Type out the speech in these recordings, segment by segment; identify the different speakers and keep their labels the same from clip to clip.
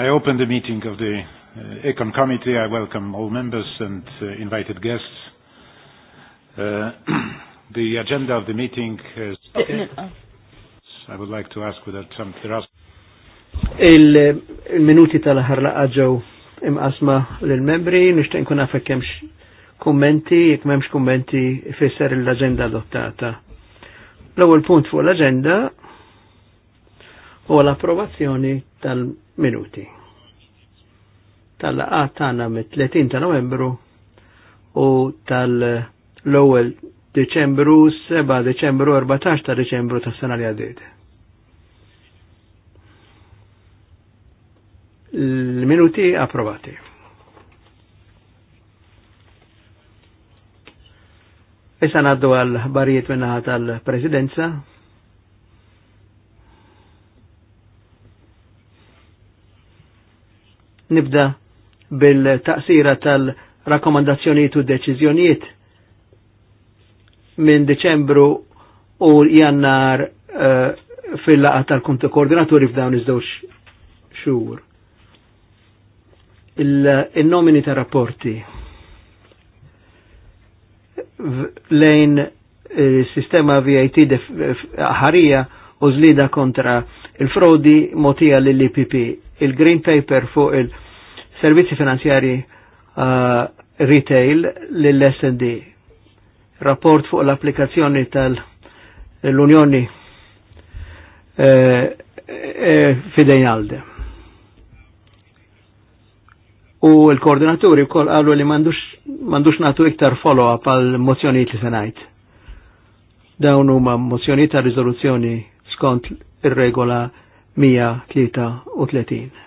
Speaker 1: I open the meeting of the uh, Econ Committee. I welcome all members and uh, invited guests. Uh, the agenda of the meeting is... Okay. I would like to ask whether some... There are...
Speaker 2: Il-minuti tal-ħar laqaġaw imqasma l-membri, nishtan kun għafek kemx kummenti, jek memx kummenti fisser l-agenda adottata. L-ewwel punt fuq l-agenda huwa l-approvazzjoni tal-minuti tal-laqat tagħna mit-30 ta' Novembru u tal-ewwel Deċembru, 7 Deċembru, 14 ta' Deċembru tas sena li għaddiet. L-minuti approvati. Issa naddu għal barijiet minnaħa tal-presidenza. Nibda bil-taqsira tal-rakkomandazzjonijiet u deċiżjonijiet minn Deċembru u Jannar uh, fil-laqa tal-kunti koordinaturi f'dawn iż-żewġ xhur. Il-nomini ta' rapporti lejn eh, sistema VIT eh, ħarija u zlida kontra il-frodi motija l-LPP. Il-Green Paper fuq il-, -paper il servizzi finanzjari uh, retail lill-SND. Rapport fuq l-applikazzjoni tal-Unjoni eh, eh, Alde. U l-koordinaturi kol għallu li mandux, mandux natu iktar follow-up għal mozzjoni li senajt. Dawn huma mozzjoni ta' rizoluzzjoni skont ir-regola 133.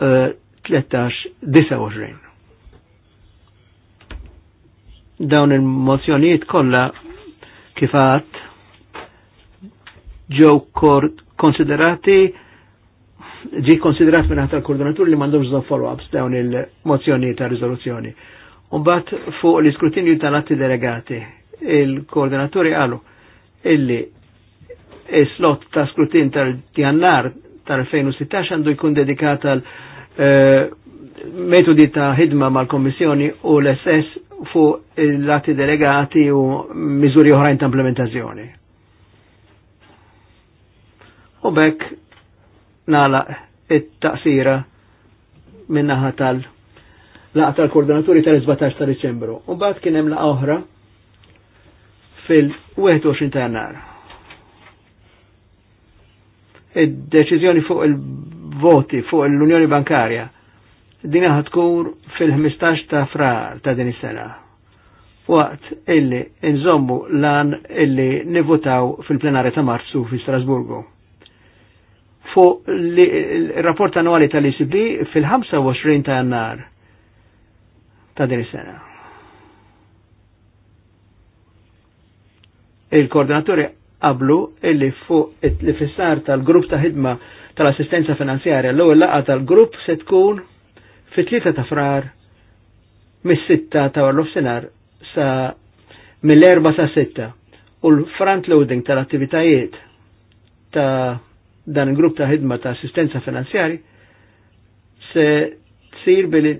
Speaker 2: 13-29. Dawn il-mozzjonijiet kollha kifat ġew konsiderati ġi konsiderat minn l koordinatur li mandu bżon follow-ups dawn il-mozzjoni ta' rizoluzjoni. Umbat fuq l-iskrutinju tal-atti delegati, il-koordinaturi għalu illi il-slot ta' skrutin tal djannar tal-2016 għandu jkun dedikat għal Eh, metodi ta' ħidma mal-Kommissjoni u l-SS fuq l-atti delegati u miżuri oħrajn ta' implementazzjoni. U bekk nala it-taqsira minnaħa tal- laqa tal-koordinaturi tal-17 ta' Deċembru. U bat kien hemm oħra fil-21 ta' Jannar. id deċizjoni fuq il- voti fuq l-Unjoni Bankarja. Din ħatkur fil-15 ta' frar ta' din is-sena. Waqt illi nżommu lan illi nivutaw fil-plenarja ta' Marzu fi Strasburgu. Fuq il-rapport annwali tal icb fil-25 ta' jannar ta' din is-sena. Il-koordinaturi qablu illi fuq it fissar tal-grupp ta' ħidma tal-assistenza finanzjarja l-ewwel laqgħa tal-grupp se tkun fit-tlieta ta' frar mis-sitta ta' l-offsinar sa mill-erba sa' sitta u l-front loading tal-attivitajiet ta' dan il-grupp ta' ħidma ta' assistenza finanzjari se tsir billi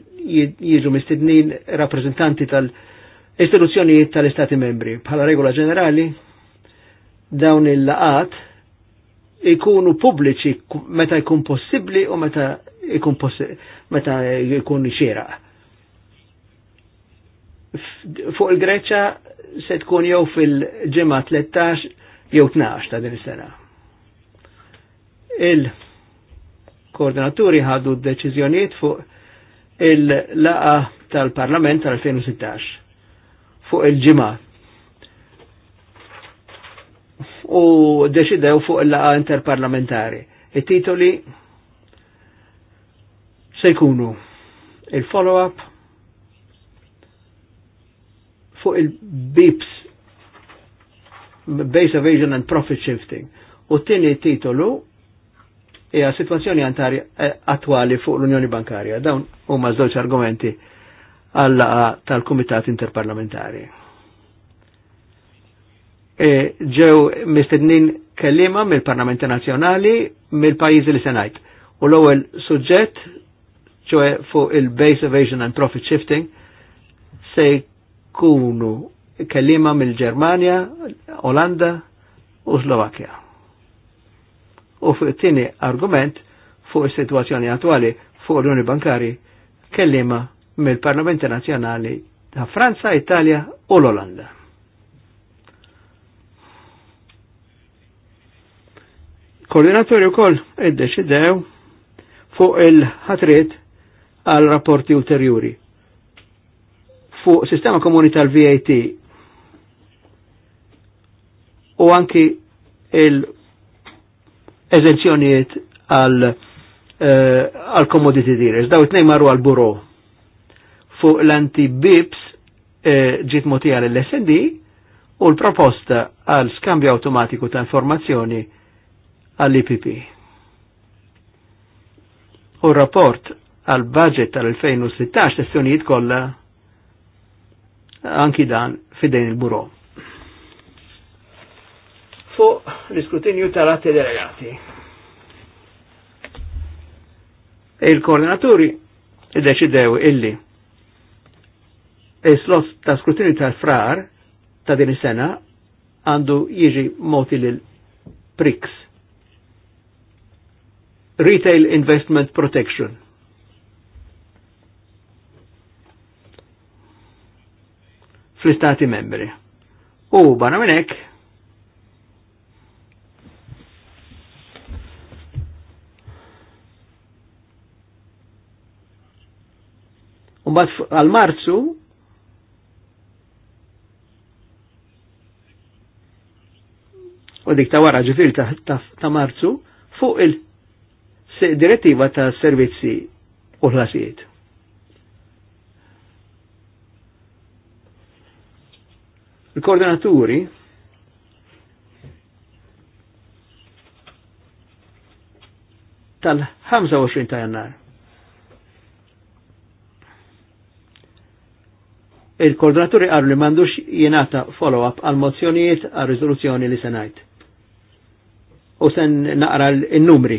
Speaker 2: jiġu mistednin rappresentanti tal-istituzzjonijiet tal-Istati membri. Bħala regola ġenerali, dawn il-laqat ikunu pubbliċi meta jkun possibbli u meta jkun meta jkun xieraq. Fuq il-Greċa se tkun jew fil-ġimgħa 13 jew 12 ta' din is-sena. Il-koordinaturi ħadu d-deċiżjonijiet fuq il-laqa tal-Parlament tal-2016 fuq il-ġimgħa u deċidew fuq il-laqa interparlamentari. Il-titoli se jkunu il-follow-up fuq il-BIPS Base Evasion and Profit Shifting u t-tini titolu hija situazzjoni eh, attwali fuq l-Unjoni Bankarja. Dawn huma żewġ argumenti għall tal-Kumitat Interparlamentari. E, ġew mistednin kellima mill-Parlamenti Nazzjonali mill-pajjiżi li senajt. U l-ewwel suġġett ċoe fuq il-Base Evasion and Profit Shifting se kunu kellima mill-Ġermanja, Olanda u Slovakkja. U fuq it-tieni argument fuq is-sitwazzjoni attuali fuq l-Unjoni Bankari kellima mill-Parlamenti Nazzjonali ta' Franza, Italja u l-Olanda. u koll wkoll iddeċidew fuq il-ħatrit għal rapporti ulterjuri fuq sistema komuni tal-VAT u anki il-eżenzjonijiet għal komoditi eh, dealers. Daw it-nej marru għal buro fuq l-anti-bips eh, ġit motija l-SND u l-proposta għal skambju automatiku ta' informazzjoni għall-IPP. U rapport għal budget tal-2016 sessjonijiet kolla anki dan fidejn il-buro. Fuq l-iskrutinju tal-atti delegati. il-koordinaturi id-deċidew illi il-slot ta' skrutinju tal-frar ta' din is-sena għandu jiġi moti l priks Retail Investment Protection. fl-istati membri. U barra minnek, bat għal-Marzu u dik ta' wara ġifil ta, ta Marzu fuq il- direttiva ta' servizzi u ħlasijiet. Il-koordinaturi tal-25 ta' jannar. Il-koordinaturi għarru li mandux jenata follow-up għal-mozzjonijiet għal-rizoluzzjoni li senajt. U sen naqra l-numri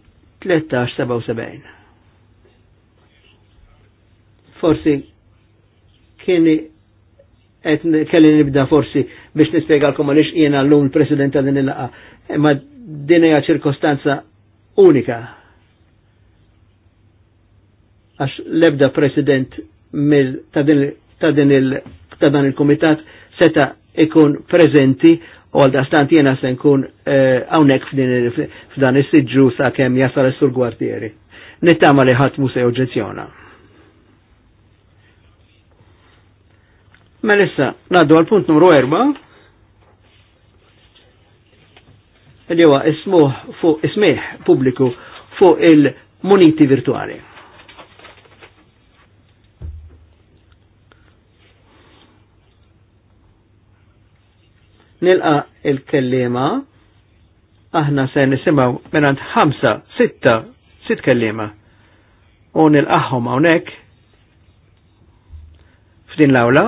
Speaker 2: 13-77. Forsi kieni et kelli nibda forsi biex nispiegalkom għalix jiena l-lum l-president ta' din il-laqa. Ma din hija ċirkostanza unika. Għax lebda president ta' din il-komitat seta' ikun prezenti U għal dastant jena se nkun għawnek eh, f'dan is-sidġu sa' kem jasal sur gwartieri. Nittama li ħadd se oġġezzjona. Ma mela issa, naddu għal punt numru 4. Li huwa ismuh fuq ismih pubbliku fuq il-muniti virtuali. nilqa il-kellima aħna se nisimaw minnant ħamsa, sitta, sitt kellima u nilqaħħom hawnhekk f'din l-awla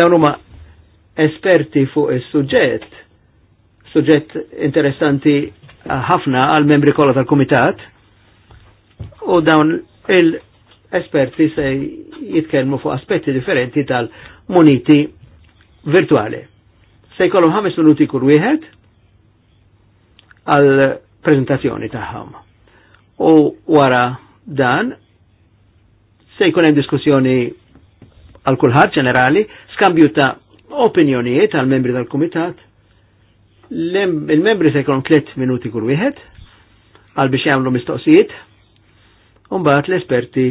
Speaker 2: dawn huma esperti fuq is-suġġett, suġġett interessanti ħafna għal membri kollha tal-kumitat u dawn il-esperti se jitkellmu fuq aspetti differenti tal-muniti virtuali se jkollhom ħames minuti kull wieħed għal prezentazzjoni tagħhom. U wara dan se jkun hemm diskussjoni għal kulħadd ġenerali, skambju ta' opinjonijiet għal membri tal-kumitat. Il-membri se jkollhom tliet minuti kull wieħed għal biex jagħmlu mistoqsijiet. mbagħad l-esperti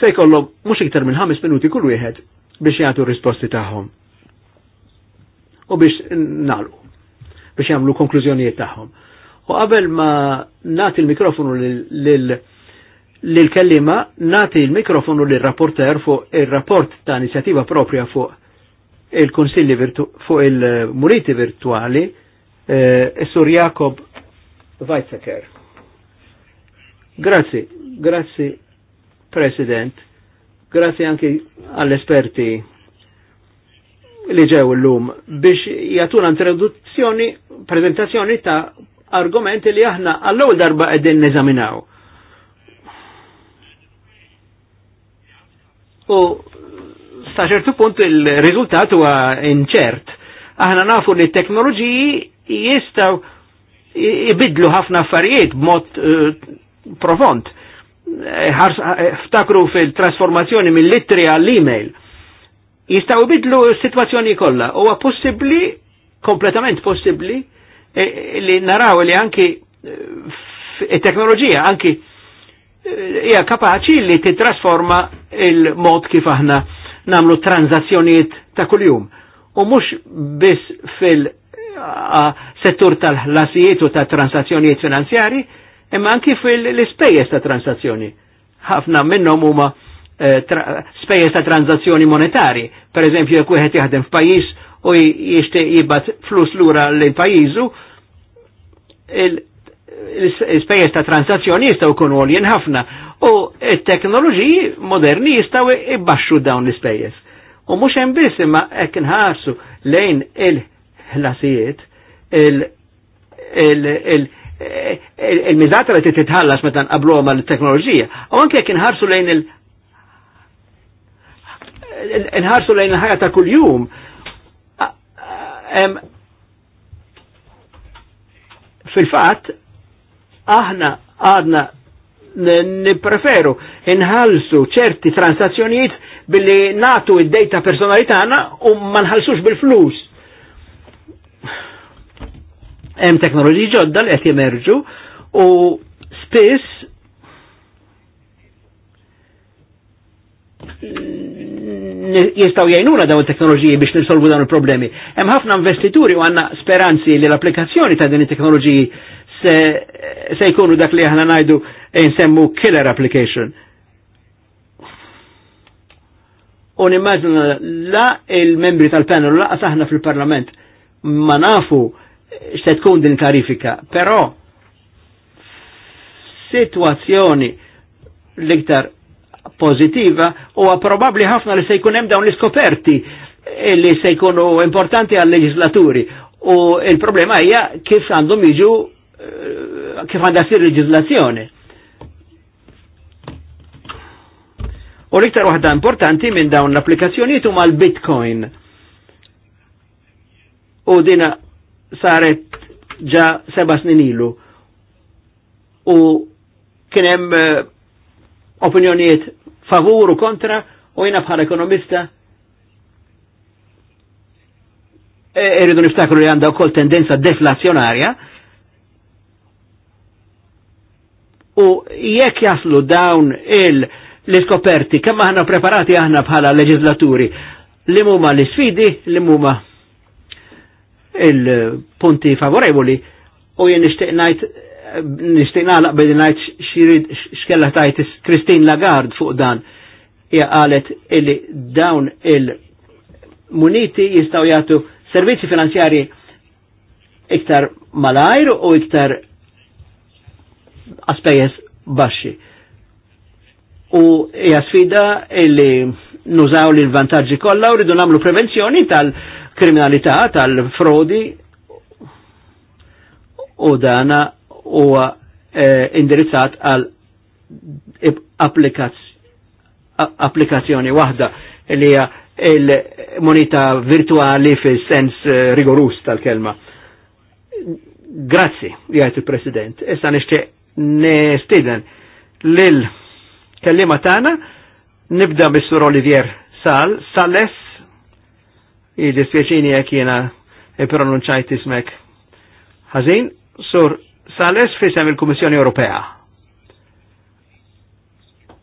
Speaker 2: se jkollhom mhux iktar minn ħames minuti kull wieħed biex jagħtu risposti tagħhom u biex nalu, biex jagħmlu konklużjonijiet tagħhom. U qabel ma nagħti l-mikrofonu lil-kellima, nagħti l-mikrofonu lir rapporter fuq ir-rapport ta' inizjattiva propria fuq il-konsilli fuq il-muriti virtuali, eh, Sur Jakob Weizsäcker. Grazie, grazie President, Grazie anche all'esperti. esperti li ġew l-lum biex jatuna introduzzjoni, prezentazzjoni ta' argumenti li aħna għall-ewwel darba qegħdin neżaminaw. U sta' ċertu punt il-riżultat huwa inċert. Aħna nafu li t-teknoloġiji jistgħu jibidlu ħafna affarijiet b'mod eh, profond. Eh, eh, ftakru fil-trasformazzjoni mill-littri għall-email jistaw bidlu situazzjoni kollha. Huwa possibbli, kompletament possibbli, e, e, li naraw li anki e, teknoloġija anki hija kapaċi li titrasforma il-mod kif aħna namlu tranzazzjonijiet ta' kuljum. U mhux biss fil-settur tal-ħlasijiet u ta' transazzjonijiet finanzjari, imma anki fil-ispejjeż ta' transazzjoni. Ħafna minnhom huma spejjeż ta' tranzazzjoni monetari. Per eżempju, jekk wieħed jaħdem f'pajjiż u jixtieq jibgħat flus lura lejn pajjiżu, l-spejjeż ta' tranzazzjoni jistgħu jkunu għoljen ħafna u t-teknoloġiji moderni jistgħu ibbaxxu dawn l-ispejjeż. U mhux hemm biss imma hekk inħarsu lejn il-ħlasijiet il-miżata li titħallas meta nqablu ma l-teknoloġija. U anke jekk inħarsu lejn il- nħarsu lejn il-ħajja ta' kuljum. Fil-fatt, aħna għadna nipreferu inħalsu ċerti transazzjonijiet billi natu id-dejta personali tagħna u ma nħalsux bil-flus. Hemm teknoloġiji ġodda li qed jemerġu u spiss jistaw jajnuna dawn teknoloġiji biex nisolvu dawn il-problemi. Hemm ħafna investituri u għanna speranzi li l-applikazzjoni ta' din it-teknoloġiji se, se jkunu dak li aħna najdu jinsemmu e killer application. U nimmaġna la il-membri tal-panel la saħna fil-parlament ma nafu x'se tkun din tarifika, però situazzjoni l-iktar pozitiva u probabli ħafna li se jkun hemm dawn l-iskoperti li se jkunu importanti għal leġislaturi u il-problema hija kif għandhom jiġu eh, kif għandha sir leġislazzjoni. U l-iktar waħda importanti minn dawn l-applikazzjonijiet huma l-Bitcoin. U dina saret ġa seba snin ilu. U kien hemm eh, opinjonijiet favur u kontra u jina bħala ekonomista irridu e, niftakru li għandha wkoll tendenza deflazzjonarja u jekk jaslu dawn il l-iskoperti kemm aħna preparati aħna bħala leġislaturi li huma l-sfidi li huma il-punti favorevoli u jien nixtieq ngħid nishtiqna naqbel najt xirid xkella tajt Kristin Lagarde fuq dan hija qalet illi dawn il-muniti jistaw jagħtu servizzi finanzjari iktar malajr u iktar aspejjeż baxxi. U hija sfida illi nużaw li l-vantaġġi kollha u rridu nagħmlu prevenzjoni tal-kriminalità, tal-frodi u dana Huwa eh, indirizzat għal applikazzjoni waħda li hija il-moneta virtuali fis sens eh, rigorus tal-kelma. Grazzi, jgħajt il-President. Issa nishtiq nestiden lil-kellima tagħna nibda bis-sur Olivier Sal, Sales, jidispjaċini jek jena e pronunċajt ismek ħażin, sur sales fisem il-Kummissjoni Ewropea.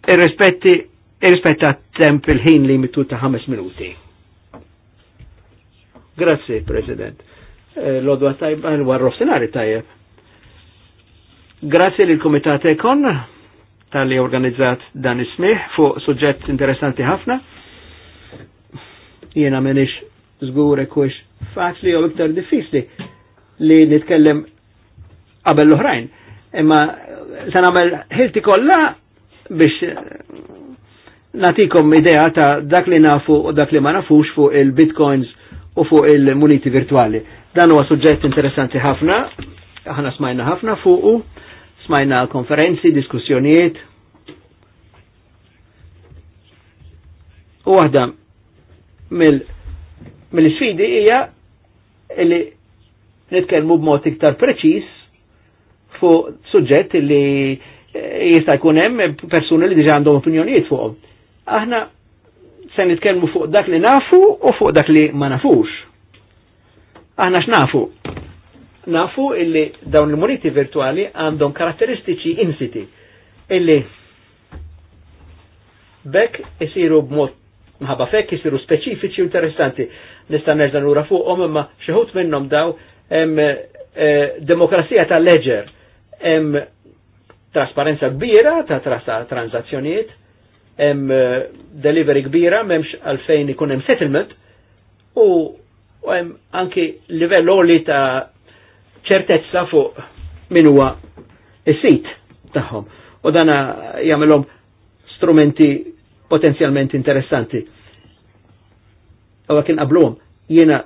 Speaker 2: Irrispetti irrispetta temp il-ħin li mitu ta' 5 minuti. Grazzi, President. Eh, L-odwa tajba, warrof senari tajjeb. Grazzi li l-Komitat Ekon tal-li organizzat dan ismiħ fuq suġġett interessanti ħafna. Jena menix zgur kux faċli u iktar diffisli li nitkellem qabel l-oħrajn. Imma se nagħmel ħilti kollha biex eh, natikom idea ta' dak li nafu u dak li ma nafux fuq il-bitcoins u fuq il-muniti virtuali. Dan huwa suġġett interessanti ħafna, aħna smajna ħafna fuqu, smajna konferenzi, diskussjonijiet. U waħda mill-sfidi hija li nitkellmu b'mod iktar preċiż fuq suġġett li eh, jista' jkun hemm persuni li diġà għandhom opinjonijiet fuq. Aħna se nitkellmu fuq dak li nafu u fuq dak li ma nafux. Aħna x'nafu? Nafu illi dawn il muniti virtuali għandhom karatteristiċi insiti illi bekk isiru b'mod mħabba fekk isiru speċifiċi interessanti. Nista' nerġa' lura fuqhom imma xi ħud minnhom daw hemm eh, demokrazija tal-leġer hemm trasparenza kbira ta' transazzjonijiet, hemm eh, delivery kbira m'hemmx għalfejn ikun hemm settlement u hemm anki livell oli ta' ċertezza fuq min huwa is-sit tagħhom. U dana jagħmelhom strumenti potenzjalment interessanti. U kien qabluhom jiena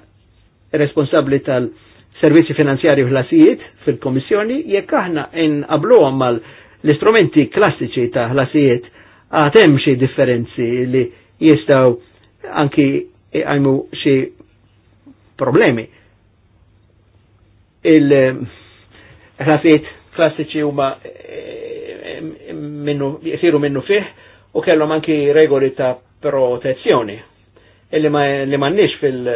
Speaker 2: responsabbli tal- servizzi finanzjari ħlasijiet fil-Komissjoni jekk aħna inqabluhom mal l-istrumenti klassiċi ta' ħlasijiet għad hemm xi differenzi li jistgħu anki għajmu xi problemi. Il-ħlasijiet eh, klassiċi huma eh, minnu jisiru minnu fih u kellhom anki regoli ta' protezzjoni illi ma li m'għandniex fil-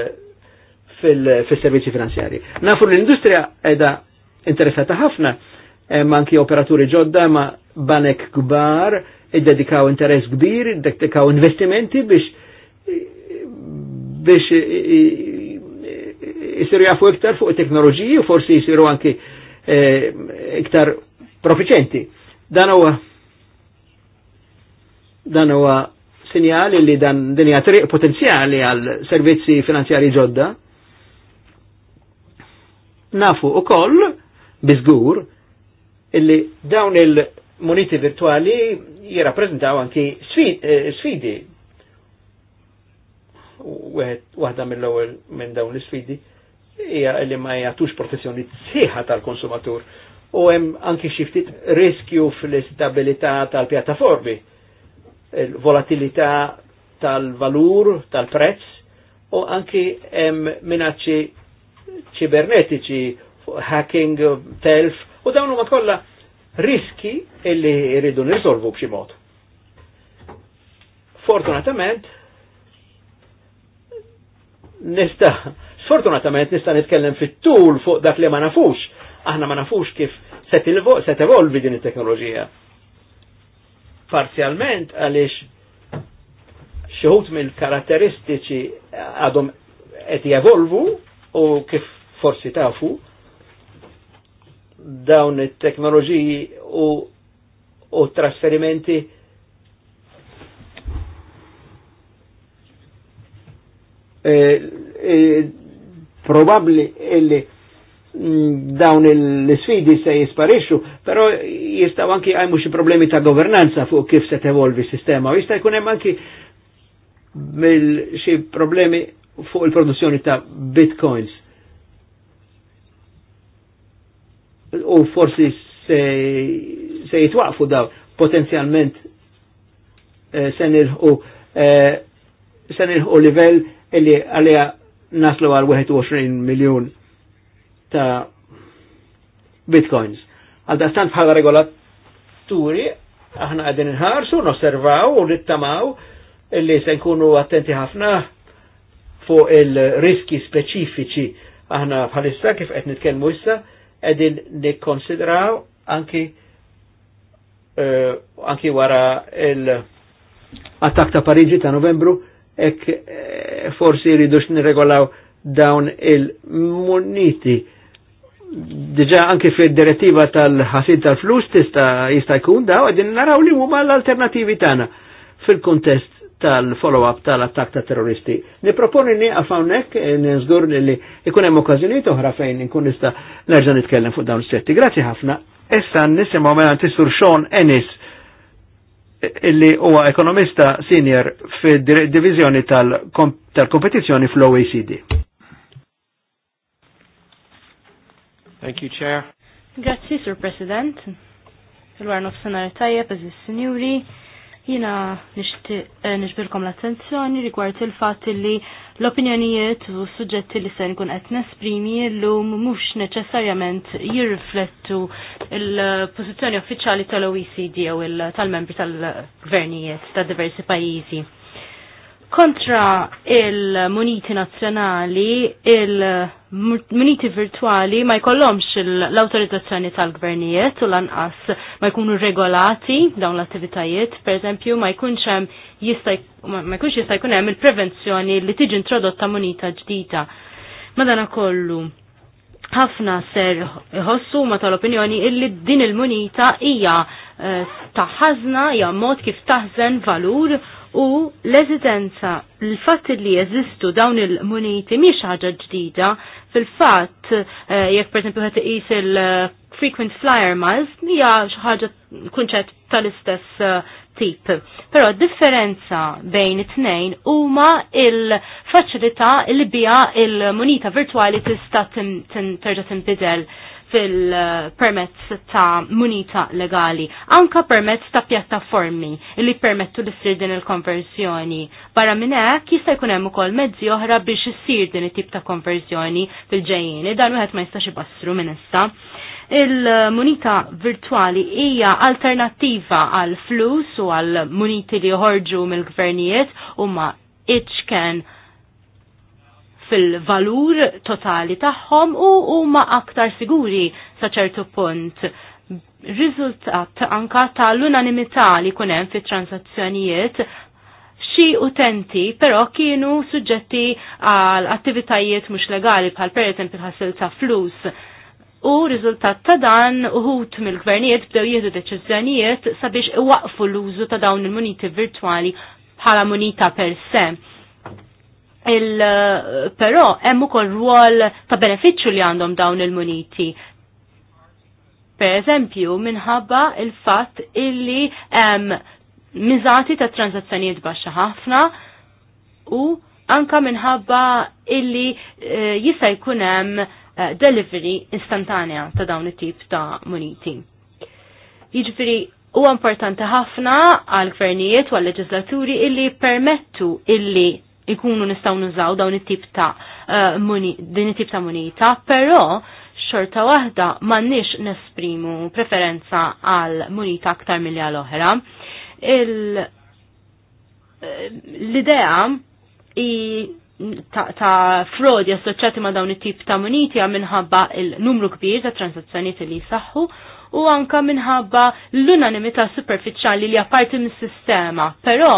Speaker 2: fil-servizzi finanzjari. Nafu l-industrija edha interessata ħafna, eh, ma anki operaturi ġodda ma banek kbar, id-dedikaw interess kbir, id-dedikaw investimenti biex biex jisiru jafu iktar fuq teknoloġiji u forsi jisiru anki eh, iktar profiċenti. Dan huwa dan huwa sinjali li dan dinja triq potenzjali għal servizzi finanzjari ġodda nafu u koll, bizgur, illi dawn il-moniti virtuali jirrappreżentaw anki eh, sfidi. Waħda mill-ewwel minn dawn l-sfidi hija li ma jagħtux professjoni sħiħa tal-konsumatur u hemm anki xi ftit riskju fl-istabilità tal-pjattaformi, il-volatilità tal-valur, tal-prezz u anki hemm minacċi ċibernetiċi, hacking, telf, u dawn huma kollha riski illi jridu nirsolvu b'xi mod. Fortunatament, nista, sfortunatament nista nitkellem fit-tul fuq dak li ma nafux, aħna ma nafux kif se tevolvi din it-teknoloġija. Parzjalment għaliex ħud mill karatteristiċi għadhom qed jevolvu u kif forsi tafu, dawn it-teknoloġiji u, u trasferimenti e, e, probabli illi mm, dawn l-sfidi se jisparixxu, però jistaw anki għajmu xi problemi ta' governanza fuq kif se tevolvi s-sistema, u jistaw jkun anki xi problemi fuq il-produzzjoni ta' bitcoins u forsi se, se jitwaqfu daw potenzjalment eh, sen il-ħu eh, nilħu livell illi għalija naslu għal 21 miljon ta' bitcoins. Għadda stant bħala regolaturi, aħna għadin nħarsu, nosservaw u nittamaw illi se nkunu attenti ħafna fuq il-riski speċifiċi aħna bħalissa kif qed nitkellmu issa edin nikkonsidraw anki uh, anki wara l attak ta' Parigi ta' novembru ek eh, forsi ridux nirregolaw dawn il-muniti. Diġa anki fil direttiva tal ħasid tal-flus tista jista' jkun daw għedin naraw li huma l-alternativi tagħna fil-kontest tal-follow-up tal-attak ta' terroristi. Niproponi ni għafawnek, nizgur li ikunem okkazjoni toħra fejn nkun nista nerġa nitkellem fuq dawn s-setti. Grazie ħafna. Issa nisimaw mela tisur Sean Ennis illi huwa ekonomista senior fid divizjoni tal-kompetizjoni fl-OECD. Thank you, Chair.
Speaker 3: Grazie, Sir President. Il-għarnof senar tajja, eżis senjuri. Jina eh, nixbirkom l-attenzjoni rigward il-fat li l-opinjonijiet u suġġetti li se nkun qed nesprimi llum mhux neċessarjament jirriflettu l-pożizzjoni uffiċjali tal-OECD u tal-membri tal-gvernijiet ta' diversi pajjiżi kontra il-muniti nazzjonali, il-muniti virtuali ma jkollhomx l-autorizzazzjoni tal-gvernijiet u lanqas ma jkunu regolati dawn l-attivitajiet, per eżempju ma jkunx hemm jista' ma jkunx jista' jkun hemm il-prevenzjoni li tiġi introdotta munita ġdida. Madana kollu ħafna ser iħossu ma tal-opinjoni illi din il-munita hija eh, taħħażna hija mod kif taħżen valur u l-eżidenza l fat li jeżistu dawn il-muniti miex ħaġa ġdida fil-fatt eh, jekk per ħat iqis il-frequent flyer miles hija xi ħaġa kunċett tal-istess eh, tip. Però differenza bejn it-tnejn huma il-faċilità li bija il-munita virtuali tista' terġa' tinbidel fil-permezz ta' munita legali, anka permezz ta' pjattaformi li permettu li ssir din il-konversjoni. Barra minn hekk jista' jkun hemm ukoll mezzi oħra biex issir din it-tip ta' konversjoni fil-ġejjini, dan wieħed ma jistax ibassru minn issa. Il-munita virtuali hija alternattiva għal flus u għal muniti li joħorġu mill-gvernijiet huma iċken fil-valur totali tagħhom u huma aktar siguri sa ċertu punt. Riżultat anka tal-unanimità li kun hemm fit-transazzjonijiet xi utenti però kienu suġġetti għal attivitajiet mhux legali bħal pereżempju ħassil ta' flus. U riżultat ta' dan uħut mill-gvernijiet bdew jieħdu deċiżjonijiet sabiex iwaqfu l-użu ta' dawn il-muniti virtwali bħala munita per se il-però hemm ukoll rwol ta' benefiċċju li għandhom dawn il-muniti. Per eżempju, minħabba il-fatt illi hemm miżati ta' transazzjonijiet baxxa ħafna u anka minħabba illi eh, jista' jkun hemm eh, delivery istantanea ta' dawn it-tip ta' muniti. Jiġifieri huwa importanti ħafna għal gvernijiet u għal leġislaturi illi permettu illi ikunu nistaw nużaw dawn it-tip ta' uh, eh, muni, din it-tip ta' munita, però xorta waħda m'għandniex nesprimu preferenza għal munita aktar milli għal oħra. Eh, l-idea i ta', ta frodi assoċjati ma' dawn it-tip ta' muniti minħabba il-numru kbir ta' transazzjonijiet li jisaħħu u anka minħabba l-unanimità superfiċjali li apparti mis-sistema, però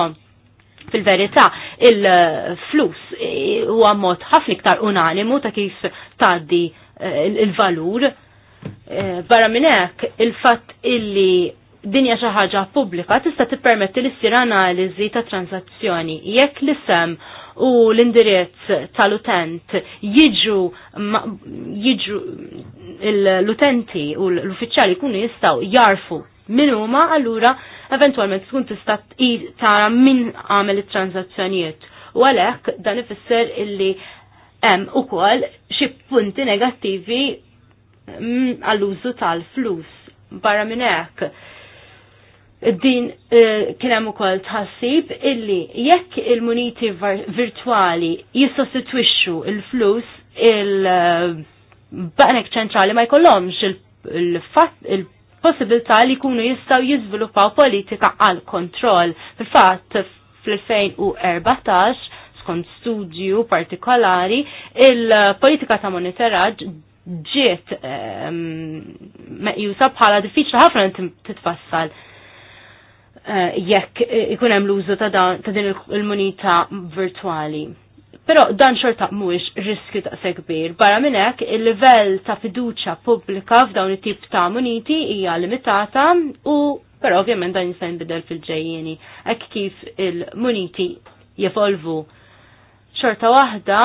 Speaker 3: Fil-verità, il-flus e, huwa mod ħafna ktar unanimu ta' kif tgħaddi e, il-valur. E, barra minn hekk il-fatt illi dinja xi ħaġa pubblika tista' tippermetti li ssir analiżi ta' transazzjoni jekk l sem u l-indirizz tal-utent jiġu jiġu l-utenti u l-uffiċjali jkunu jistgħu jarfu minn huma allura eventwalment tkun tista' tqid tara min għamel it-transazzjonijiet. U għalhekk dan ifisser illi hemm ukoll xi punti negattivi mm, għall-użu tal-flus barra minn hekk. Din eh, kien hemm ukoll tħassib illi jekk il-muniti virtwali jissostitwixxu il-flus il-banek eh, ċentrali ma jkollhomx il-fatt il possibilità li jkunu jistgħu jiżviluppaw politika għal kontroll. fil fat fl-2014 skont studju partikolari il-politika ta' monitoraġ ġiet ehm, meqjusa bħala diffiċli ħafna titfassal eh, jekk eh, ikun hemm l-użu ta' din il-munita virtwali Pero dan xorta mhuwiex riskju ta' kbir. Barra minn hekk il-livell ta' fiduċja pubblika f'dawn it-tip ta' muniti hija limitata u però ovvjament dan jista' jinbidel fil-ġejjieni hekk kif il-muniti jevolvu. Xorta waħda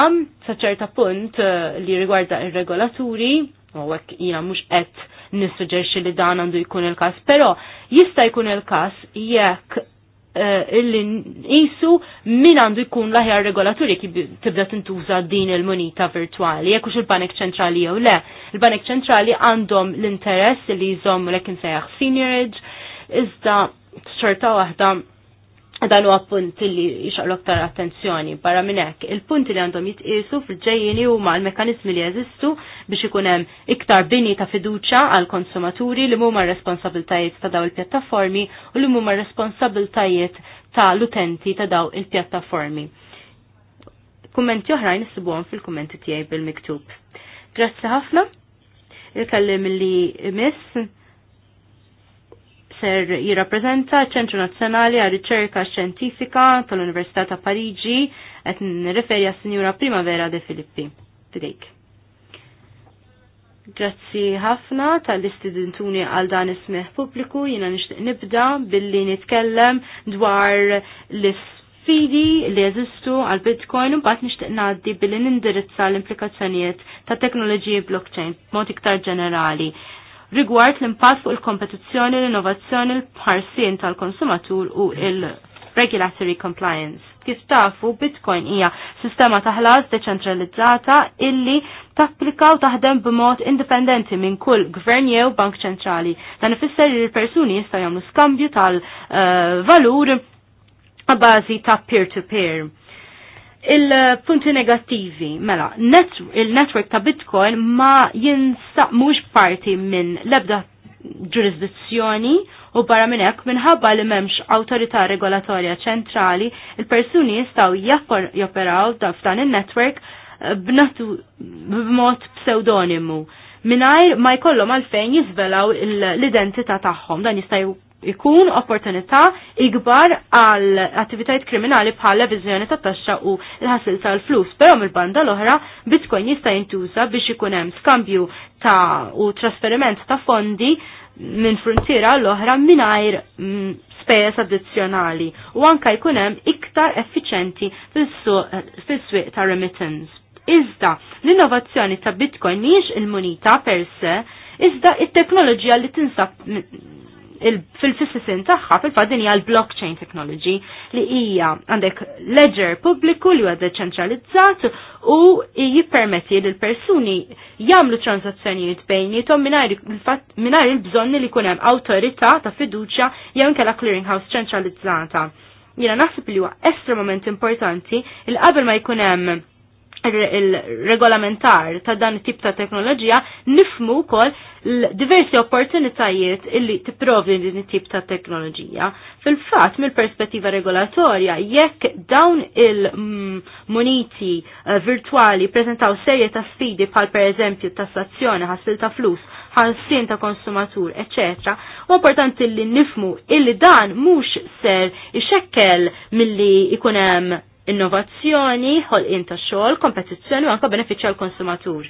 Speaker 3: sa ċerta punt eh, li rigwarda ir-regolaturi u hekk jiena mhux qed nissuġġerixxi li dan għandu jkun il-każ, però jista' jkun il-każ jekk Eh, illi nqisu min għandu jkun laħjar regolatorji kif tibda tintuża din il-monita virtuali, jekk il-Banek Ċentrali jew le. Il-Banek Ċentrali għandhom l-interess li jżomm l sejjaħ seniorage, iżda xorta waħda dan huwa punt li jixaqlu aktar attenzjoni. Barra minn hekk, il-punti li għandhom jitqisu fil-ġejjini huma l-mekkaniżmi li jeżistu biex ikun hemm iktar bini ta' fiduċja għal konsumaturi li huma responsabiltajiet ta' daw il-pjattaformi u li huma responsabiltajiet ta' l-utenti ta' daw il-pjattaformi. Kummenti oħrajn nisibuhom fil-kummenti tiegħi bil-miktub. Grazzi ħafna. Il-kellim li miss ser jirrappreżenta ċ-Ċentru Nazzjonali għal Riċerka Xjentifika tal-Università ta' Pariġi qed nirreferi għas-Sinjura Primavera de Filippi. Tidejk. Grazzi ħafna tal-istudentuni għal dan ismeħ pubbliku jiena nixtieq nibda billi nitkellem dwar l isfidi li jeżistu għal Bitcoin u mbagħad nixtieq ngħaddi billi nindirizza l-implikazzjonijiet ta' teknoloġiji blockchain b'mod iktar ġenerali rigward l-impatt fuq il-kompetizzjoni, l-innovazzjoni, l-ħarsien tal-konsumatur u il-regulatory compliance. Kif tafu, Bitcoin hija sistema ta' ħlas deċentralizzata illi tapplika u taħdem b'mod indipendenti minn kull gvern jew bank ċentrali. Dan ifisser li l-persuni jistgħu jagħmlu skambju tal-valur eh, uh, bażi ta' peer-to-peer. peer to peer il-punti negattivi, mela, il-network ta' Bitcoin ma jinsa mux parti minn lebda ġurisdizzjoni u barra minn hekk minħabba li m'hemmx awtorità regolatorja ċentrali, il-persuni jistgħu joperaw f'dan il-network eh, b'mod pseudonimu mingħajr ma jkollhom għalfejn jizvelaw l-identità tagħhom dan jista' ikun opportunità ikbar għal attivitajiet kriminali bħal viżjoni ta' taxxa u l-ħasil tal-flus, però mill-banda l-oħra Bitcoin jista' jintuża biex ikun hemm skambju ta' u trasferiment ta' fondi minn frontiera l-oħra mingħajr mm, spejjeż addizzjonali u anka jkun hemm iktar effiċenti fis-swieq ta' remittance. Iżda l-innovazzjoni ta' Bitcoin mhijiex il-munita per se, iżda it-teknoloġija li tinsab fil-sissisin tagħha fil-fadinja l-blockchain technology li hija għandek ledger pubbliku li huwa ċentralizzat u jippermetti l persuni jagħmlu transazzjonijiet bejnietom mingħajr il-bżonni li jkun hemm awtorità ta' fiduċja jew inkella clearinghouse ċentralizzata. Jiena naħseb li huwa estremament importanti il qabel ma jkun hemm regolamentar ta' dan it-tip ta' teknoloġija nifmu kol diversi opportunitajiet illi tipprovdi din it-tip ta' teknoloġija. Fil-fatt, mill-perspettiva regolatorja, jekk dawn il-muniti eh, virtuali prezentaw serje ta' sfidi pal per eżempju tassazzjoni, ħassil ta' flus, ħassin ta' konsumatur, ecc. U importanti li nifmu illi dan mhux ser ixekkel milli ikunem innovazzjoni, ħolqien inta xogħol, kompetizzjoni u anke benefiċċja l-konsumatur.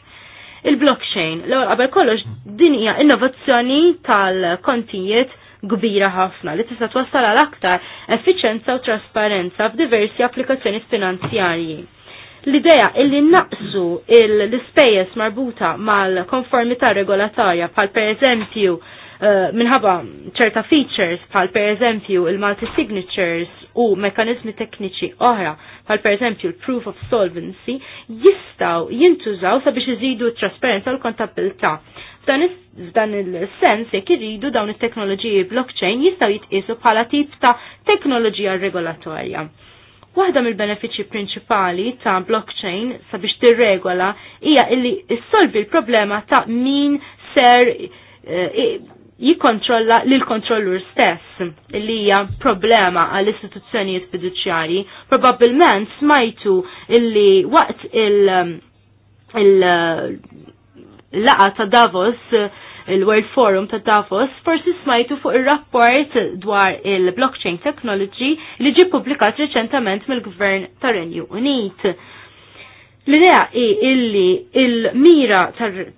Speaker 3: Il-blockchain, l-ewwel qabel kollox din hija innovazzjoni tal-kontijiet kbira ħafna li tista' twassal għal aktar effiċenza u trasparenza f'diversi applikazzjoni finanzjarji. L-idea illi naqsu l-ispejjeż marbuta mal-konformità regolatorja bħal pereżempju Eh, minħabba ċerta features bħal per eżempju il-multi signatures u mekanizmi tekniċi oħra pal per eżempju il-proof of solvency jistaw jintużaw sabiex iżidu trasparenza u l-kontabilta. F'dan il-sens jekk iridu dawn it-teknoloġiji blockchain jistaw jitqisu bħala tip ta' teknoloġija regolatorja. Waħda mill-benefiċċji prinċipali ta' blockchain sabiex tirregola hija illi issolvi l-problema ta' min ser eh, jikontrolla l-kontrollur stess li hija problema għall istituzzjonijiet fiduċjari, probabbilment smajtu illi waqt il- um, il-laqa uh, ta' Davos, uh, il-World Forum ta' Davos, forsi smajtu fuq il-rapport dwar il-blockchain technology li ġi publikat reċentament mill-gvern tar Renju Unit. L-idea i illi il-mira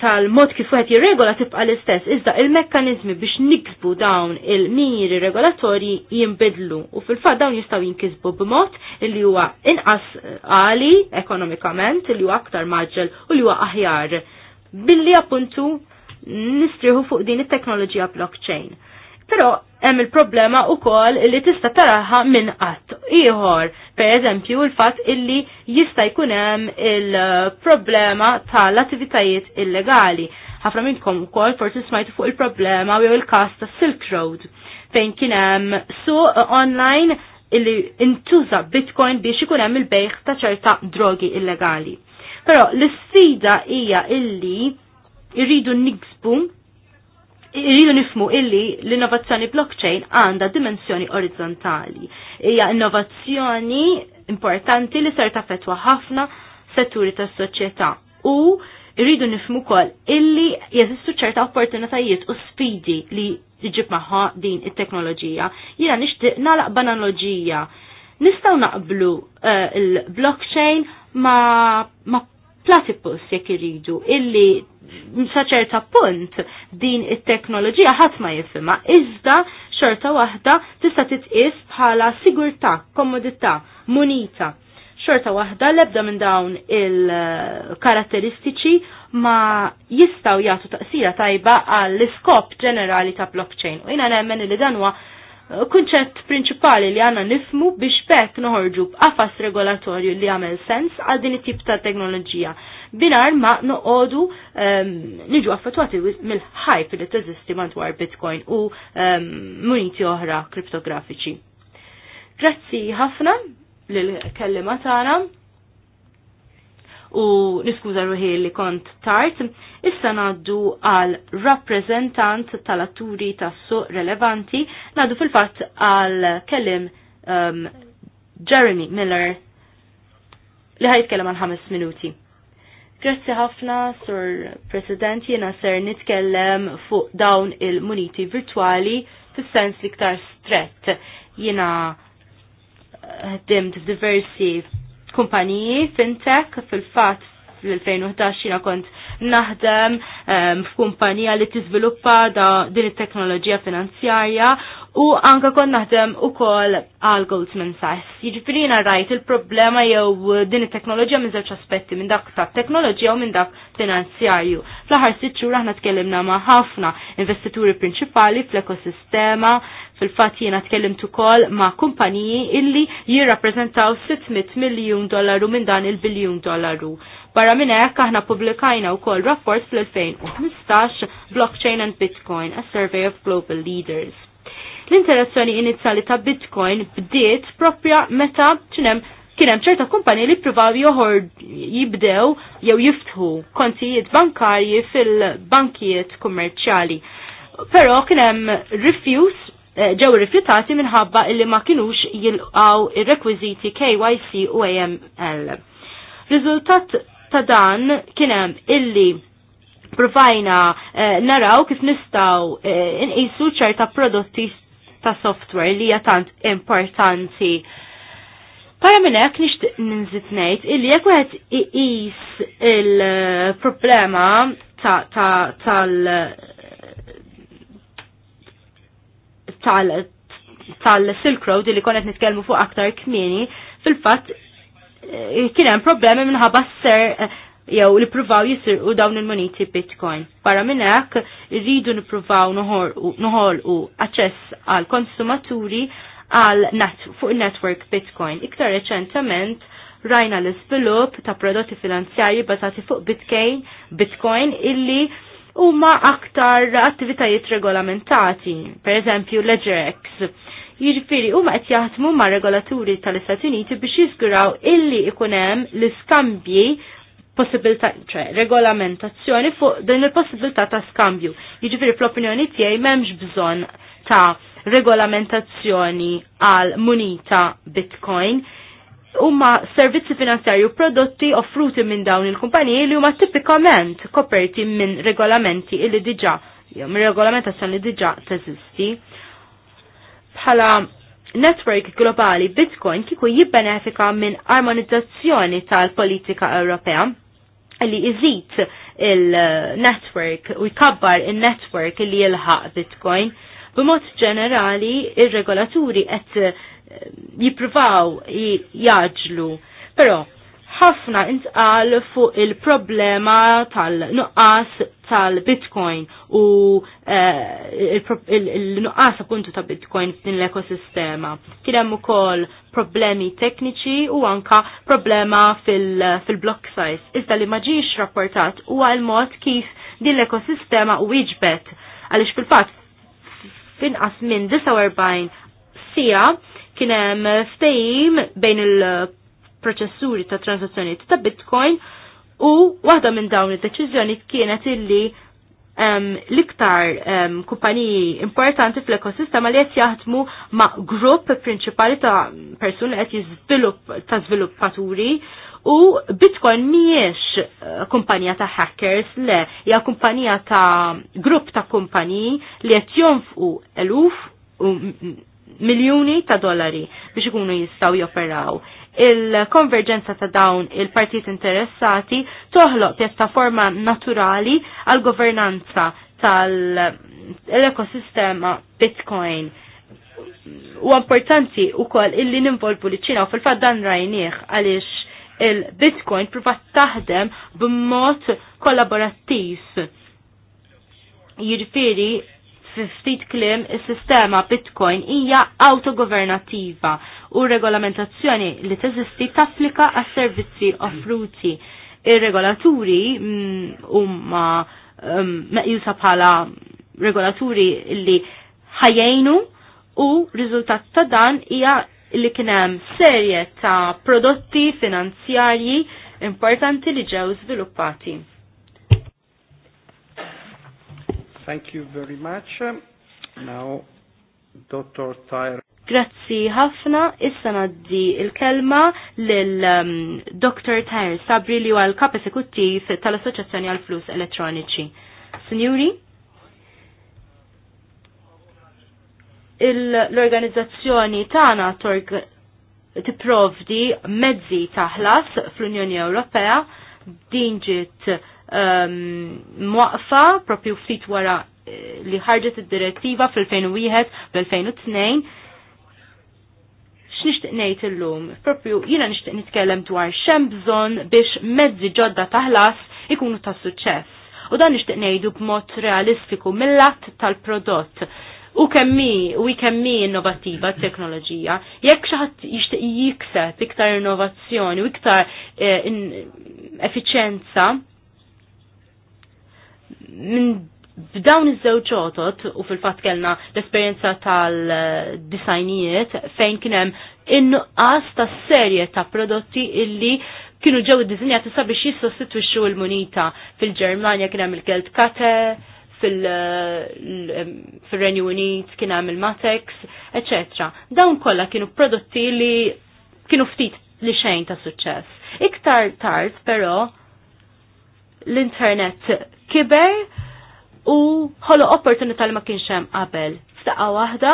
Speaker 3: tal-mod kif wieħed jirregola tibqa l-istess, iżda il-mekkanizmi biex niksbu dawn il-miri regolatorji jinbidlu u fil-fatt dawn jistgħu jinkisbu b'mod illi huwa inqas għali ekonomikament, illi huwa aktar maġġel u li huwa aħjar billi appuntu nistriħu fuq din it-teknoloġija blockchain. Però hemm il-problema ukoll li tista' taraha minn qatt ieħor. Pereżempju l-fatt illi jista' jkun hemm il-problema tal-attivitajiet illegali. Ħafna minnkom ukoll forsi smajtu fuq il-problema jew il-każ ta' Silk Road fejn kien hemm suq online illi intuża Bitcoin biex ikun hemm il-bejħ ta' ċerta drogi illegali. Però l-sfida hija illi jridu niksbu irridu nifmu illi l-innovazzjoni blockchain għanda dimensjoni orizzontali. Hija innovazzjoni importanti li ser tafetwa ħafna setturi tas soċjetà u irridu nifmu kol illi jeżistu ċerta opportunitajiet u sfidi li iġib maħħa din it-teknoloġija. Jiena nixtieq nalaq banaloġija. Nistgħu naqblu uh, il-blockchain ma, ma platypus jekk iridu illi saċerta punt din it-teknoloġija ħadd ma jifhimha iżda xorta waħda tista' titqis bħala sigurtà, komodità, munita. Xorta waħda l-ebda minn dawn il-karatteristiċi ma jistaw jagħtu taqsira tajba għall iskop ġenerali ta' blockchain. U jiena nemmen li dan huwa kunċett prinċipali li għanna nifmu biex pek noħorġu b'qafas regolatorju li għamel sens għal din it-tip ta' teknoloġija binar ma noqodu um, ehm, niġu affettwati mill hype li teżisti madwar Bitcoin u um, muniti oħra kriptografiċi. Grazzi ħafna lil-kellima tagħna u niskuża ruħi li kont tard, issa naddu għal rappresentant tal-atturi tas-suq relevanti, naddu fil-fatt għal kellim um, Jeremy Miller li ħajtkellem għal ħames minuti. Grazzi ħafna, Sur President, jena ser nitkellem fuq dawn il-muniti virtuali fis-sens liktar strett. Jena ħeddimt diversi kumpaniji fintech fil-fat l 2011 jina kont naħdem um, f'kumpanija li tiżviluppa izviluppa din it-teknoloġija finanzjarja u anka kont naħdem u kol għal Goldman Sachs. Jiġifieri jina rajt il-problema jew din it-teknoloġija minn żewġ aspetti minn dak ta' teknoloġija u minn dak finanzjarju. Fl-aħħar sitt xhur aħna tkellimna ma' ħafna investituri prinċipali fl-ekosistema Fil-fatt jiena tkellimt ukoll ma' kumpaniji illi jirrappreżentaw 600 miljun dollaru minn dan il-biljun dollaru. Barra minn hekk aħna pubblikajna wkoll rapport fl-2015 Blockchain and Bitcoin: A Survey of Global Leaders. L-interazzjoni inizjali ta' Bitcoin bdiet propja meta ċinem kien hemm ċerta kumpani li ppruvaw joħor jibdew jew jiftħu kontijiet bankarji fil-bankijiet kummerċjali. Però kien hemm rifjus Eh, ġew rifjutati minħabba illi ma kinux jilqaw ir-rekwiżiti KYC u AML. Riżultat ta' dan kienem illi provajna eh, naraw kif nistaw eh, inqisu ċerta prodotti ta' software li hija tant importanti. Para minn hekk nixtieq ninżid ngħid illi jekk wieħed iqis il-problema tal ta, ta, tal-Silk Road li konet nitkellmu fuq aktar kmini, fil-fatt eh, kien hemm problemi minħabba ser eh, jew li pruvaw jisirqu dawn il-moniti Bitcoin. Barra minn hekk irridu nippruvaw noħolqu aċċess għal konsumaturi għal net fuq il-network Bitcoin. Iktar reċentament rajna l-iżvilupp ta' prodotti finanzjarji bazati fuq Bitcoin, Bitcoin illi huma aktar attivitajiet regolamentati, per eżempju l-Egerex. Jiġifieri huma qed jaħdmu ma' regolaturi tal-Istati Uniti biex jiżguraw illi ikun hemm l-iskambji possibilità, cioè regolamentazzjoni fuq din il-possibilità ta' skambju. Jiġifieri fl-opinjoni tiegħi m'hemmx bżonn ta' regolamentazzjoni għal munita Bitcoin huma servizzi finanzjarju prodotti offruti minn dawn il-kumpaniji li huma tipikament koperti minn regolamenti illi diġa' minn regolamentazzjoni li diġa' teżisti. Bħala network globali Bitcoin kiku jibbenefika minn armonizzazzjoni tal-politika Ewropea li iżid il-network u jkabbar il-network li jilħaq Bitcoin. B'mod ġenerali, ir-regolaturi qed jipruvaw jaġlu. Però ħafna intqal fuq il-problema tal-nuqqas tal-Bitcoin u eh, il-nuqqas appuntu ta' Bitcoin f'din l-ekosistema. Kien hemm ukoll problemi tekniċi u anka problema fil-block size. Iżda li ma ġiex rapportat huwa l-mod kif din l-ekosistema u iġbet għaliex fil-fatt finqas minn 49 sija kien hemm ftehim bejn il-proċessuri ta' transazzjonijiet ta' Bitcoin u waħda minn dawn id-deċiżjoni kienet illi um, l-iktar um, kumpaniji importanti fl-ekosistema li qed jaħdmu ma' grupp prinċipali ta' persuni qed jiżvilupp ta' żviluppaturi u Bitcoin miex eh, kumpanija ta' hackers, le hija kumpanija ta' grupp ta' kumpaniji li qed jonfqu eluf u miljuni ta' dollari biex ikunu jistaw joperaw. Il-konverġenza ta' dawn il-partijiet interessati toħloq pjattaforma naturali għal governanza tal-ekosistema Bitcoin. U importanti u koll illi ninvolvu li ċina u fil-fat dan rajnieħ għalix il-Bitcoin privat taħdem b'mod kollaborattiv. Jirfiri sistit klim s sistema Bitcoin hija autogovernativa u regolamentazzjoni li teżisti tapplika għas servizzi offruti. Ir-regolaturi mm, huma um, meqjusa bħala regolaturi li ħajjejnu u riżultat ta' dan hija li kien hemm serje ta' prodotti finanzjarji importanti li ġew żviluppati. Thank
Speaker 1: you very much. Now, Dr. Tyre.
Speaker 3: Grazzi ħafna, issa naddi il-kelma l-Dr. Um, Tyre Sabri li għal kap esekuttiv tal-Assoċjazzjoni għal Flus Elettroniċi. Signori, l-organizzazzjoni tana tipprovdi mezzi taħlas fl-Unjoni Ewropea din ġiet Um, mwaqfa propju ftit wara eh, li ħarġet id-direttiva fil-2001 fil-2002 x'nixtieq ngħid illum. Propju jiena nixtieq nitkellem dwar xemm bżonn biex mezzi ġodda taħlas ikunu ta' suċċess. U dan nixtieq ngħidu b'mod realistiku mill-att tal-prodott u kemmi, u kemmi innovativa teknoloġija, jekk xaħat jixtieq jikseb iktar innovazzjoni u iktar eh, efficienza, minn B'dawn iż-żewġ ġotot u fil-fatt kellna l-esperjenza tal-disajnijiet fejn kien hemm inqas ta' serje ta' prodotti illi kienu ġew iddisinjati sabiex jissostitwixxu l-munita. Fil-Ġermanja kien hemm il-Geld Kate, fil-Renju Unit kien hemm il-Matex, etc. Dawn kollha kienu prodotti li kienu ftit li xejn ta' suċċess. Iktar tard però l-internet kiber u ħolo opportunità li ma kienx hemm qabel. F'daqqa waħda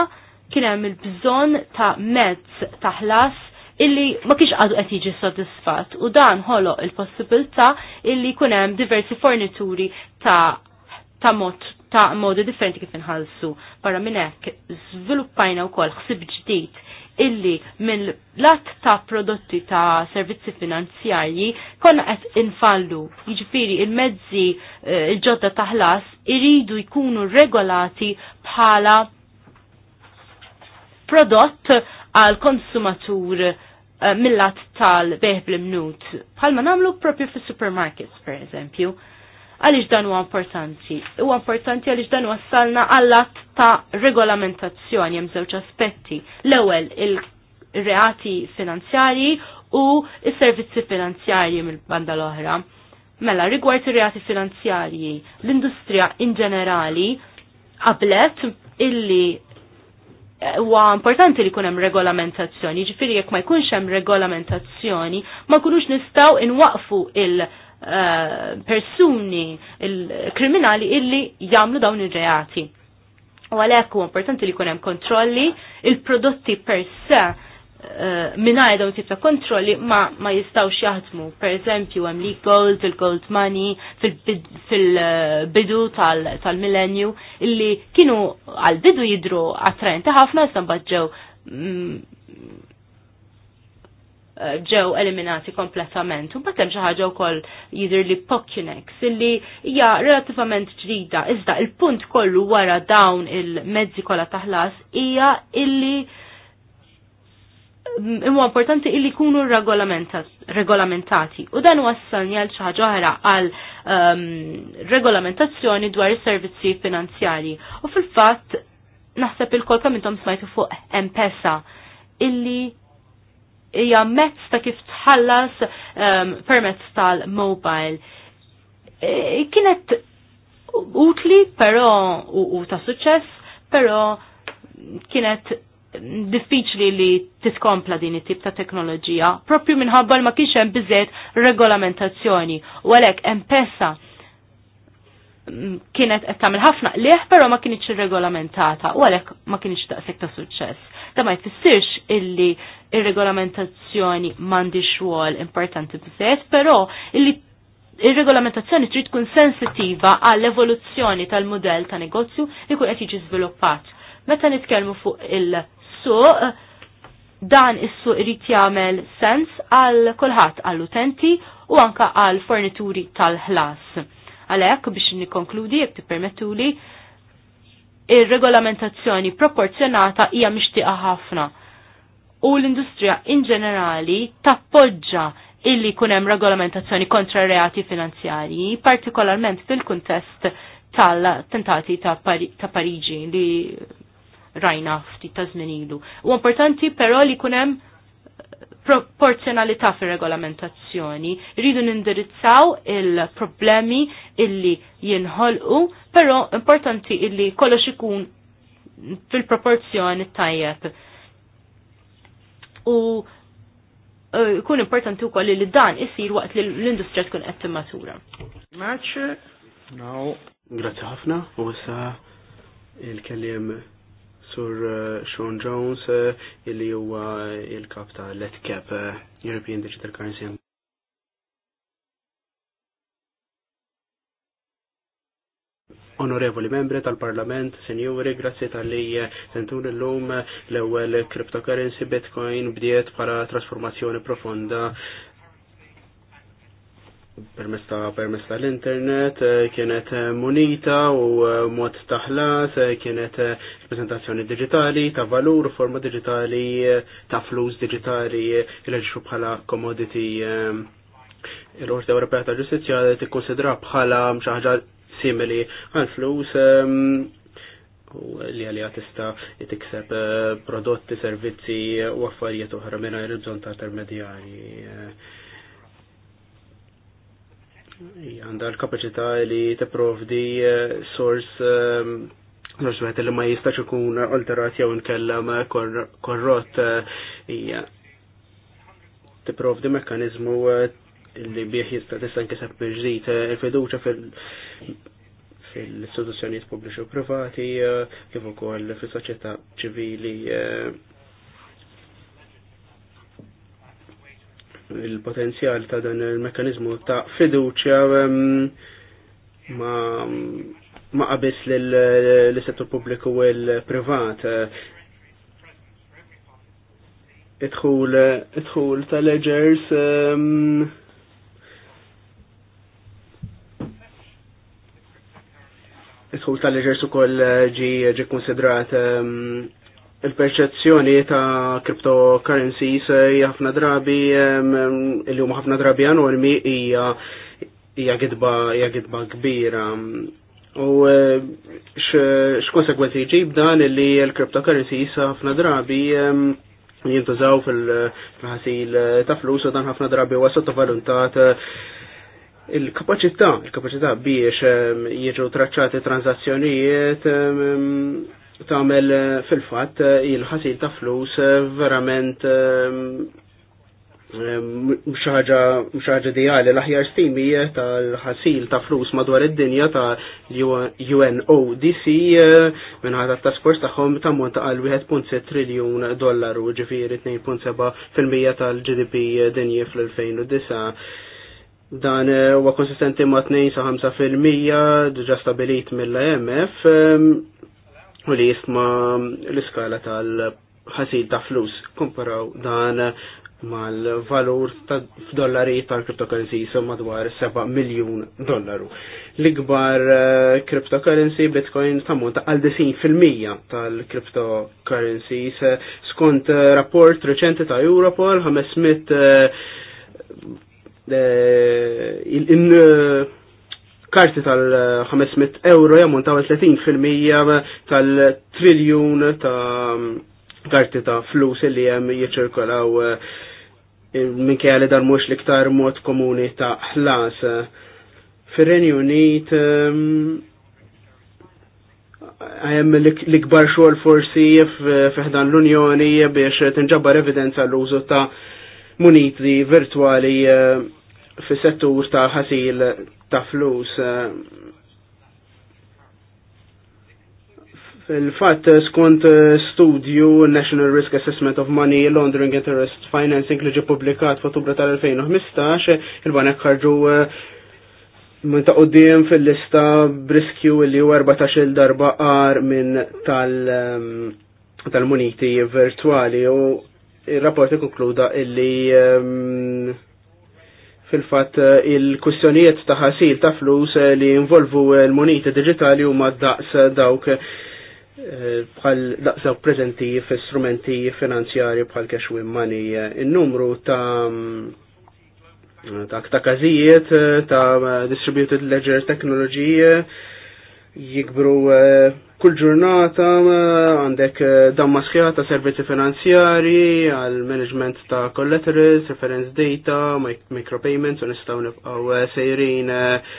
Speaker 3: kien hemm il-bżonn ta' mezz ta' ħlas illi ma kienx għadu qed jiġi sodisfatt u dan ħolo il-possibilità illi jkun hemm diversi fornituri ta' ta' mod ta' modi differenti kif inħallsu. Barra minn hekk żviluppajna wkoll ħsib ġdid illi mill-lat ta' prodotti ta' servizzi finanzjarji konna qed infallu. Jiġifieri il-mezzi eh, il-ġodda ta' ħlas iridu jkunu regolati bħala prodott għal konsumatur eh, mill-lat tal-beħ bl-mnut. Palma namlu propju fi supermarkets, per eżempju. Għaliex dan huwa importanti? Huwa importanti għaliex dan wassalna għall-att ta' regolamentazzjoni hemm żewġ aspetti. L-ewwel il-reati finanzjarji u s-servizzi finanzjari mill-banda l-oħra. Mela, rigward ir-reati finanzjarji, l-industrija in ġenerali qablet illi huwa importanti li jkun hemm regolamentazzjoni, ġifieri jekk ma jkunx hemm regolamentazzjoni, ma kunux nistgħu inwaqfu il- Eh, persuni kriminali illi jamlu dawn il-reati. U għalhekk huwa importanti li kunem kontrolli, il-prodotti per se eh, minnaj dawn tip ta' kontrolli ma, ma jistawx jaħdmu. Per eżempju, hemm li gold, il-gold money, fil-bidu tal-millenju, illi kienu għal-bidu jidru attrenti ħafna jistan ġew eliminati kompletament. U batem ħaġa wkoll jidher li Pokinex illi hija relativament ġrida, iżda il-punt kollu wara dawn il-mezzi kollha taħlas hija illi imu mm, importanti illi kunu regolamentati. U dan wassalni għal sanjal ħaġa għal um, regolamentazzjoni dwar is-servizzi finanzjarji. U fil-fatt naħseb il-kolka mintom smajtu fuq M-Pesa illi hija mezz ta' kif tħallas um, permezz tal-mobile. E, kienet utli, però u, u ta' suċċess, però kienet diffiċli li titkompla din it-tip ta' teknoloġija, propju minħabba ma kienx hemm biżejt regolamentazzjoni u għalhekk empessa kienet qed tagħmel ħafna qlieħ però ma kienx irregolamentata u għalhekk ma kienx daqshekk ta' suċċess. ta' ma jfissirx illi ir-regolamentazzjoni mandi xwol importanti bizzet, pero illi il-regolamentazzjoni trid tkun sensitiva għall-evoluzzjoni tal-modell ta' negozju li kun qed jiġi żviluppat. Meta nitkellmu fuq il-suq, dan is-suq irid jagħmel sens għal kulħadd għall-utenti u anka għal fornituri tal-ħlas. Għalhekk biex nikkonkludi jekk tippermettuli ir-regolamentazzjoni proporzjonata hija mixtieqa ħafna u l-industrija in ġenerali tappoġġa illi kunem regolamentazzjoni kontra reati finanzjarji, partikolarment fil-kuntest tal-tentati ta', pari ta Pariġi li rajna ftit ta' zminilu. U importanti però li kunem proporzjonalità fil regolamentazzjoni rridu nindirizzaw il-problemi illi jinħolqu, però importanti illi kollox ikun fil-proporzjoni tajjeb u e, jkun importanti wkoll li dan isir waqt li l-industrija
Speaker 4: tkun qed timmatura. Maċ, naw. Grazzi ħafna, u issa il-kelliem sur e, Sean Jones, e, illi huwa il-kap ta' Letcap
Speaker 1: European Digital Currency
Speaker 4: Onorevoli membri tal-Parlament, senjuri, grazzi tal-li sentun l-lum l-ewel cryptocurrency Bitcoin bdiet para trasformazzjoni profonda permess tal-internet, kienet munita u mod taħlas, kienet prezentazzjoni digitali, ta' valur, forma digitali, ta' flus digitali, il bħala commodity. Il-Orta Ewropea ta' Ġustizzja tikkonsidra bħala simili għal flus ehm, u li għalija tista jtikseb eh, prodotti, servizzi u affarijiet uħra minna irrizzon ta' intermedjari. Eh, Għanda l kapacita li t-provdi eh, sors l ehm, roġbet li ma jistax ikun alterat jew nkellem korrot t-provdi mekanizmu li bieħ jista tista' nkiseb biex eh, il-fiduċa fil-istituzzjonijiet pubbliċi u privati eh, kif ukoll fis-soċjetà ċivili eh, il-potenzjal ta' dan il mekkanizmu ta' fiduċa ehm, ma qabis l-settur pubbliku u l-privat idħul tal-ledgers ehm, Is-ħul tal-leġers ukoll eh, ġi eh, ġi konsidrat ehm, il-perċezzjoni ta' cryptocurrencies eh, ħafna drabi ehm, ehm, li huma ħafna drabi anonimi hija hija gidba kbira. U x' x-konsekwenzi ġib dan li l-cryptocurrencies ħafna drabi jintużaw fil-ħasil ta' flus u dan ħafna drabi huwa sottovalutat il-kapacità, il-kapacità biex ehm, jiġu traċċati tranzazzjonijiet ehm, tagħmel eh, fil-fatt eh, il-ħasil ta' flus eh, verament mxaħġa ehm, dijali l-aħjar stimi tal-ħasil ta' flus madwar id-dinja ta' UNODC minnħata t-taskors taħħom ta' mont għal 1.7 triljun dollaru ġifiri 2.7% tal-GDP dinji fl-2009 dan eh, huwa konsistenti ma' 2 sa 5% diġa stabilit mill-IMF u li jisma l-iskala tal-ħasil ta' flus komparaw dan mal-valur ta' dollari tal-cryptocurrency so madwar 7 miljun dollaru. L-ikbar eh, cryptocurrency Bitcoin tammonta għal 90% tal-cryptocurrencies skont eh, rapport reċenti ta' Europol 500 Eh, in eh, karti tal-500 euro jammontaw 30% tal-triljun ta' karti ta' flus li jem jiċirkolaw eh, minkejja li dar mhux l-iktar mod komuni ta' ħlas. Fir-Renju Unit għajem l-ikbar xogħol forsi fiħdan l-Unjoni biex tinġabbar evidenza l-użu ta' muniti virtuali fis settur ta' ħasil ta' flus. Fil-fatt skont studju National Risk Assessment of Money Laundering Interest Financing li ġi publikat f'Ottubru tal-2015, il-banek ħarġu eh, minn ta' qoddim fil-lista briskju li ju 14 darba għar minn tal- eh, tal-muniti virtuali u il-rapport konkluda illi ehm, fil-fat eh, il-kussjonijiet ta' ħasil ta' flus eh, li involvu eh, l-moniti digitali u ma' daqs dawk bħal daqs dawk prezenti f-strumenti finanzjari bħal cash win Il-numru mm, ta' ta' ta' kazijiet ta' distributed ledger technology jikbru kull ġurnata għandek eh, damma sħiħa ta' servizzi finanzjari, għal management ta' collaterals, reference data, micropayments, u nistaw eh, sejrin. Eh,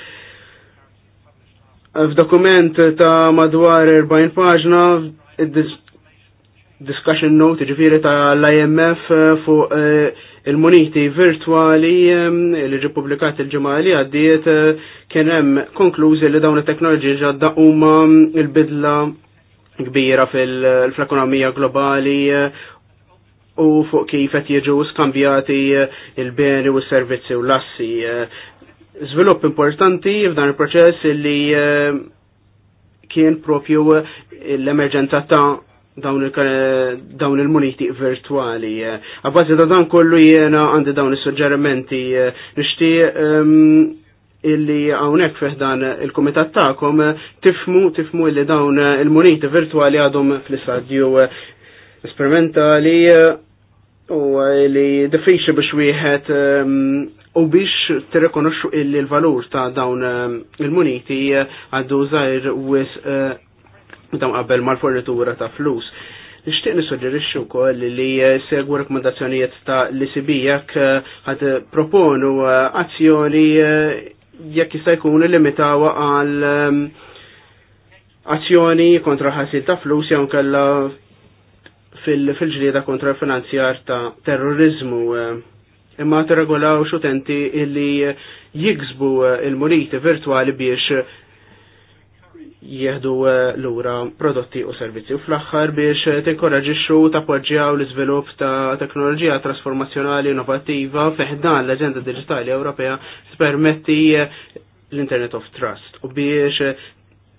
Speaker 4: f'dokument ta' madwar 40 paġna, discussion note ġifiri ta' l-IMF eh, fuq eh, il-muniti virtuali li ġi publikat il-ġimgħa li għaddiet eh, kien hemm konklużi li dawn it-teknoloġi ġadda huma mm, il-bidla kbira fil-ekonomija globali u fuq kif qed jiġu skambjati il-beni u s-servizzi u l-assi. Żvilupp importanti f'dan il-proċess li kien propju l-emerġenza ta' dawn il-muniti virtuali. Għabbażi da dan kollu jena għandi dawn il-sugġerimenti eh, nishti ehm, illi għawnek fiħdan il-komitat ta'kom eh, tifmu, tifmu illi dawn eh, il-muniti virtuali għadhom fl-istadju esperimentali u li diffiċi biex wieħed ehm, u biex tirrekonoxxu illi l-valur ta' dawn il-muniti għaddu zaħir u meta qabel mal-fornitura ta' flus. Nixtieq nissuġġerixxi wkoll li segwu rakkomandazzjonijiet ta' l-ICB jekk eh, ħad proponu eh, azzjoni eh, jekk jista' jkun limitawa għal ehm, azzjoni kontra ħasil ta' flus jew kellha fil-ġlieda kontra l finanzjar ta' terrorizmu imma tirregolaw regolaw xutenti illi jiksbu il-muniti virtuali biex jieħdu eh, lura prodotti u servizzi. U fl-axħar biex tinkoraġixxu tappoġġjaw l-iżvilupp ta' teknoloġija trasformazzjonali innovattiva fiħdan l-Aġenda Digitali Ewropea permetti eh, l-Internet of Trust u biex eh,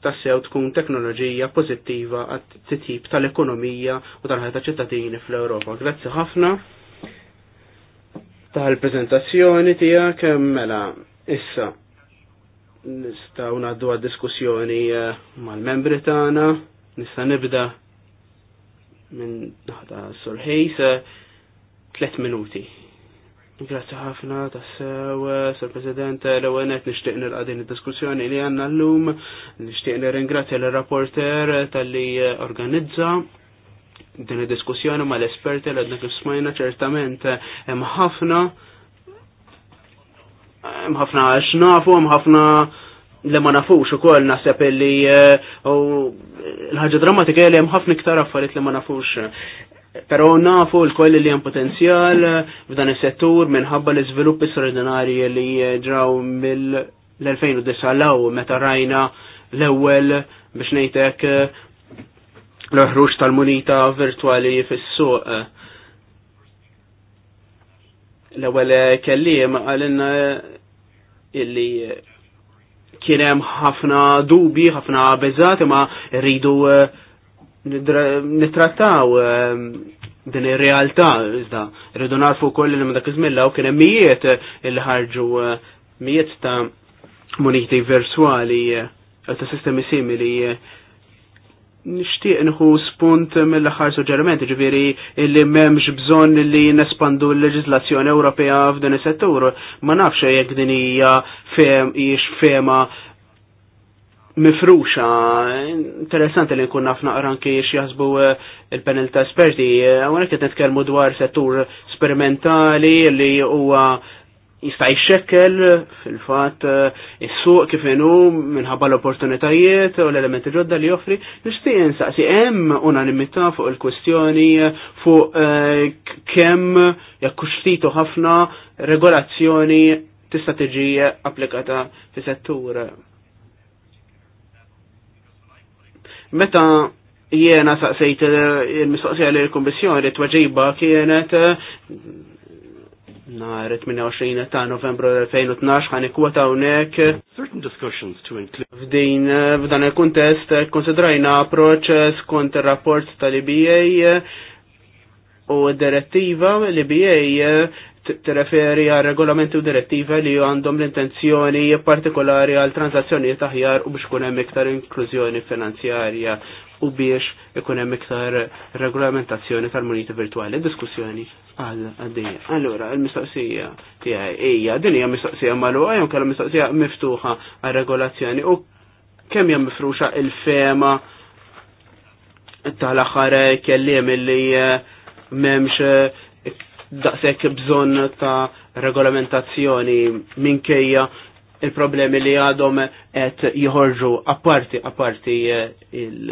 Speaker 4: tassew tkun teknoloġija pozittiva għat titjib tal-ekonomija u tal-ħajta ċittadini fl-Ewropa. Grazzi ħafna tal-prezentazzjoni tijak mela issa nistaw naddu għad diskussjoni eh, mal-membri tagħna, nista' nibda minn naħda surħejs eh, tliet minuti. Grazzi ħafna tassew, eh, Sur President, l-ewenet nishtiq nil għadin il-diskussjoni li għanna l-lum, nishtiq nir l-rapporter tal-li organizza din il-diskussjoni ma l-esperti l-għadna kif smajna ċertament hemm ħafna mħafna xnafu, mħafna li ma nafux eh, u koll nasib li l-ħagġa drammatika li ħafna iktar affarijiet li ma nafux. Pero nafu l-koll li hemm potenzjal f'dan is-settur minħabba l-iżviluppi straordinarji li ġraw mill-2009 law meta rajna l-ewwel biex ngħidlek eh, l-ħruġ tal-munita virtwali fis-suq l-ewwel eh, kelliem għalinna eh, illi eh, kien hemm ħafna dubi, ħafna beżat imma rridu nittrattaw din ir-realtà iżda rridu narfu wkoll li dak iż-żmien law kien hemm mijiet illi ħarġu mijiet ta' moniti għal ta' sistemi simili nishtiq nħu spunt mill-axar suġġerimenti, ġviri illi memx bżon li nespandu l-leġizlazzjoni Ewropea f'dan is-settur. Ma nafx jekk din hija jiex fema mifruxa. Interessanti li nkun nafna naqra anke jiex jaħsbu eh, il-panel ta' esperti. Għonek qed nitkellmu dwar settur sperimentali li huwa jista' jxekkel fil-fatt eh, is-suq kif inhu minħabba l-opportunitajiet u l-elementi ġodda li joffri, nixtieq insaqsi hemm unanimità fuq il-kwestjoni fuq eh, kemm jekk xtitu ħafna regolazzjoni tista' tiġi applikata fis-settur. Meta jiena saqsejt il-mistoqsija li l-Kummissjoni t-tweġiba kienet Nar 28 ta' novembru 2012 ħan ikwota unek.
Speaker 1: Certain discussions to include.
Speaker 4: F'din, f'dan il kuntest konsidrajna approċ skont il-rapport tal-IBA u direttiva l-IBA t-referi għal regolamenti u direttiva li għandhom l-intenzjoni partikolari għal transazzjoni taħjar u biex kunem iktar inklużjoni finanzjarja u biex ikun hemm iktar regolamentazzjoni tal-moniti virtuali. Diskussjoni għal għaddejja. Allora il-mistoqsija tiegħi ija, din hija mistoqsija malu, jew kalla mistoqsija miftuħa għal regolazzjoni u kemm jam mifruxa il-fema tal-aħħar kelliem li eh, m'hemmx eh, daqshekk bżonn ta' regolamentazzjoni minkejja il-problemi li għadhom qed jħorġu apparti apparti eh, il-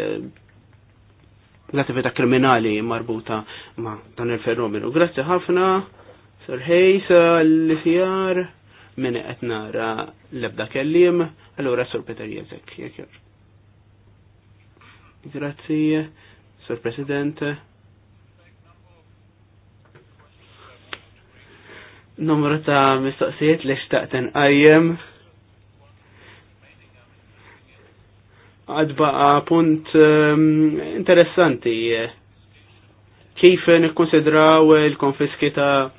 Speaker 4: l-attività kriminali marbuta ma' dan il-fenomenu. Grazzi ħafna, Sir Hayes, l sijar. minn qed nara l-ebda kellim, allura Sir Peter Jezek, jekk Grazzi, Sir President. Numru ta' mistoqsijiet li xtaqten qajjem. għadbaqa punt ehm, interessanti kif nikkonsidraw il-konfiski ta'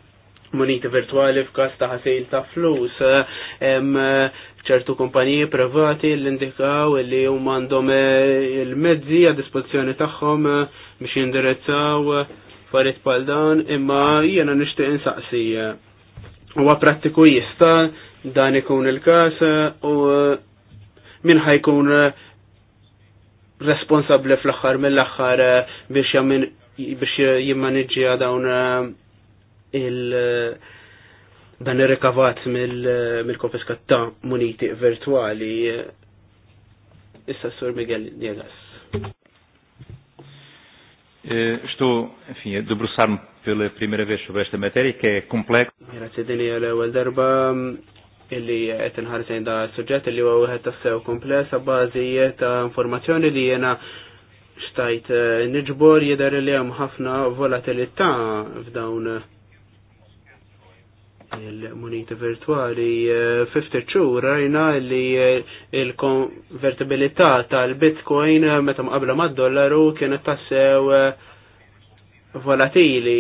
Speaker 4: moniti virtuali f'kas ta' ħasil ta' flus eh, ċertu kumpaniji privati l-indikaw li hum għandhom eh, il-mezzi għad dispozzjoni tagħhom eh, biex jindirizzaw farit pal dan imma jiena nixtieq insaqsi. Huwa prattiku jista' dan ikun il-każ u min ħajkun responsabli fl-axħar mill-axħar eh, biex jammin biex jimmanġġja dawn eh, il- eh, dan ir-rekavat mill-konfiskat ta' muniti virtuali issa sur Miguel Diegas.
Speaker 1: Estou, enfim, dubru sarm fil pela primeira vez sobre esta matéria, que é Grazie,
Speaker 4: Daniel. għal darba illi qed inħarsejn da suġġett illi huwa wieħed tassew kompless bażi ta' informazzjoni li jiena xtajt eh, niġbor jidher li hemm ħafna volatilità f'dawn il-muniti virtuali 52 eh, rajna li eh, il-konvertibilità tal-Bitcoin meta mqabla mad-dollaru kienet tassew volatili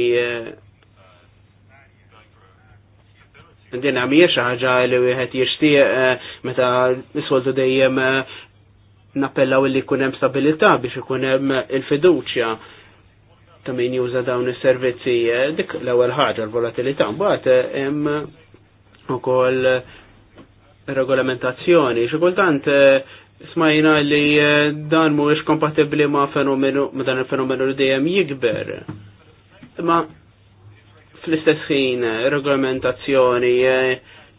Speaker 4: Dina miex ħaġa li wieħed jixtieq eh, meta niswoldu dejjem eh, nappellaw li jkun hemm stabilità biex ikun hemm il-fiduċja ta' min juża dawn is-servizzi eh, dik l-ewwel ħaġa l-volatilità mbagħad hemm ukoll regolamentazzjoni xi kultant smajna li dan mhuwiex kompatibbli ma' fenomenu ma' dan il-fenomenu li dejjem jikber. Ma' fl-istess ħin eh, regolamentazzjoni eh,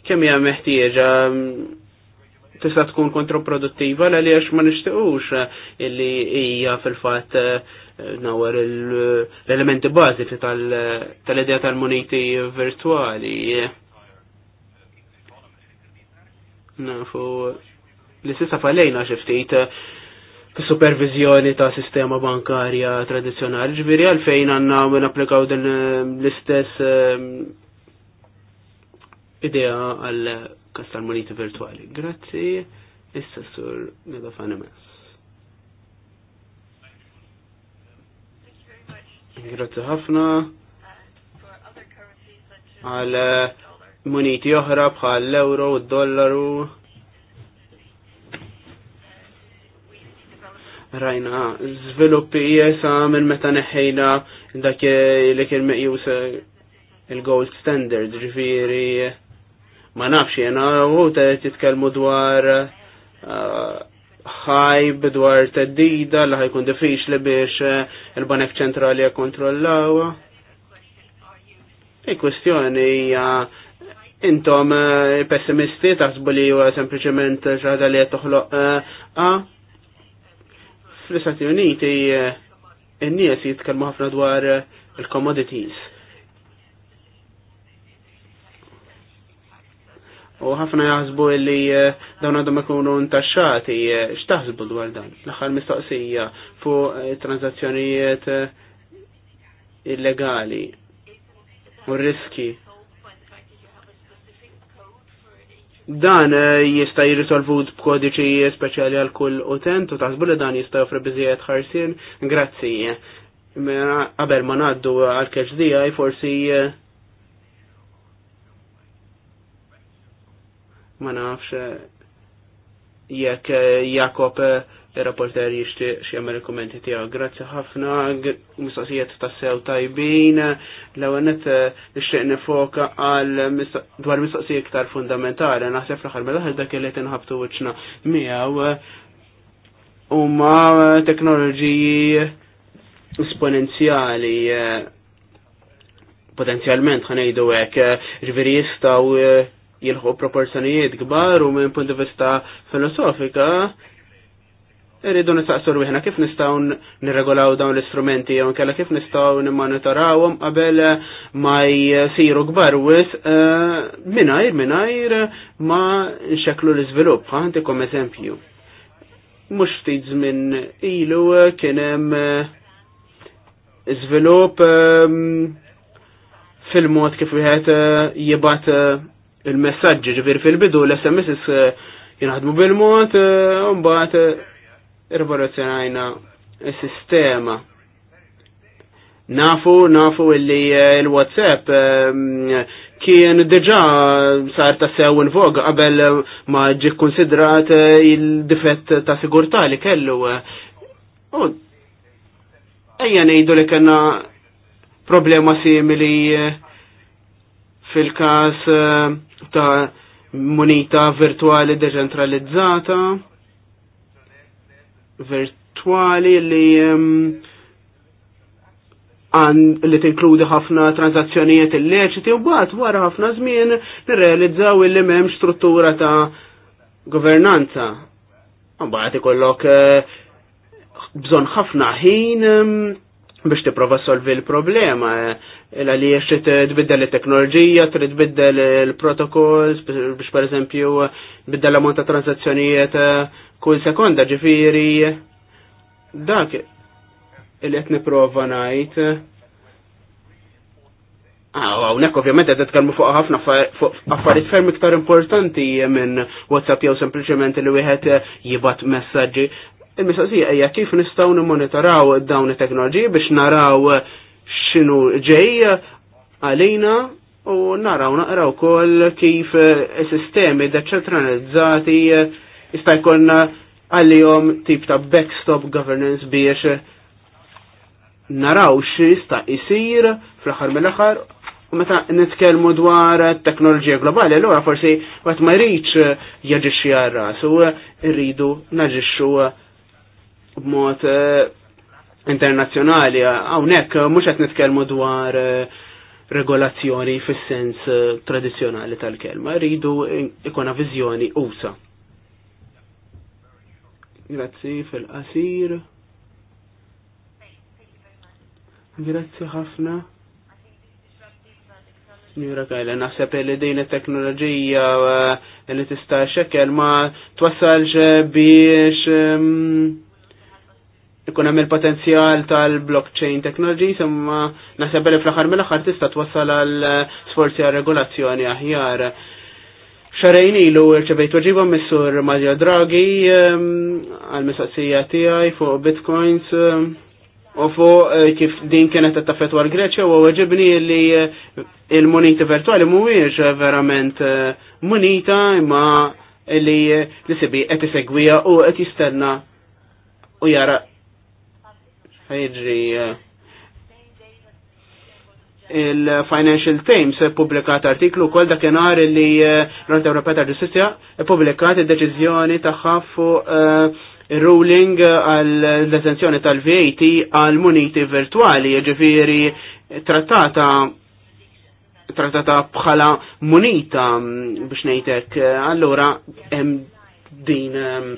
Speaker 4: kemm hija meħtieġa mm, tista' tkun kontraproduttiva l għaliex ma nixtiqux eh, illi hija fil-fatt nawar l-elementi bażiċi tal-idea tal-muniti virtuali. Nafu li sissa xi xiftit supervizjoni ta' sistema bankarja tradizjonali. Ġviri għalfejn għanna n-applikaw din ehm, l-istess ehm, idea għal kastal moneta virtuali. Grazzi, issa sur nida Grazzi ħafna għal eh, moniti oħra bħal l-euro u d-dollaru. rajna sviluppi sa minn meta neħħejna dak li kien meqjus eh, il-gold standard, ġifiri ma nafx jena u titkellmu dwar ħajb eh, dwar teddida li ħajkun diffiċli biex eh, il-Banek Ċentrali jakkontrollaw. Il-kwestjoni hija intom pessimisti taħsbu li huwa sempliċement xi ħaġa li qed toħloq ah, fl-Istati Uniti eh, n-nies jitkellmu ħafna dwar eh, il-commodities. U ħafna jaħsbu li eh, dawn għadhom ikunu ntaxxati, x'taħsbu dwar dan? L-aħħar mistoqsija fuq transazzjonijiet illegali u riski Dan eh, jista' jirrisolvut b'kodiċi speċjali għal kull utent u tasbu li dan jista' joffri biżejjed ħarsien. Grazzi. Mela, qabel ma ngħaddu għal kex dijaj forsi eh, ma nafx eh, jekk Jakob il-rapporter jishtiq xiemmel il-kommenti tiegħu. Grazzi ħafna, mistoqsijiet ta' sew tajbin, l-għanet eh, nixtieq nifoka għal dwar mistoqsijiet iktar fundamentali, naħseb fl-aħħar mill-aħħar dak li tinħabtu wiċċna miegħu eh, huma teknoloġiji esponenzjali eh, potenzjalment ħanejdu hekk ġifieri jistgħu jilħu proporzjonijiet kbar u minn punt di vista filosofika irridu nitaqsur wieħna kif nistgħu nirregolaw dawn l-istrumenti jew kella kif nistgħu nimmonitorawhom qabel ma jsiru kbar wis eh, mingħajr mingħajr ma nxeklu l-iżvilupp ħantikom eżempju. Mhux ftit żmien ilu kien hemm eh, iżvilupp eh, fil-mod kif wieħed jibgħat il-messaġġi ġifier fil-bidu l-SMS jinħadmu bil-mod, mbagħad rivoluzjonajna s-sistema. Nafu, nafu illi eh, il-WhatsApp ehm, kien deġa sar ta' sew in voga qabel ma ġi konsidrat eh, il-difett ta' sigurtà li kellu. Eh. ejja ngħidu li kellna problema simili fil-każ ta' moneta virtuali deċentralizzata virtuali li għan li tinkludi ħafna tranzazzjonijiet illeċiti u bat wara ħafna żmien nirrealizzaw illi m'hemm struttura ta' governanza. Mbagħad ikollok eh, bżonn ħafna ħin biex tipprova solvi l-problema. Eh, Illa li jiex tbiddel il-teknoloġija, trid tbiddel il-protokolls, biex per eżempju biddel l-ammont ta' transazzjonijiet eh, kull sekonda ġifiri dak il qed niprofa ngħid. Hawnhekk ah, ovvjament qed nitkellmu fuq ħafna affarijiet ferm iktar importanti minn WhatsApp jew sempliċement li wieħed jibgħat messaġġi. Il-mistoqsija hija kif nistgħu nimmonitoraw dawn it-teknoloġiji biex naraw x'inhu ġej għalina u naraw naqraw kol kif sistemi deċentralizzati jista' jkollna eh, għalihom tip ta' backstop governance biex eh, naraw xista isir fl-aħħar mill-aħħar u meta nitkellmu dwar teknoloġija globali, allura forsi waqt ma jridx eh, jaġixxi għar su u rridu naġixxu b'mod internazzjonali hawnhekk mhux qed nitkellmu dwar regolazzjoni fis-sens tradizzjonali tal-kelma, rridu ikona viżjoni usa. Grazzi fil-qasir. Grazzi ħafna. Njura kajla, naħseb li din it-teknoloġija eh, li tista' xekel ma twassalx biex ehm, ikun hemm il-potenzjal tal-blockchain technology, imma naħseb li fl-aħħar mill-aħħar tista' twassal għal sforzi għal regolazzjoni aħjar xarajn ilu rċevejt weġiba missur Mario Draghi għal-mistoqsija tiegħi fuq bitcoins u fuq eh, kif din kienet taffetwa l-Greċja u weġibni li eh, il monita virtuali mhuwiex verament eh, monita imma li li sibi qed isegwija u qed jistenna u jara ħajġri il-Financial Times publikat artiklu kol dakinhar li eh, l-Unità Ewropea ta' Ġustizzja publikat id-deċiżjoni tagħha fuq eh, ruling għall-detenzjoni tal-VAT għal muniti virtuali, ġifiri trattata trattata bħala munita mm, biex ngħidlek. Allura hemm din eh,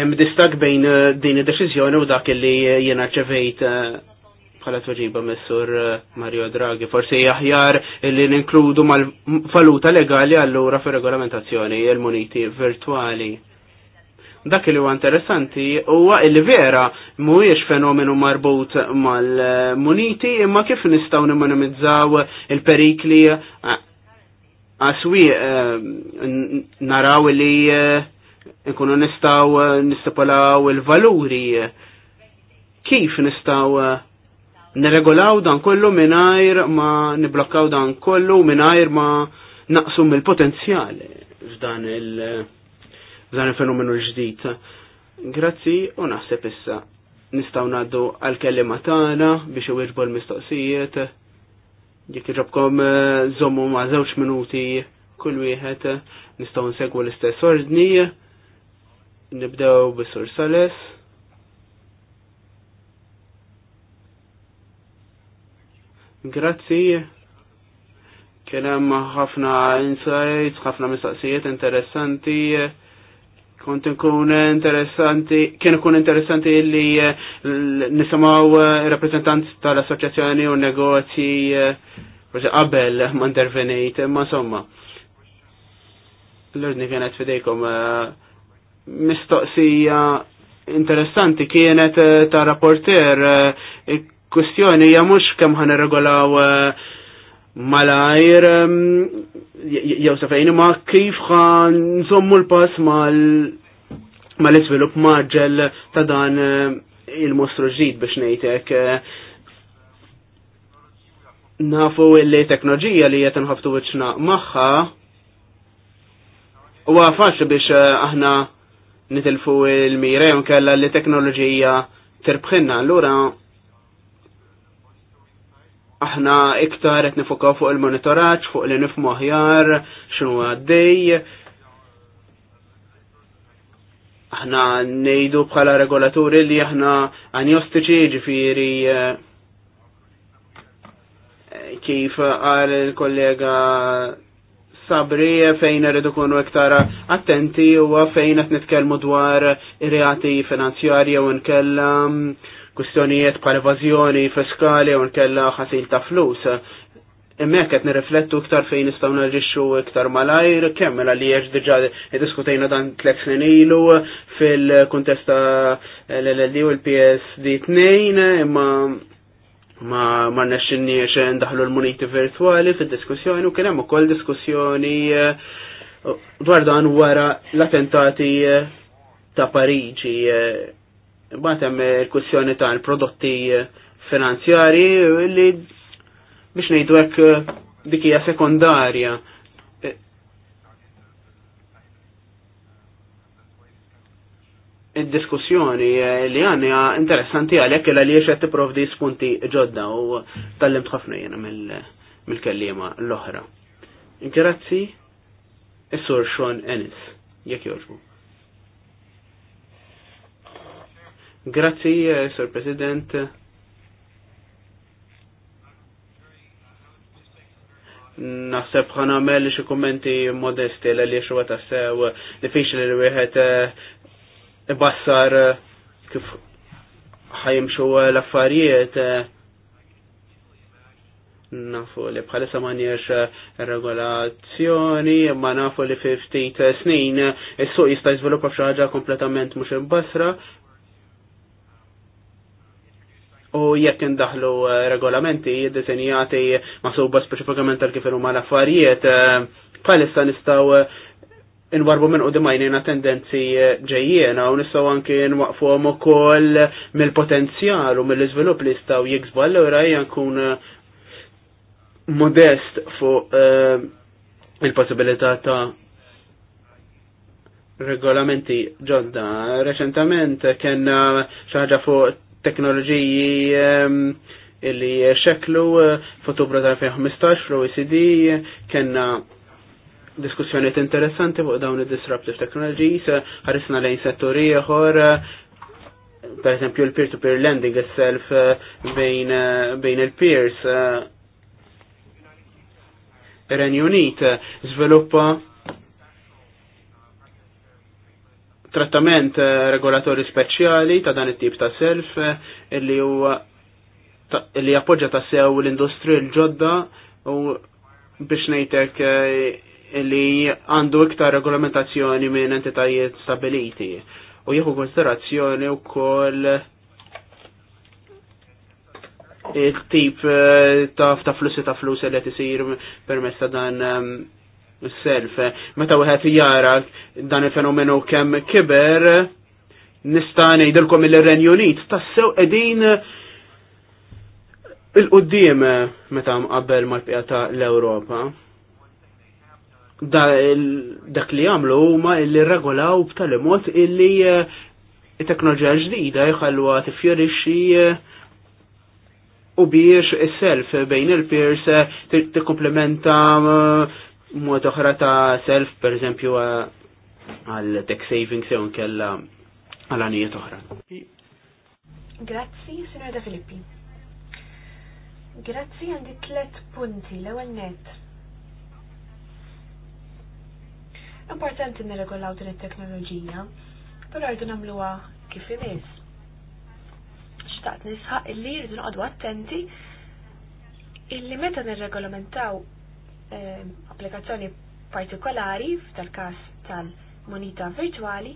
Speaker 4: hemm distak bejn din id-deċiżjoni u dak li jena ċevejt bħala tweġiba messur eh, Mario Draghi, forsi jahjar li ninkludu mal-valuta legali allura fir regolamentazzjoni il-muniti virtuali. Dak li huwa interessanti huwa il vera mhuwiex fenomenu marbut mal-muniti imma kif nistgħu nimmonimizzaw il-perikli għaswi eh, eh, naraw li nkunu nistgħu nistipulaw il-valuri kif nistgħu neregolaw dan kollu minajr ma niblokkaw dan kollu minajr ma naqsum il-potenzjali f'dan il-fenomenu il ġdid. Grazzi u naħseb issa nistaw naddu għal-kellima tagħna biex iwieġbu l-mistoqsijiet. Jekk iġobkom eh, żommu ma' żewġ minuti kull wieħed nistgħu nsegwu l-istess ordni. Nibdew bis-Sur Sales. Grazzi. Kien hemm ħafna insights, ħafna mistaqsijiet interessanti. Kont ikun interessanti, kien ikun interessanti li eh, nisimgħu eh, rappreżentant tal-assoċjazzjoni u negozji eh, forsi qabel ma intervenejt, imma insomma. L-ordni kienet fidejkom mistoqsija interessanti kienet ta' rapporter kustjoni hija mhux kemm ħan regolaw eh, malajr jew fejn ma kif ħan nżommu l-pass mal mal-iżvilupp maġġel ta' dan eh, il-mostru ġdid biex ngħidlek. Eh. Nafu li teknoloġija li qed inħabtu wiċċna magħha huwa faċli biex aħna nitilfu il-mira jew kella li teknoloġija tirbħinna allura aħna iktar qed nifokaw fuq il-monitoraġġ, fuq li nifhmu aħjar, x'inhu għaddej. Aħna ngħidu bħala regolaturi li aħna anjostiċi ġifieri eh, kif qal il-kollega sabri fejn irridu kunu iktar attenti u fejn qed nitkellmu dwar ir-reati finanzjarji u nkellem kustjonijiet bħal evażjoni fiskali u nkella ħasil ta' flus. Immek qed nirriflettu iktar fejn nistgħu nerġixxu iktar malajr, kemm mela li hekk diġà diskutejna dan tliet snin ilu fil-kuntest ta' l-LLD u l-PSD 2 imma ma ma nexxinniex ndaħlu l-muniti virtwali fid-diskussjoni u kien hemm ukoll diskussjoni eh, dwar dan wara l-attentati eh, ta' Pariġi eh, hemm il eh, kwissjoni ta' l prodotti eh, finanzjari eh, li biex ngħidu hekk hija sekundarja. Id-diskussjoni li għandha interessanti għalhekk illa li jiexet tipprovdi spunti ġodda u tallimt ħafna jiena mill-kellima l-oħra. Grazzi, Is-sur Sean Ennis, jekk jogħġbu. Grazzi, eh, Sir President. Naħseb ħana għamel xi kummenti modesti l li xuwa tassew diffiċli li wieħed eh, ibassar eh, kif ħajimxu l-affarijiet nafu li bħalissa ma regolazzjoni, ma nafu li fi snin is-suq jista' jiżviluppa f'xi ħaġa kompletament mhux imbasra, U jekk indaħlu eh, regolamenti disenjati masuba speċifikament tal kif huma l-affarijiet, eh, bħalissa nistgħu eh, inwarbu minn u dimajnina tendenzi ġejjena u nistaw anki nwaqfuhom ukoll mill-potenzjal u mill-iżvilupp li jistgħu jiksbu allura hija modest fuq il-possibilità ta' regolamenti ġodda. Reċentament kien xaħġa fuq teknoloġiji ehm, illi xeklu eh, fotobra ta' 2015 fl-OECD kena diskussjoniet interessanti fuq dawn id-disruptive technologies, eh, ħarisna lejn setturi ieħor eh, per esempio il-peer-to-peer lending itself bejn, bejn il-peers. Renjunit, sviluppa trattament eh, regolatorju speċjali ta' dan it-tip ta' self eh, illi huwa illi appoġġa ta' sew l-industri l-ġodda u biex ngħidlek eh, illi għandu iktar regolamentazzjoni minn entitajiet stabiliti u jieħu konsiderazzjoni wkoll il-tip ta' flussi ta' flus li qed isir permezz ta' dan ehm, s-self. Meta wieħed jara dan il-fenomenu kemm kiber, nista' ngħidilkom il-Renju Unit tassew qegħdin il-qudiem meta mqabbel mal-pija ta' l-Ewropa. dak li jagħmlu huma illi regolaw b'tali mod illi eh, it-teknoloġija ġdida jħalluha tiffjorixxi eh, u biex is-self bejn il-peers eh, tikkomplementa mod oħra ta' self, per eżempju, għal tech saving sew kella għal għanijiet oħra.
Speaker 5: Grazzi, Sinjora Filippi. Grazzi għandi tlet punti l-ewwel net. Importanti nirregolaw din it-teknoloġija, però rridu nagħmluha kif imiss. Xtaqt nisħaq illi rridu noqogħdu attenti illi meta nirregolamentaw Eh, applikazzjoni partikolari tal-kas tal-monita virtuali,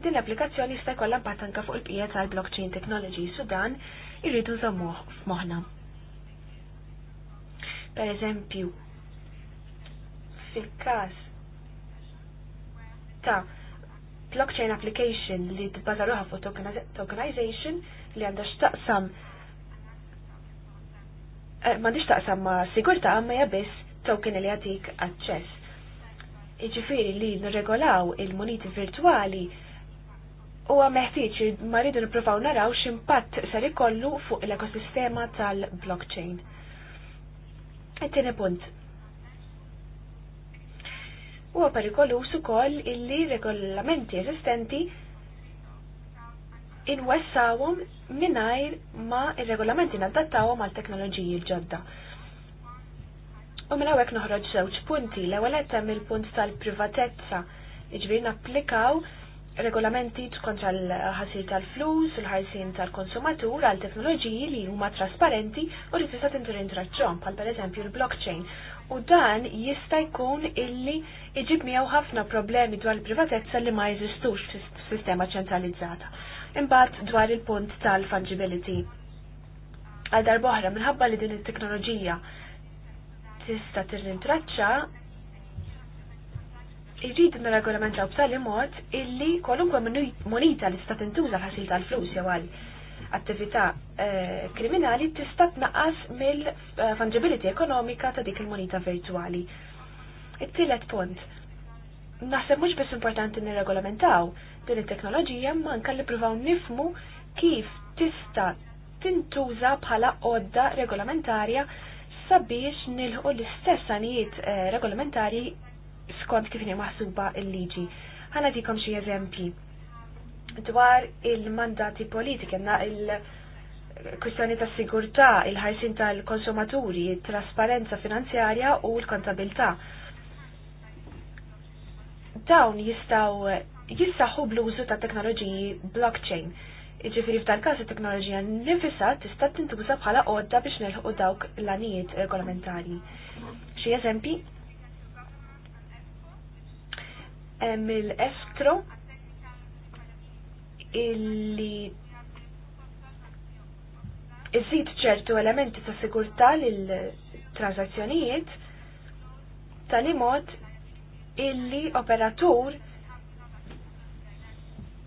Speaker 5: din l-applikazzjoni sta jkollha batanka anke fuq il pija tal-blockchain technology Sudan irridu żammuh f'moħħna. Per eżempju, fil-każ ta' blockchain application li tibbażaruha fuq tokenization li għandha x'taqsam eh, m'għandix taqsam ma' sigurtà għamma hija biss token li għatik għadċess. Iġifiri li nirregolaw il-moniti virtuali u għameħtieċ ma rridu niprofaw naraw x'impatt ser ikollu fuq l-ekosistema tal-blockchain. It-tieni punt. Huwa perikolus ukoll illi regolamenti eżistenti wessawum mingħajr ma il regolamenti nadattawum għal teknoloġiji ġodda. U minn mela hawnhekk noħroġ żewġ punti. L-ewwel qed il-punt tal-privatezza. Jiġifieri napplikaw regolamenti kontra l-ħasir tal-flus, il-ħarsin tal-konsumatur, għal teknoloġiji li huma trasparenti u li tista' tintirintraġġhom, bħal pereżempju l-blockchain. U dan jista' jkun illi iġib miegħu ħafna problemi dwar il-privatezza li ma jeżistux f'sistema sistema ċentralizzata. Imbagħad dwar il-punt tal-fungibility. Għal darboħra minħabba li din it-teknoloġija tista' tirrintraċċa irridu nirregolamentaw b'tali mod illi kwalunkwe monita li tista' tintuża ħasil tal-flus jew għal attività eh, kriminali tista' tnaqqas mill-fungibility ekonomika ta' dik il-monita virtuali. It-tielet punt. Naħseb mhux biss importanti nirregolamentaw din it-teknoloġija ma anke li pruvaw nifmu kif tista' tintuża bħala għodda regolamentarja sabiex nilħu l-istess għanijiet eh, regolamentari skont kif maħsuba l liġi Ħana dikom xie eżempji dwar il-mandati politiki, għanna il-kwistjoni ta' sigurtà, il-ħajsin tal-konsumaturi, il-trasparenza finanzjarja u l-kontabilta. Dawn jistaw jistaħu bl-użu ta' teknoloġiji blockchain Iġifiri f'dan każ it-teknoloġija ninfisha tista' tintuża bħala għodda biex nelħu dawk l-anijiet regolamentari. Xi eżempji? Il-Estro, illi iżid ċertu elementi ta' sigurtà lil transazzjonijiet tal mod illi operatur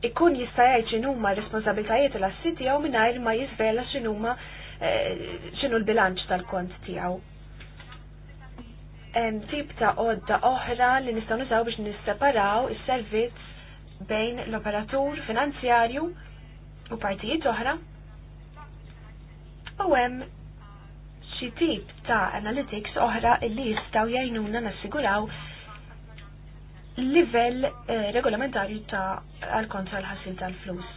Speaker 5: ikun jista' jgħid x'inhuma r-responsabbiltajiet l-assi tiegħu mingħajr ma jiżvela x'inhuma eh, x'inhu l-bilanċ tal-kont tiegħu. Hemm tip ta' odda oħra li nistgħu nużaw biex nisseparaw is-servizz bejn l-operatur finanzjarju u partijiet oħra. U hemm xi tip ta' analytics oħra li jistgħu jgħinuna nassiguraw livell eh, regolamentari ta' għal-kontra l-ħassil tal-flus.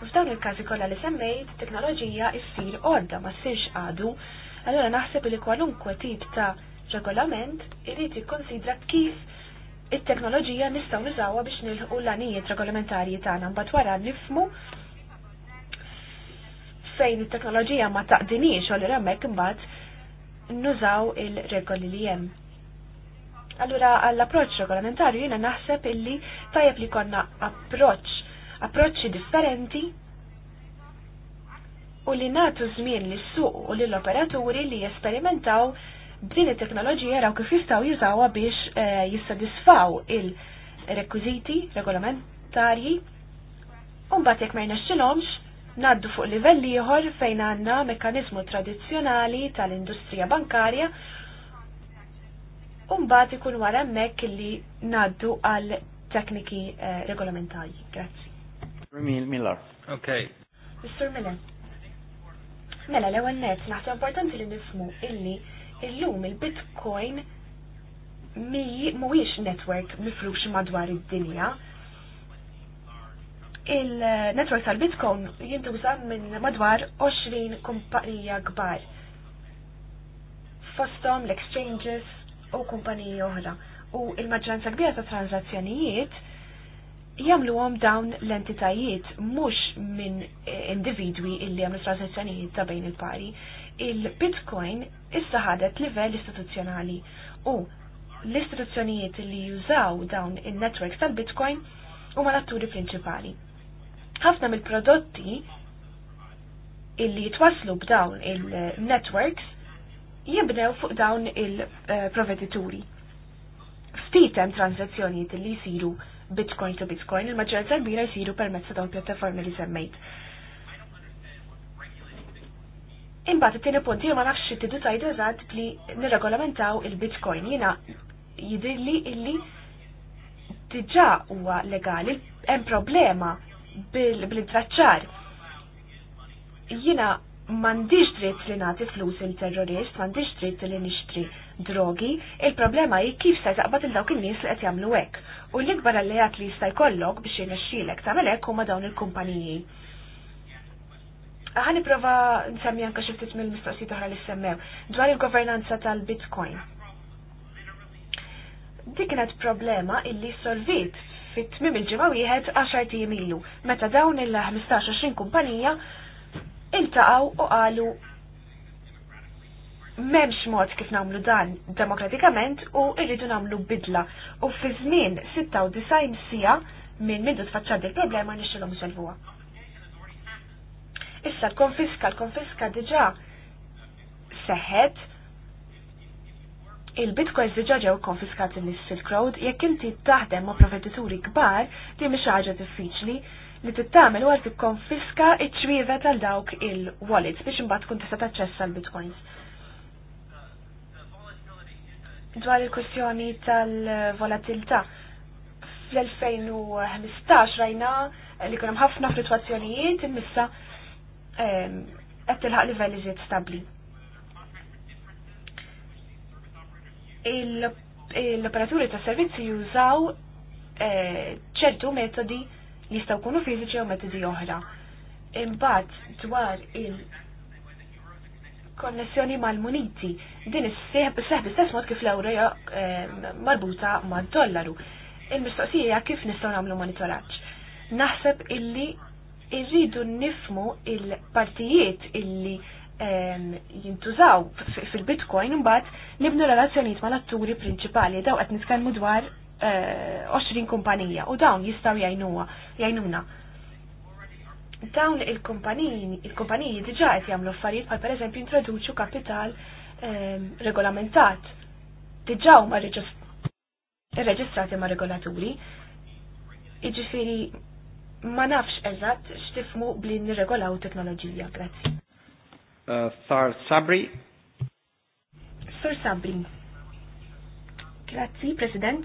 Speaker 5: U f'dawn il-każi kollha li semmejt, teknoloġija ssir orda ma ssirx għadu, allora naħseb li kwalunkwe tip ta' regolament irid jikkonsidra kif it-teknoloġija nistgħu nużawha biex nilħu l-għanijiet regolamentarji tagħna mbagħad wara nifmu fejn it-teknoloġija ma taqdinix u l hemmhekk imbagħad nużaw il-regoli li hemm Allura għall-approċ regolamentarju jiena naħseb illi tajjeb li konna approċ, approċċi differenti u li natu żmien li suq u li l-operaturi li jesperimentaw din it-teknoloġija raw kif jistgħu jizawa biex eh, jissadisfaw il-rekwiżiti regolamentarji u mbagħad jekk ma jnexxilhomx naddu fuq livelli ieħor fejn għandna mekkaniżmu tradizzjonali tal-industrija bankarja Umbat ikun wara hemmhekk li ngħaddu għal tekniki eh, regolamentari. Grazzi.
Speaker 2: Miller.
Speaker 1: Okay.
Speaker 5: Mr. Miller. Mela l-ewwel net naħseb importanti li nifhmu illi illum il-Bitcoin mi mhuwiex network mifrux madwar id-dinja. Il-network tal-Bitcoin jintuża minn madwar 20 kumpanija kbar. Fostom l-exchanges, u kumpaniji oħra. U il-maġġoranza kbira ta' tranzazzjonijiet jamlu għom dawn l-entitajiet mux minn eh, individwi illi għamlu tranzazzjonijiet ta' bejn il-pari. Il-Bitcoin issa ħadet livell istituzzjonali u l-istituzzjonijiet li jużaw dawn il-networks tal-Bitcoin u ma l-atturi prinċipali. ħafna mill-prodotti illi jitwaslu b'dawn il-networks jibnew fuq dawn il-provedituri. Ftit hemm transazzjonijiet li jsiru bitcoin to bitcoin, il-maġġoranza kbira jsiru permezz ta' dawn pjattaformi li semmejt. Imbagħad it-tieni punt ma nafx tidu tajdu eżatt li nirregolamentaw il-bitcoin jiena jidilli illi diġà huwa legali, hemm problema bil-intraċċar. Jiena mandiġ dritt li nati flus il-terrorist, mandiġ dritt li nixtri drogi, il-problema hi kif sa' taqbad il dawk in-nies li qed jagħmlu hekk. U l-ikbar allejat li jista' jkollok biex jinexxielek tagħmel hekk huma dawn il-kumpaniji. Ħan nipprova nsemmi anke xi ftit mill-mistoqsijiet oħra li semmew dwar il-governanza tal-Bitcoin. Dik kienet problema illi solvit fit-tmim il-ġimgħa wieħed 10 tim ilu, meta dawn il-15-20 kumpanija iltaqgħu u qalu memx mod kif namlu dan demokratikament u irridu namlu bidla. U fi żmien 96 sija minn mindu tfaċċad il-problema nixxilhom solvuha. Issa l-konfiska, l-konfiska diġà seħħet il-bitcoins diġa ġew konfiskati l Silk Road jekk inti taħdem ma' provvedituri kbar li mhix ħaġa diffiċli li tittamel għal tikkonfiska konfiska ċwievet tal dawk il-wallets biex imbagħad tkun tista' taċċessa l-bitcoins. Dwar il-kwestjoni tal volatilta Fl-2015 rajna li kunem ħafna fluttuazzjonijiet imissa ehm, qed tilħaq livelli żied stabli. L-operaturi ta' servizzi jużaw eh, ċertu metodi jistgħu jkunu fiżiċi u metodi oħra. Imbagħad dwar il- konnessjoni mal-muniti. Din s seħb istess mod kif l-ewra eh, marbuta mad-dollaru. Il-mistoqsija kif nistgħu nagħmlu monitoraċ. Naħseb illi irridu nifmu il-partijiet illi ehm, jintużaw fil-Bitcoin imbat nibnu relazzjonijiet mal-atturi prinċipali daw qed nitkellmu dwar 20 eh, kumpanija u dawn jistaw jajnuwa, jajnuna. Dawn il-kumpaniji, il-kumpaniji diġa qed jagħmlu affarijiet bħal pereżempju introduċu kapital eh, regolamentat. Diġa ma reġistrati ma' regolaturi. iġifiri ma nafx eżatt x'tifmu blin regolaw teknoloġija. Grazzi.
Speaker 2: Uh, Sar Sabri.
Speaker 5: Sir Sabri. Grazzi, President.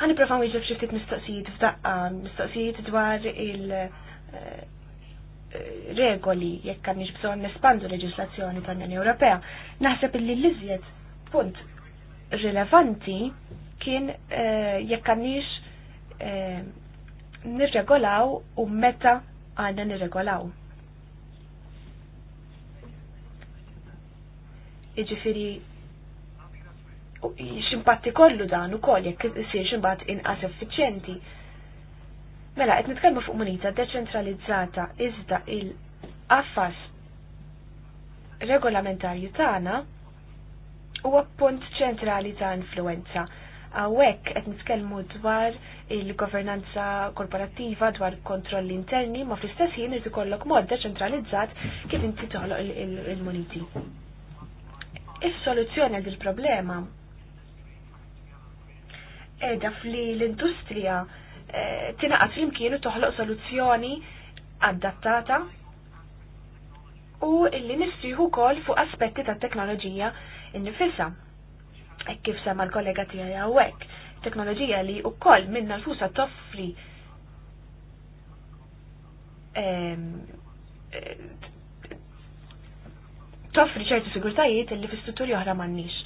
Speaker 5: Għani profan wieġeb xi ftit mistoqsijiet f'daqqa, mistoqsijiet dwar il- eh, regoli jekk għan bżonn nespandu leġislazzjoni tal-Unjoni Ewropea. Naħseb illi l-iżjed punt rilevanti kien eh, jekk għandix eh, nirregolaw u meta għandna nirregolaw. Iġifiri ximpatti kollu dan ukoll jekk isir ximbat inqas effiċjenti. Mela, qed nitkellmu fuq munita deċentralizzata iżda il affas regolamentarju tagħna huwa punt ċentrali ta' influenza. Hawnhekk qed nitkellmu dwar il-governanza korporattiva dwar kontrolli interni ma fl-istess jien irid ikollok mod deċentralizzat kif inti toħloq il-muniti. Is-soluzzjoni għal il-problema edha fli l-industrija eh, tinaqat flimkienu toħloq soluzzjoni adattata u illi nistriħu kol fuq aspetti ta' teknoloġija innifissa. Ek kif sema l-kollega tijaj għawek, teknoloġija li u kol minna l-fusa toffri ehm, eh, toffri ċertu sigurtajiet illi fi strutturi oħra mannix.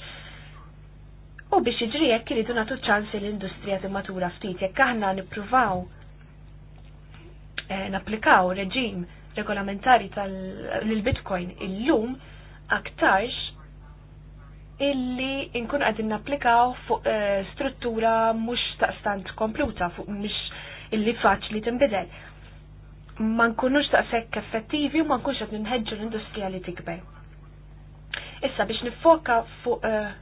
Speaker 5: U biex jiġri jekk iridu nagħtu ċansi l-industrija matura ftit jekk aħna nippruvaw eh, napplikaw reġim regolamentari tal-bitcoin illum aktarx illi inkun għadin napplikaw fuq eh, struttura mhux taqstant kompluta fuq mux illi faċli tinbidel. Ma nkunux taqsek effettivi u ma nkunx qed nħedġu l-industrija li tikber. Issa biex nifoka fuq eh,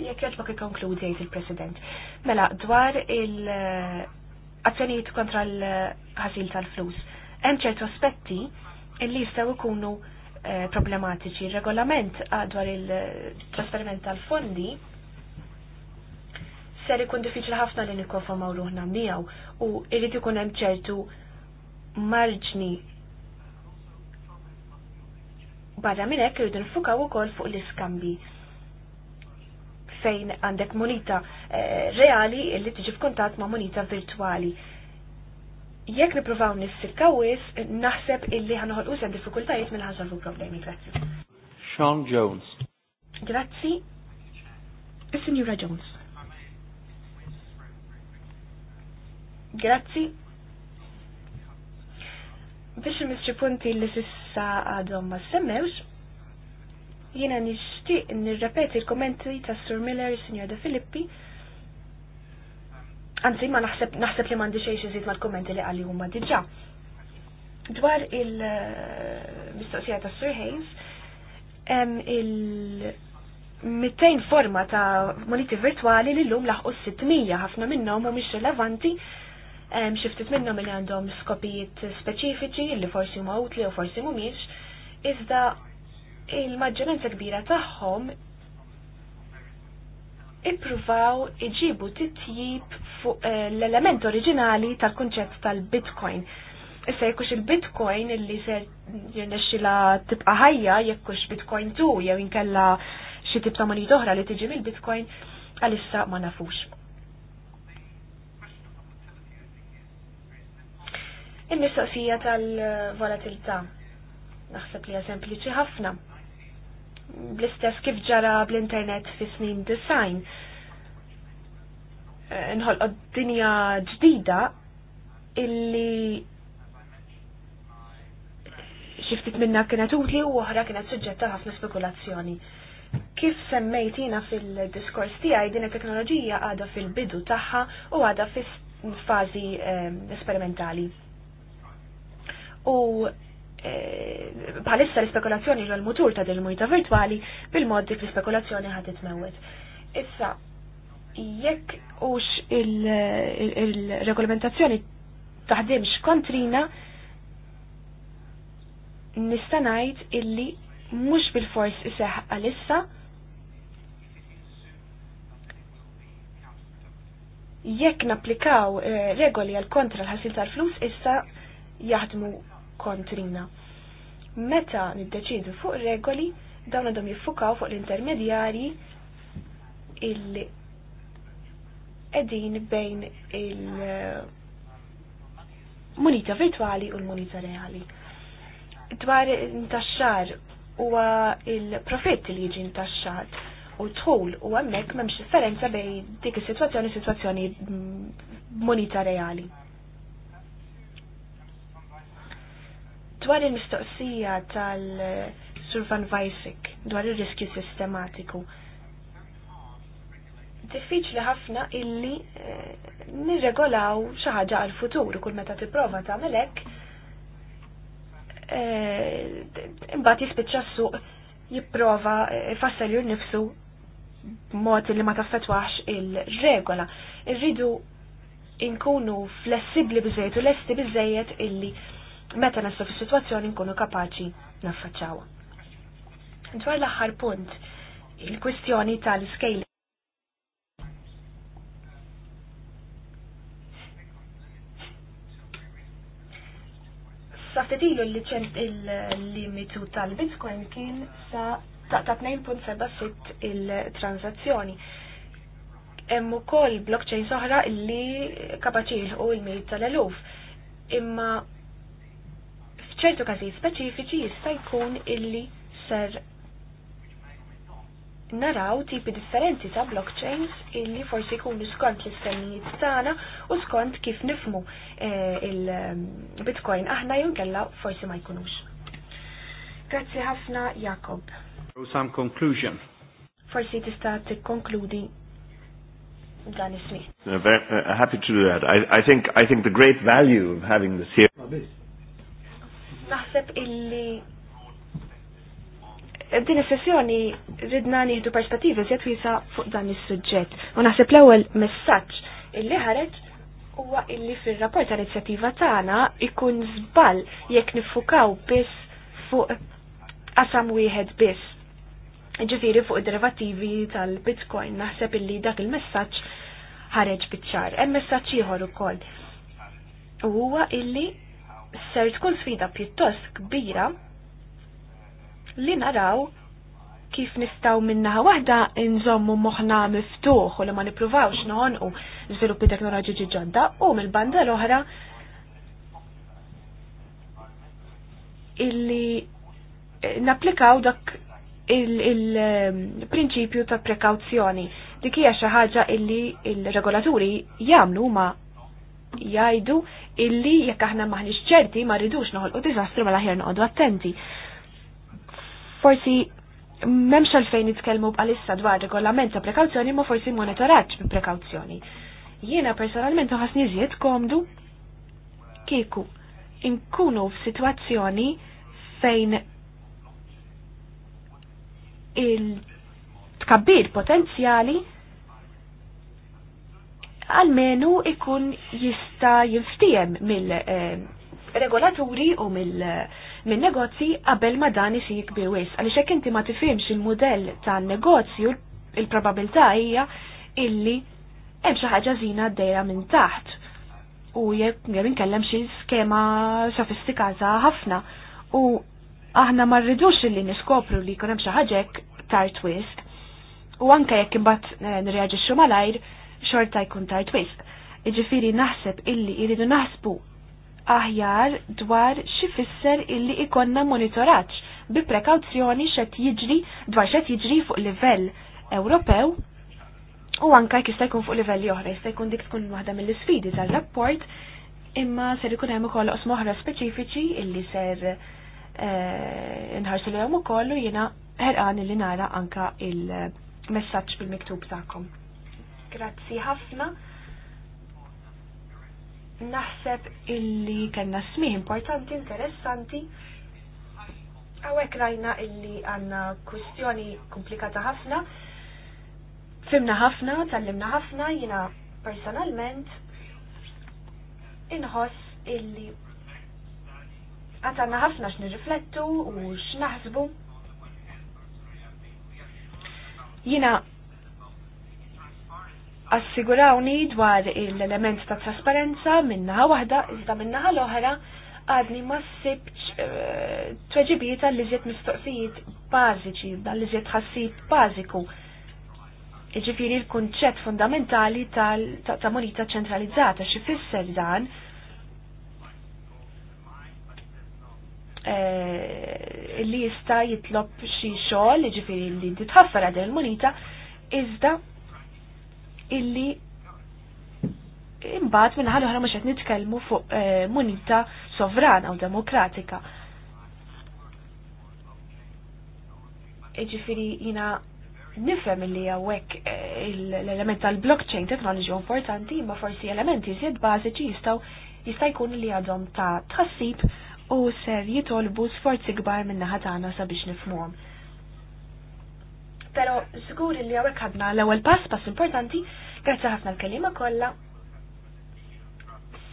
Speaker 5: jekk jogħġbok ikkonkludi jgħid il-President. Mela, dwar il-azzjonijiet eh, kontra l-ħasil tal-flus. Hemm ċertu aspetti li jistgħu jkunu eh, problematiċi. Il-regolament ah, dwar il-trasferiment tal-fondi ser ikun diffiċli ħafna li nikkonformaw ruħna miegħu u jrid ikun hemm ċertu marġni barra minn hekk irridu nfukaw ukoll fuq l-iskambi fejn għandek eh, reali li tiġi f'kuntatt ma' monita virtuali. Jekk nipruvaw nissirkaw wis, naħseb illi ħanħolqu użem diffikultajiet minn ħasolvu problemi. Grazzi.
Speaker 2: Sean Jones.
Speaker 5: Grazzi. Signora Jones. Grazzi. Biex il-mistri punti li sissa għadhom ma semmewx, Jiena nixtieq nirrepeti l-kommenti ta' Sur Miller, Signor De Filippi. Anzi, ma naħseb naħseb li m'għandi xejn iżid mal-kommenti li għalli huma diġà. Dwar il-mistoqsija ta' Sur Hayes, il- 200 forma ta' moniti virtuali li l-lum laħqu 600 ħafna minnhom mhumiex rilevanti xiftit minnhom li għandhom skopijiet speċifiċi li forsi huma utli u forsi mhumiex iżda il-maġġoranza kbira tagħhom ippruvaw iġibu titjib fuq eh, l-element oriġinali tal-kunċett tal-Bitcoin. Issa jekkux il-Bitcoin illi se jirnexxila tibqa' ħajja jekkux Bitcoin tu jew inkella xi tip ta' monita oħra li tiġi mill-Bitcoin għalissa ma nafux. Il-mistoqsija tal-volatilità naħseb li hija sempliċi ħafna bl-istess kif ġara bl-internet fi snin design. Eh, Nħolqu dinja ġdida illi xiftit minna kienet utli u oħra kienet suġġetta ħafna spekulazzjoni. Kif semmejtina fil-diskors tiegħi din it-teknoloġija għadha fil-bidu tagħha u għadha fil fażi eh, sperimentali. U Eh, bħalissa l-ispekulazzjoni l mutur ta' dil-mujta virtuali bil-mod dik l-ispekulazzjoni ħad t-mewet. Issa, jekk ux il-regolamentazzjoni taħdimx kontrina, nistanajt illi mux bil-fors iseħ għalissa, jekk naplikaw eh, regoli għal kontra l-ħasil tal-flus, issa jaħdmu kontrina. Meta niddeċidu fuq regoli, dawn għadhom jiffukaw fuq l-intermedjari il- edin bejn il-munita virtuali u l-munita reali. Dwar intaxxar huwa il-profitt li jiġi intaxxat u tħul u għammek memx differenza bej dik is-sitwazzjoni situazzjoni munita reali. Dwar il-mistoqsija tal-Survan Vajsik dwar il-riskju sistematiku, diffiċli ħafna illi eh, nirregolaw xi ħaġa għal futur kull meta tipprova tagħmel hekk eh, imbat jispiċċa s-suq jipprova eh, fassal jur nifsu b'mod li ma taffetwax il-regola. Irridu inkunu flessibli bizzejt u lesti biżejjed illi meta naslu fi sitwazzjoni nkunu kapaċi naffaċaw. Dwar l-aħħar punt, il-kwistjoni tal-scaling. Saftetilu il-limitu tal-Bitcoin kien sa ta' 2.76 il-transazzjoni. Hemm ukoll blockchain soħra li kapaċi il l-mejt tal-eluf. Imma ċertu każijiet speċifiċi jista' jkun illi ser naraw tipi differenti ta' blockchains illi forsi jkunu skont l-istennijiet tagħna u skont kif nifmu eh, il-Bitcoin ehm, aħna jew kella forsi ma jkunux. Grazzi ħafna Jakob.
Speaker 2: Some conclusion.
Speaker 5: Forsi tista' tikkonkludi Uh, is
Speaker 2: Happy to do that. I, I think I think the great value of having this here.
Speaker 5: Naħseb illi din is-sessjoni ridna nieħdu perspettivi żjed wiesa fuq dan is-suġġett. U naħseb l-ewwel messaġġ illi ħareġ huwa illi fir-rapport tal-inizjattiva tagħna ikun żball jekk niffukaw biss fuq qasam wieħed biss. Ġifieri fuq derivativi tal-Bitcoin naħseb illi dak il-messaġġ ħareġ biċ-ċar. Hemm messaġġ ieħor ukoll. Huwa illi ser tkun sfida pjuttost kbira li naraw kif nistaw minnaħa waħda nżommu moħna miftuħ u li ma nipruvawx u żviluppi teknoloġiċi ġodda u mill-banda l-oħra illi naplikaw dak il-prinċipju ta' prekawzjoni. Dik hija xi ħaġa illi il-regolaturi jagħmlu ma jgħidu illi jekk aħna maħniex ċerti ma rridux noħolqu diżastru mela ħjar noqogħdu attenti. Forsi m'hemmx għalfejn nitkellmu bħalissa dwar regolament ta' prekawzjoni ma forsi monitoraġġ bi prekawzjoni. Jiena personalment uħas iżjed komdu kieku inkunu f'sitwazzjoni fejn il-tkabbir potenzjali għalmenu ikun jista jinftijem mill-regolaturi eh, u mill-negozji qabel ma dan isir kbirwis. Għaliex hekk inti ma tifhimx il-mudell tan-negozju, il-probabilità hija illi hemm xi ħaġa żina għaddejja minn taħt u jekk inkellem xi skema sofistikata ħafna u aħna ma rridux illi niskopru li jkun hemm xi ħaġa tard twist u anke jekk imbagħad eh, nirreaġixxu malajr, xorta jkun tajt wisq. Iġifiri naħseb illi iridu naħsbu aħjar dwar xifisser illi ikonna monitoraċ bi prekawzjoni xet jiġri dwar xet jiġri fuq livell Ewropew u anka jista' jkun fuq livelli oħra, jista' jkun dik tkun waħda mill-isfidi tal-rapport imma ser ikun hemm ukoll oqsma oħra speċifiċi illi ser eh, nħarsu l ukoll u jiena ħerqan illi nara anka il-messaġġ bil-miktub tagħkom. Grazzi ħafna. Naħseb illi kena smih importanti, interessanti. Għawek rajna illi għanna kustjoni komplikata ħafna. Fimna ħafna, tallimna ħafna, jina personalment inħoss illi għatanna ħafna x'nirriflettu u x'naħsbu. Jina assigurawni dwar l-element ta' trasparenza minnaħa waħda, iżda minnaħa l-oħra għadni ma sibċ eh, tweġibiet għall iżjed mistoqsijiet bażiċi, għall iżjed ħassib bażiku. Iġifiri l-kunċett fundamentali ta' monita ċentralizzata xifisser dan eh, li jista jitlob xi xogħol, ġifieri li titħaffar għadha l-munita, iżda illi imbagħad minna ħalu ħra mhux qed nitkellmu fuq eh, munita sovrana u demokratika. Iġifiri jina nifhem li hawnhekk eh, l-element tal-blockchain technology importanti, imma forsi elementi żied bażiċi jistgħu jista' jkun li għadhom ta' tħassib u ser jitolbu sforzi kbar minna naħa tagħna sabiex nifhmuhom pero żgur li hawnhekk għadna l-ewwel pass pass importanti, grazzi ħafna l-kelima kollha.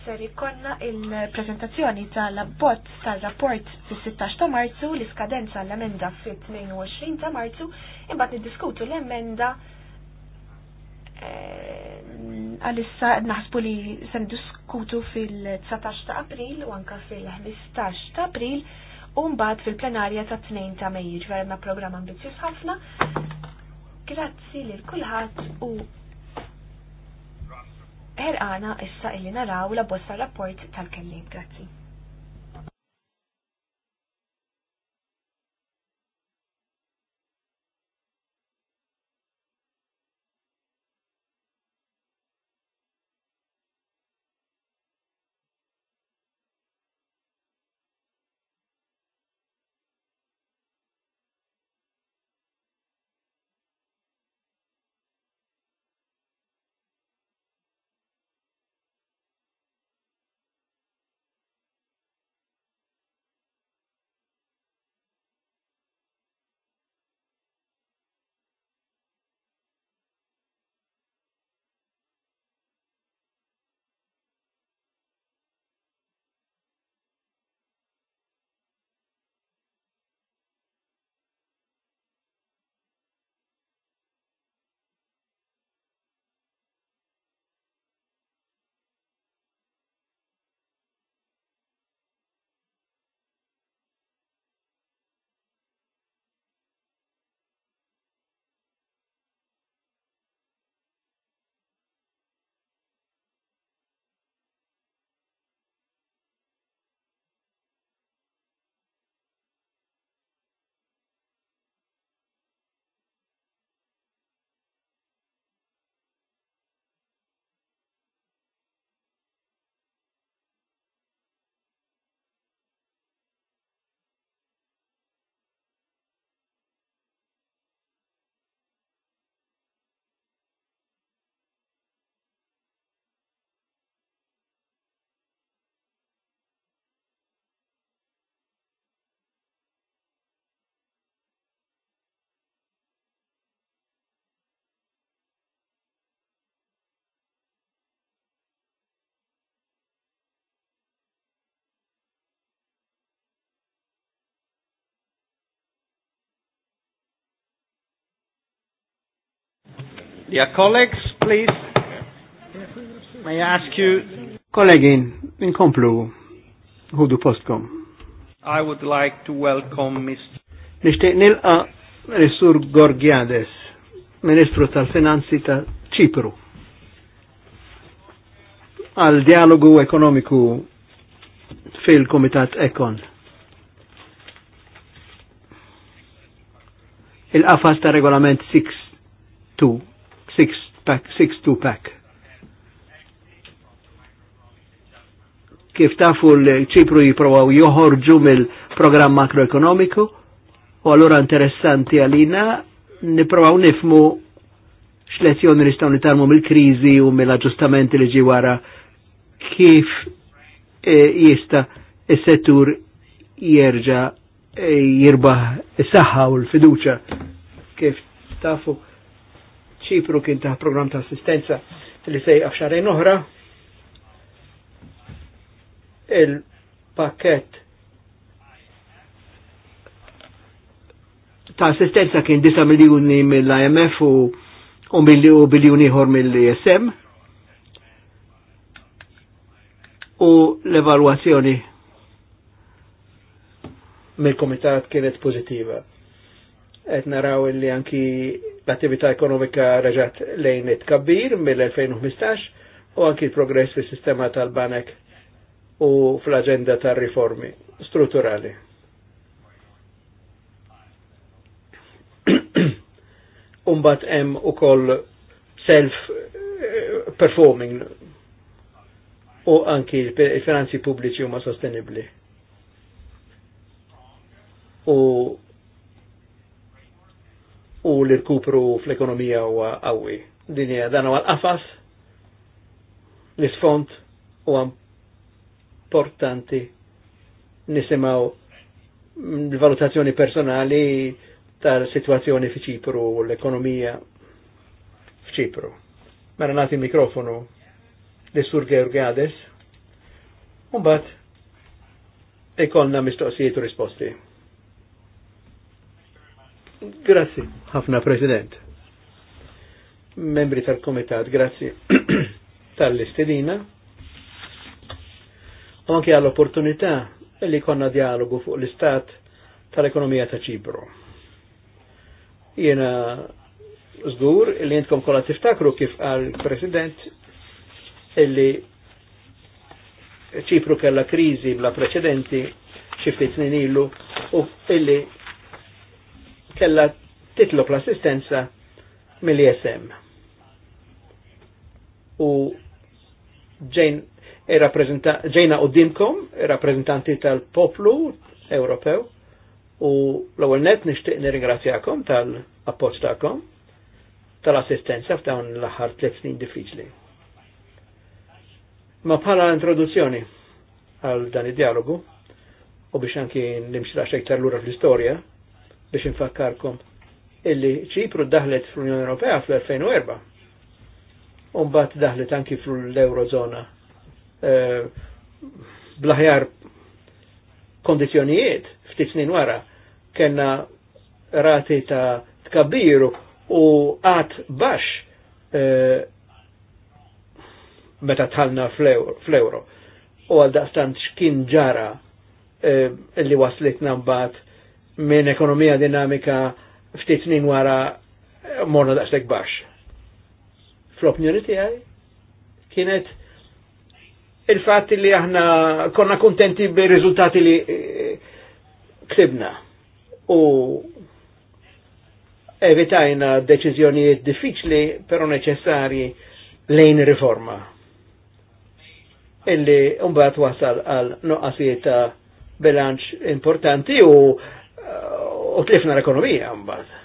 Speaker 5: Seri konna il-prezentazzjoni tal bot tal-rapport fis-16 ta' Marzu li skadenza l-emenda fit-22 ta' Marzu imbagħad niddiskutu l-emenda eh, għalissa naħsbu li sen diskutu fil-19 ta' april u anka fil-15 ta' april Umbad fil-plenarja ta' tnejn ta' Mejju ġverna program ambizjuż ħafna. Grazzi lil kulħadd u ħerqana issa illi naraw la bosta rapport tal-kellim. Grazzi.
Speaker 1: Dear colleagues, please, may I ask you...
Speaker 2: Kollegin, inkomplu, hudu postkom. I would like to welcome Mr. Nishtiq nilqa Resur Gorgiades, Ministru tal-Finanzi ta' Ċipru, għal dialogu ekonomiku fil-Komitat Ekon. Il-qafas ta' regolament 6 tu six pack, six two pack. Kif tafu l-ċipru jiprovaw joħorġu mill-programm makroekonomiku, u allura interessanti għalina niprovaw nifmu x'lezzjoni nistgħu nitarmu mill-kriżi u mill-aġġustamenti li ġi wara kif e, jista' il settur jerġa' e, jirbaħ is-saħħa u l-fiduċa kif tafu ċipru kien taħ program ta' assistenza li sej f'xarajn oħra. Il-pakket ta' assistenza kien 9 miljoni mill-IMF u 1 miljoni ieħor mill-ISM. U l-evalwazzjoni mill-komitat kienet pozitiva qed naraw li anki l-attività ekonomika reġat lejn it-kabbir mill-2015 u anki l-progress fis-sistema tal-banek u fl-aġenda tar-riformi strutturali. Umbat u koll self-performing u anki l-finanzi pubbliċi huma sostenibbli. U u l-irkupru fl-ekonomija u għawi. Dinja dan għal qafas l-sfont u importanti nisimaw l-valutazzjoni personali tal-situazzjoni f'ċipru u l-ekonomija f'ċipru. Mara mela nati mikrofonu l-Sur Georgiades, un bat ikolna mistoqsijiet u risposti. Grazzi, ħafna President. Membri tal-Komitat, grazzi tal-istedina. U anke għall-opportunità li konna dialogu fuq l-istat tal-ekonomija ta' Ċipru. Jena zgur li jentkom kolla tiftakru kif għal President illi ċipru kella krizi bla preċedenti xifti snin ilu u illi kella titlob l-assistenza mill-ISM. U ġejna u dimkom, rappresentanti tal-poplu Ewropew, u l-ewwel net nixtieq nirringrazzjakom tal-appoġġ tal-assistenza f'dawn l-aħħar tliet snin diffiċli. Ma bħala introduzzjoni għal dan id-dialogu, u biex anki nimxra xejtar lura fl-istorja, biex infakkarkom illi ċipru daħlet fl-Unjoni Ewropea fl-2004. bat daħlet anki fl-Eurozona e, blaħjar kondizjonijiet ftit snin wara kena rati ta' tkabbiru u għat bax e, meta tħalna fl-euro. U għal daqstant xkien ġara e, illi waslitna mbagħad minn ekonomija dinamika ftit snin wara eh, morna daqstek bax. Fl-opinjoni tiegħi kienet il-fatt li aħna konna kontenti bir-riżultati li eh, ktibna u evitajna deċiżjonijiet diffiċli però neċessarji lejn riforma illi mbagħad wasal għal noqqasijiet ta' bilanċ importanti u u tlifna l-ekonomija mbagħad.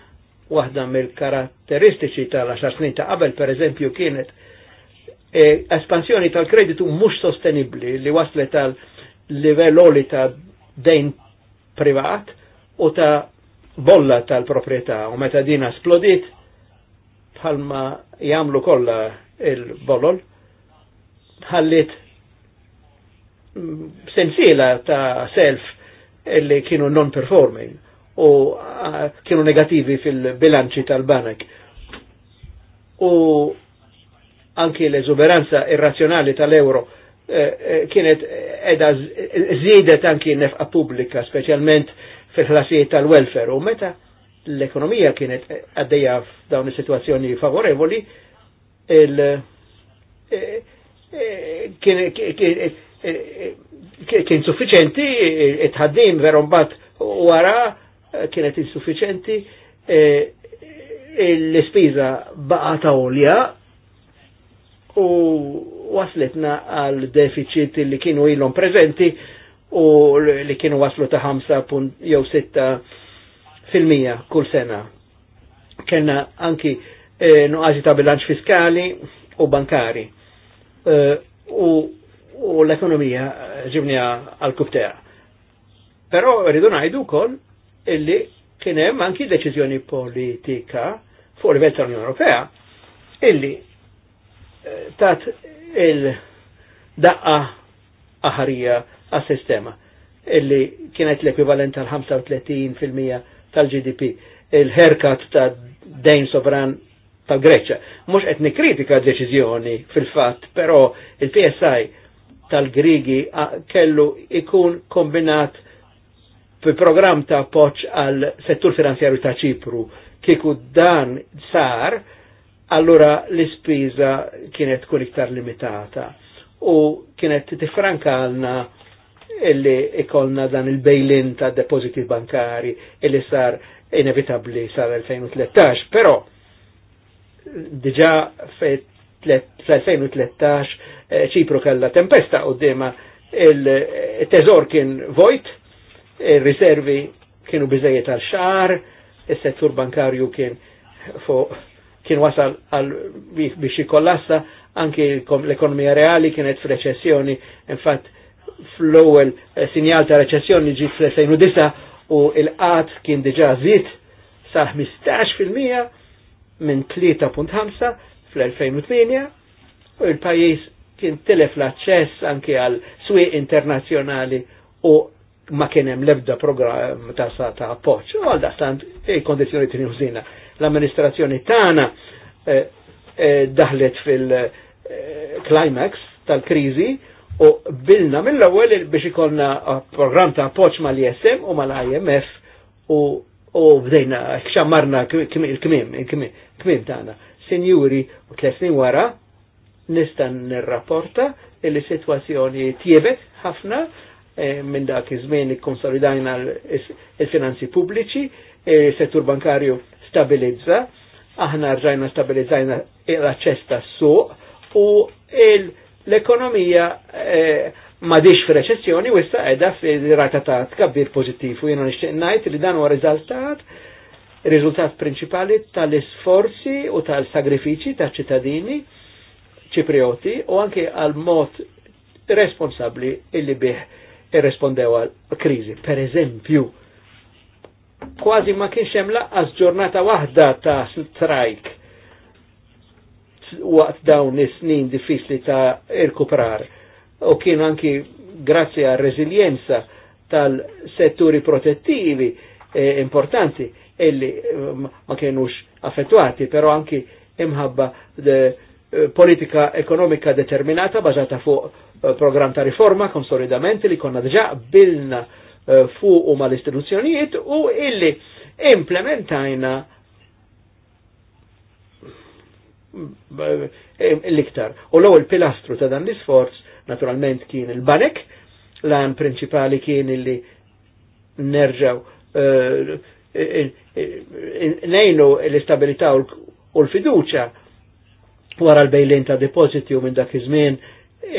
Speaker 2: Waħda mill-karatteristiċi tal għaxar snin ta' qabel pereżempju kienet e, espansjoni tal-kreditu mhux sostenibbli li waslet tal-livell oli ta' dejn privat u ta' bolla tal-proprietà u meta dina splodit bħalma jagħmlu kollha il-bollol ħallit mm, sensila ta' self li kienu non-performing u eh, kienu negativi fil-bilanċi tal-banek. U anki l-eżuberanza irrazjonali tal-euro eh, eh, kienet edha zidet anki nefqa pubblika, specialment fil-ħlasijiet tal-welfare. U meta l-ekonomija kienet għaddeja f'dawn is-sitwazzjoni favorevoli, il- kien suffiċenti, it-ħaddim veru bat wara eh, kienet insuffiċenti, eh, l-ispiża baqa ta' olja u waslitna għal deficit li kienu ilhom preżenti u li kienu waslu ta' 5 jew 6 fil-mija kull sena. Kenna anki eh, nuqqaġi ta' bilanċ fiskali u bankari. U u l-ekonomija ġibnija għal-kubteja. Pero rridu najdu kol illi kienem anki deċizjoni politika fuq livell tal-Unjoni Ewropea illi eh, tat il-daqqa aħarija għas-sistema illi kienet l-ekwivalent tal-35% tal-GDP il-herkat ta' dejn sovran tal-Greċa. Mux etni kritika deċizjoni fil-fat, pero il-PSI tal-Grigi kellu ikun kombinat fi program ta' poċ għal settur finanzjarju ta' ċipru. Kiku dan sar, allura l-ispiża kienet kun iktar limitata u kienet tifranka għalna illi ikolna dan il-bejlin ta' depositi bankari illi sar inevitabli sar 2013, pero diġa fe 2013 ċipru kalla tempesta qoddima il-teżor kien vojt, il-riservi kienu biżejjed għal xar, il-settur bankarju kien fu kien wasal għal biex jikollassa, anki l-ekonomija reali kienet f'reċessjoni, infatt fl-ewwel eh, sinjal ta' reċessjoni ġi fl-2009 u il-qat kien diġà żied sa' 15% minn 3.5 fl-2008 u il-pajjiż kien telef l-aċċess anke għal swieq internazzjonali u ma kien hemm l-ebda programm ta' sa ta' appoġġ. U għal daqstant il-kondizzjoni tinjużina. L-amministrazzjoni tagħna daħlet fil-climax tal-kriżi u bilna mill-ewwel biex ikollna programm ta' appoġġ mal-ISM u mal-IMF u u bdejna xammarna il-kmim, il-kmim tagħna. Sinjuri, u tlet snin wara, nista' nirrapporta li situazzjoni tjebet ħafna eh, minn dak iż-żmien ikkonsolidajna l finanzi pubbliċi, il-settur eh, bankarju stabilizza, aħna rġajna stabilizzajna l-aċċess tas-suq u l-ekonomija ma eh, madix fi reċessjoni u issa edha fi rata ta' tkabbir pozittiv u jena nixtieq ngħid li dan huwa riżultat riżultat prinċipali tal-isforzi u tal-sagrifiċi tal-ċittadini ċiprioti u anke għal mod responsabli illi bih irrespondew għal krizi. Per eżempju, kważi ma kienx hemm laqqas ġurnata waħda ta' strajk waqt dawn is-snin diffiċli ta' irkuprar u kien anki grazzi għal reżiljenza tal-setturi protettivi eh, importanti illi eh, ma kienux affettuati, però anki imħabba Eh, politika ekonomika determinata bażata fuq eh, program ta' riforma, konsolidamenti li konna dġa bilna eh, fuq u mal-istituzzjonijiet u illi implementajna l-iktar. U l il pilastru ta' dan l-isforz naturalment kien il-banek, l an principali kien illi nerġaw nejnu l-istabilità u l-fiduċa wara l-bejlin ta' depositi u minn dak iż-żmien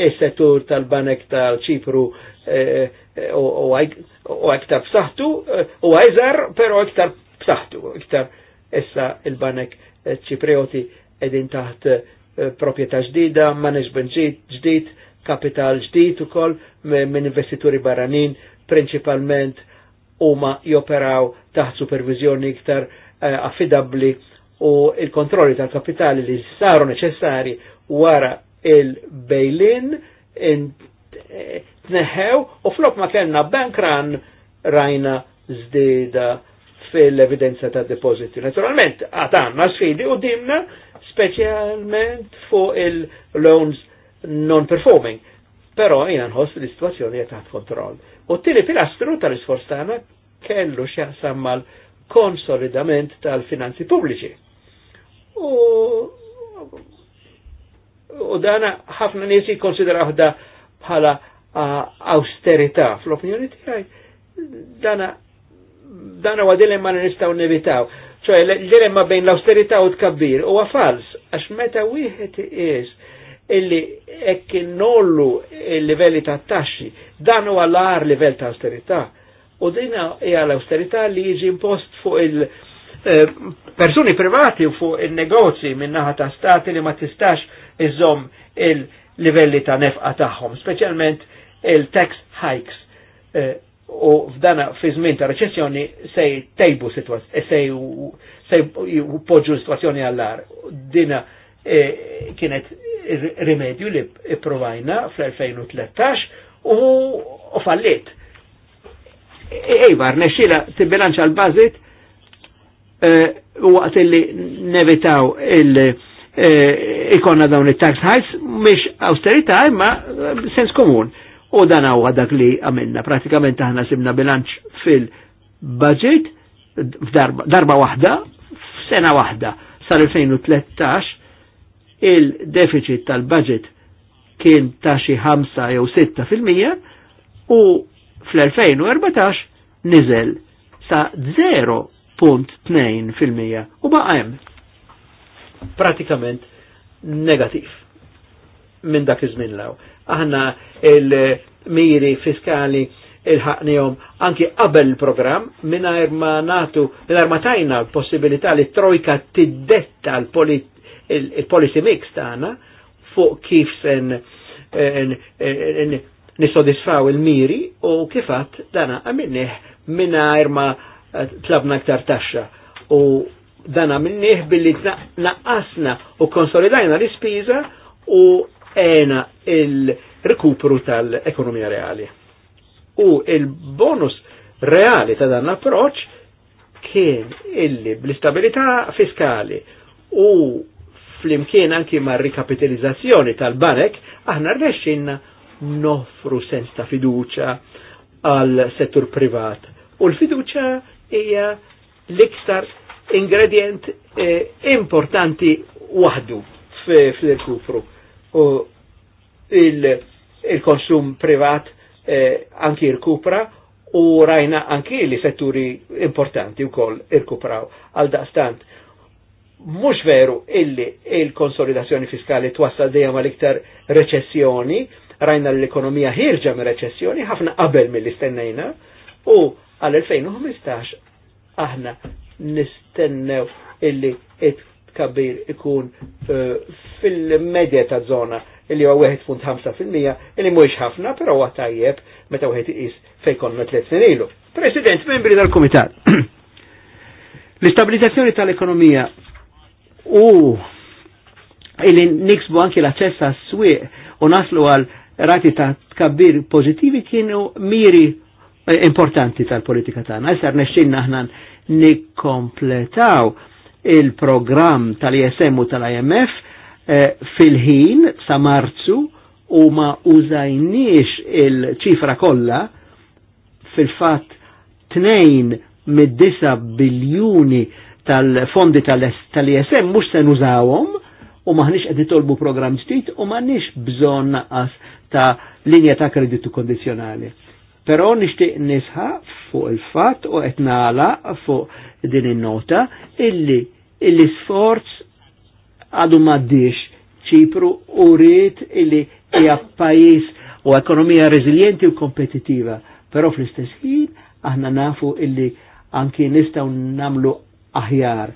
Speaker 2: is-settur tal-banek tal-Ċipru u eh, eh, aktar b'saħħtu u eh, għajżar però aktar b'saħħtu, iktar issa il-banek ċiprioti edin taħt proprjetà ġdida, management ġdid, kapital ġdid ukoll minn investituri barranin prinċipalment huma joperaw taħt supervizjoni iktar affidabbli u il-kontrolli tal-kapitali li saru neċessari wara il-bejlin tneħew u flok ma kellna bank run rajna zdida fil-evidenza ta' depositi. Naturalment, għatanna sfidi u dimna specialment fuq il-loans non-performing. Pero jina nħoss li situazzjoni jgħet taħt kontroll. U t-tili pilastru tal-isforz tagħna kellu x'jaqsam mal-konsolidament tal-finanzi pubbliċi.
Speaker 1: U
Speaker 2: u dana ħafna nisi konsidera da bħala austerita. fl-opinjoni tijaj. dana dana wa dilemma li nevitaw. ċoħe l-dilemma bejn l austerita u tkabbir u għafals, għax meta wieħed is illi ekki nollu il-livelli ta' taxxi dan huwa l-ar livell ta' austerita, U dina hija l-austerità li jiġi impost fuq il- Eh, persuni privati u fuq il-negozji minnaħa ta' stati li ma tistax iżom il-livelli ta' nefqa tagħhom, speċjalment il-tax hikes. Eh, u f'dana fi żmien ta' reċessjoni se tejbu sej eh, poġġu situazzjoni għallar. Dina kienet rimedju li provajna fl-2013 u fallit. Ejbar, e- nexxila t-bilanċa l-bazit għat eh, illi nevitaw il-ikonna eh, dawn il-tax hikes mish austerita imma eh, sens komun. U dan huwa dak li għamilna, pratikament aħna simna bilanċ fil-budget f'darba waħda, f'sena waħda, sar 2013 il-deficit tal-budget kien ta' xi 5 jew 6 fil-mija u fl-2014 nizel sa' 0 0.2% u baqa hemm pratikament negativ minn dak iż-żmien law. Aħna il-miri fiskali il ħaqnihom anki qabel il programm mingħajr ma nagħtu mingħajr ma tajna l-possibilità li trojka tiddetta l-policy mix tagħna fuq kif se nisodisfaw il-miri u kifat dana għamilnih mingħajr ma tlabna aktar taxxa u dan għamilnieh billi naqqasna u konsolidajna l-ispiża u għena il-rekupru tal-ekonomija reali. U il-bonus reali ta' dan l approċ kien illi bl-istabilità fiskali u fl-imkien anki ma' rikapitalizzazzjoni tal-banek, aħna rnexxinna nofru sens ta' fiduċa għal settur privat. U l-fiduċa hija l-iktar ingredient eh, importanti waħdu fil kufru U il-konsum il privat eh, anki irkupra u rajna anki li setturi importanti u koll irkupraw għal daqstant. Mux veru illi il-konsolidazzjoni fiskali twassal dejjem għal iktar reċessjoni, rajna l-ekonomija ħirġa me reċessjoni, ħafna qabel mill-istennejna, u għal-2015 aħna nistennew illi it-kabir ikun eh, fil-medja ta' zona illi huwa 1.5% illi mhuwiex ħafna però huwa tajjeb meta wieħed iqis fejkonna tliet snin ilu. President, membri tal-Kumitat. L-istabilizzazzjoni tal-ekonomija u illi niksbu anki l-aċċess għas-swieq u naslu għal rati ta' tkabbir pożittivi kienu miri Eh, importanti tal-politika tagħna. Issa rnexxin aħna nikkompletaw il-programm tal-ISM u tal-IMF eh, fil-ħin sa marzu u ma użajniex il-ċifra kollha fil-fatt tnejn mid-disa biljuni tal-fondi tal-ISM mhux se nużawhom u maħniex qed nitolbu programm ġdid u maħniex bżonn naqas ta' linja ta' kreditu kondizjonali Però nixtieq nisħa fuq il-fatt u qed nagħlaq fuq din in-nota illi l-isforz għadu m'għaddix ċipru u rrit illi hija pajjiż u ekonomija reżiljenti u kompetitiva. Però fl-istess ħin aħna nafu illi anki nistgħu namlu aħjar.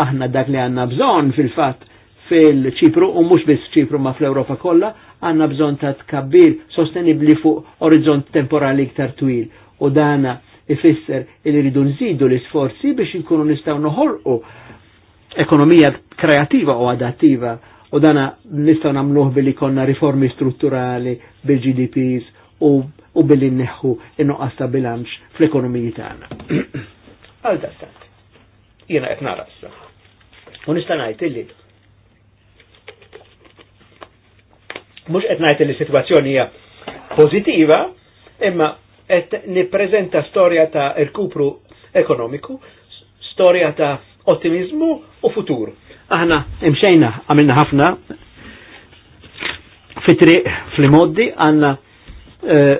Speaker 2: Aħna dak li għandna bżonn fil-fatt fil-ċipru u mhux biss ċipru ma fl europa kollha għanna bżon ta' tkabbir sostenibli fuq orizzont temporali iktar twil u dana ifisser il rridu nżidu l-isforzi biex nkunu nistgħu noħolqu ekonomija kreativa u adattiva u dana nistgħu namluħ billi konna riformi strutturali bil-GDPs u, u billi neħu innoqqas ta' bilanċ fl-ekonomiji
Speaker 1: tagħna.
Speaker 2: Għal dastant, jena qed nara Unistanajt nista' ngħid illi Mux qed ngħid li situazzjoni hija pozitiva, imma et nippreżenta storja ta' irkupru ekonomiku, storja ta' ottimizmu u futur. Aħna imxejna għamilna ħafna fitri fl-moddi għanna eh,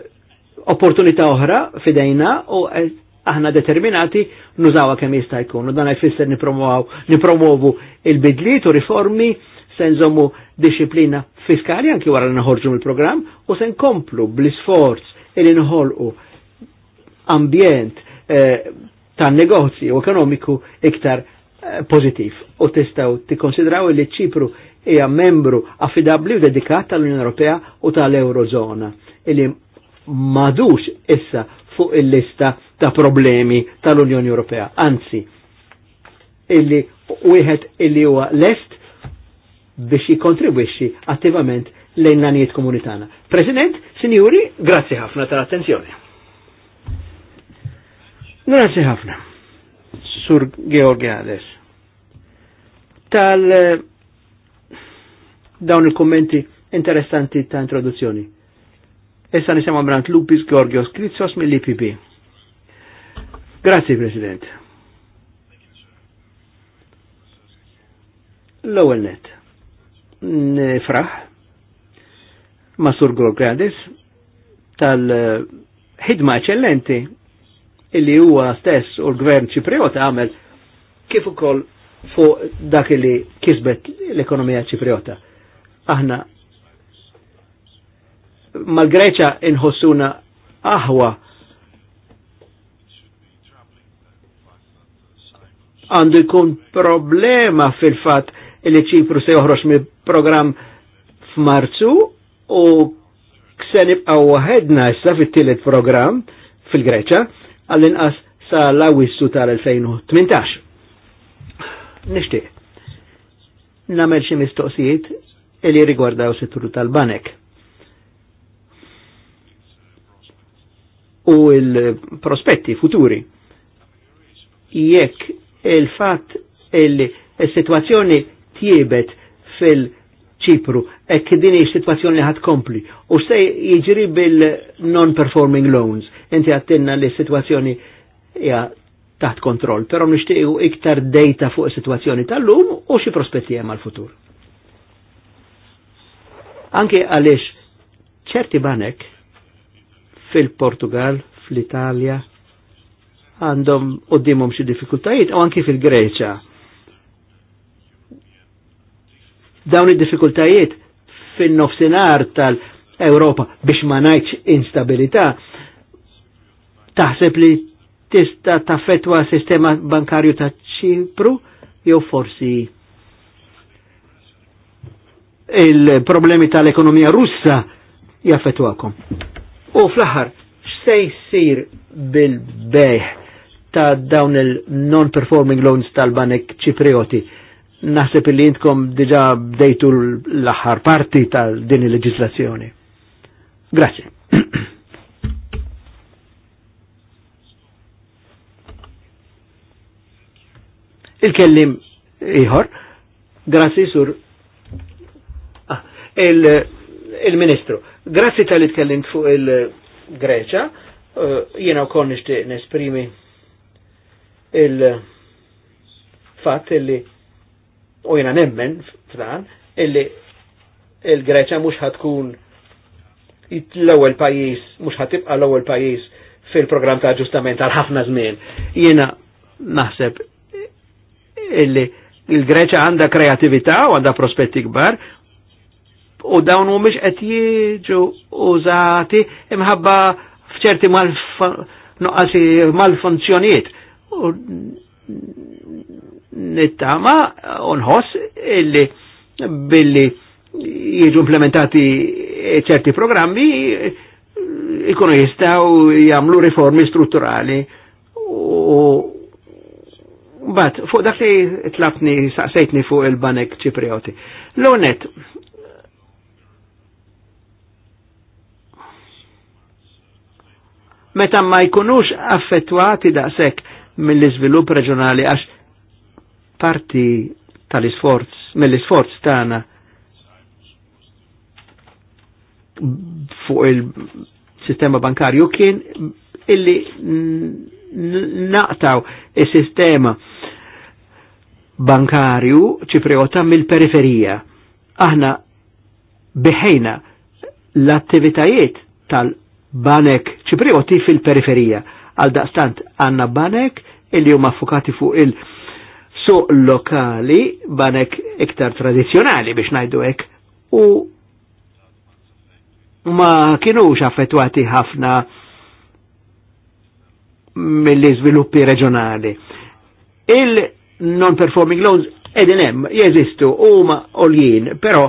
Speaker 2: opportunità oħra fidejna u eh, aħna determinati nużawa kemm jista' jkun. dan jfisser nipromuovu il-bidliet u riformi se nżommu disciplina fiskali anki wara naħorġu mill-programm u se nkomplu bl-isforz il nħolqu ambjent eh, tan negozji u ekonomiku iktar eh, pozitiv u tistaw tikkonsidraw li ċipru hija membru affidabli u dedikat tal-Unjoni Ewropea u tal-Eurozona illi madux issa fuq il-lista ta' problemi tal-Unjoni Ewropea. Anzi, illi wieħed illi huwa lest biex jikontribwixi attivament lejn l-anijiet komunitana. President, sinjuri, grazie ħafna tal-attenzjoni. Grazie ħafna, Sur Georgiades. Tal dawn il-kommenti interessanti ta' introduzzjoni. Issa nisema Brant Lupis Georgios Kritsos mill-IPP. Grazie, President. L-ewwel net nifraħ ma' Sur Gradis tal-ħidma eccellenti illi huwa stess u l-gvern ċipriota għamel kif ukoll fuq dak li kisbet l-ekonomija ċipriota. Aħna mal-Greċa inħossuna aħwa għandu jkun problema fil-fat li ċipru se joħroġ mill program f'Marzu u se nibqgħu waħedna issa fit-tielet program fil-Greċa għall-inqas sa l-awissu tal-2018. Nixtieq. Namel xi mistoqsijiet li rigwardaw sitturu tal-banek. U il-prospetti futuri. Jekk il-fatt il-situazzjoni tjiebet fil-ċipru, ek din hija situazzjoni li ħad kompli. U se jiġri bil-non-performing loans, inti għattinna li situazzjoni hija taħt kontroll, però nixtiequ iktar data fuq is-sitwazzjoni tal-lum u xi prospetti hemm għal-futur. Anke għaliex ċerti banek fil-Portugal, fl-Italja, għandhom qoddimhom xi diffikultajiet u anke fil-Greċja dawn id-diffikultajiet fin-nofsinhar tal-Ewropa biex ma ngħidx instabilità taħseb li tista taffetwa sistema bankarju ta' ċipru jew forsi il-problemi tal-ekonomija russa jaffetwakom. U fl-aħħar, x'se jsir bil-bejħ ta' dawn il-non-performing loans tal-banek ċiprioti? naħseb li jintkom diġa bdejtu l-aħħar parti tal din il-leġislazzjoni. Grazie. Il-kellim iħor, grazie sur ah, il-ministru. grazie tal-li tkellimt fuq il-Greċa, eh, jena u konnix nesprimi il-fat li il u jena nemmen f'dan, illi il-Greċa mux ħatkun l-ewel pajis, mux ħatibqa l-ewel pajis fil-program ta' ġustament għal ħafna żmien. Jena naħseb illi il-Greċa għanda kreativita u għanda prospetti kbar u dawn u mux qed jiġu użati imħabba fċerti mal-funzjoniet nittama unħoss illi billi jieġu implementati ċerti programmi ikunu jistaw jamlu riformi strutturali u bat fuq dak li tlapni saqsejtni fuq il-banek ċiprioti. L-onet, meta ma jkunux affettwati daqshekk mill-iżvilupp reġjonali għax parti tal-isforz, mill-isforz tagħna fuq il-sistema bankarju kien illi naqtaw il-sistema bankarju ċipriota mill-periferija. Aħna biħejna l-attivitajiet tal-banek ċipriota fil-periferija. Għal daqstant għanna banek illi huma fukati fuq il-, periferija suq lokali, banek iktar tradizjonali biex najdu ek, u ma kienu affettwati ħafna mill sviluppi reġjonali. Il-non-performing loans edinem, hemm jeżistu huma oljien, però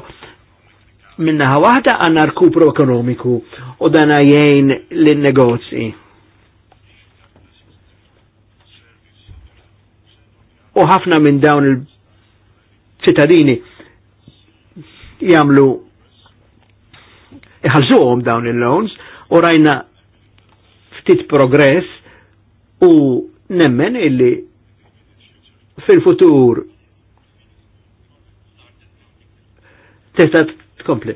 Speaker 2: minnaħa waħda għandna rkupru ekonomiku u dana jgħin l negozji u ħafna minn dawn il-ċittadini jamlu iħalżuhom dawn il-loans u rajna ftit progress u nemmen illi fil-futur testa tkompli.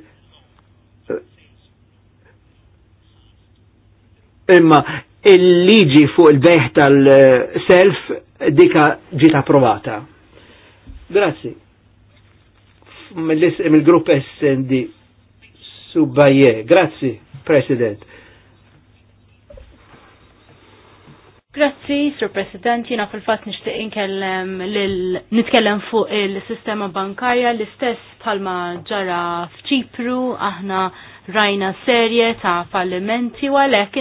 Speaker 2: Imma il-liġi fuq il-beħ tal-self dika ġiet approvata. Grazzi. Mill-grupp SND Subbaje. Grazzi, President.
Speaker 3: Grazzi, Sir President, jina fil-fat nishtiq inkellem nitkellem fuq il-sistema bankarja l-istess palma ġara f'ċipru, aħna rajna serje ta' fallimenti u għalhekk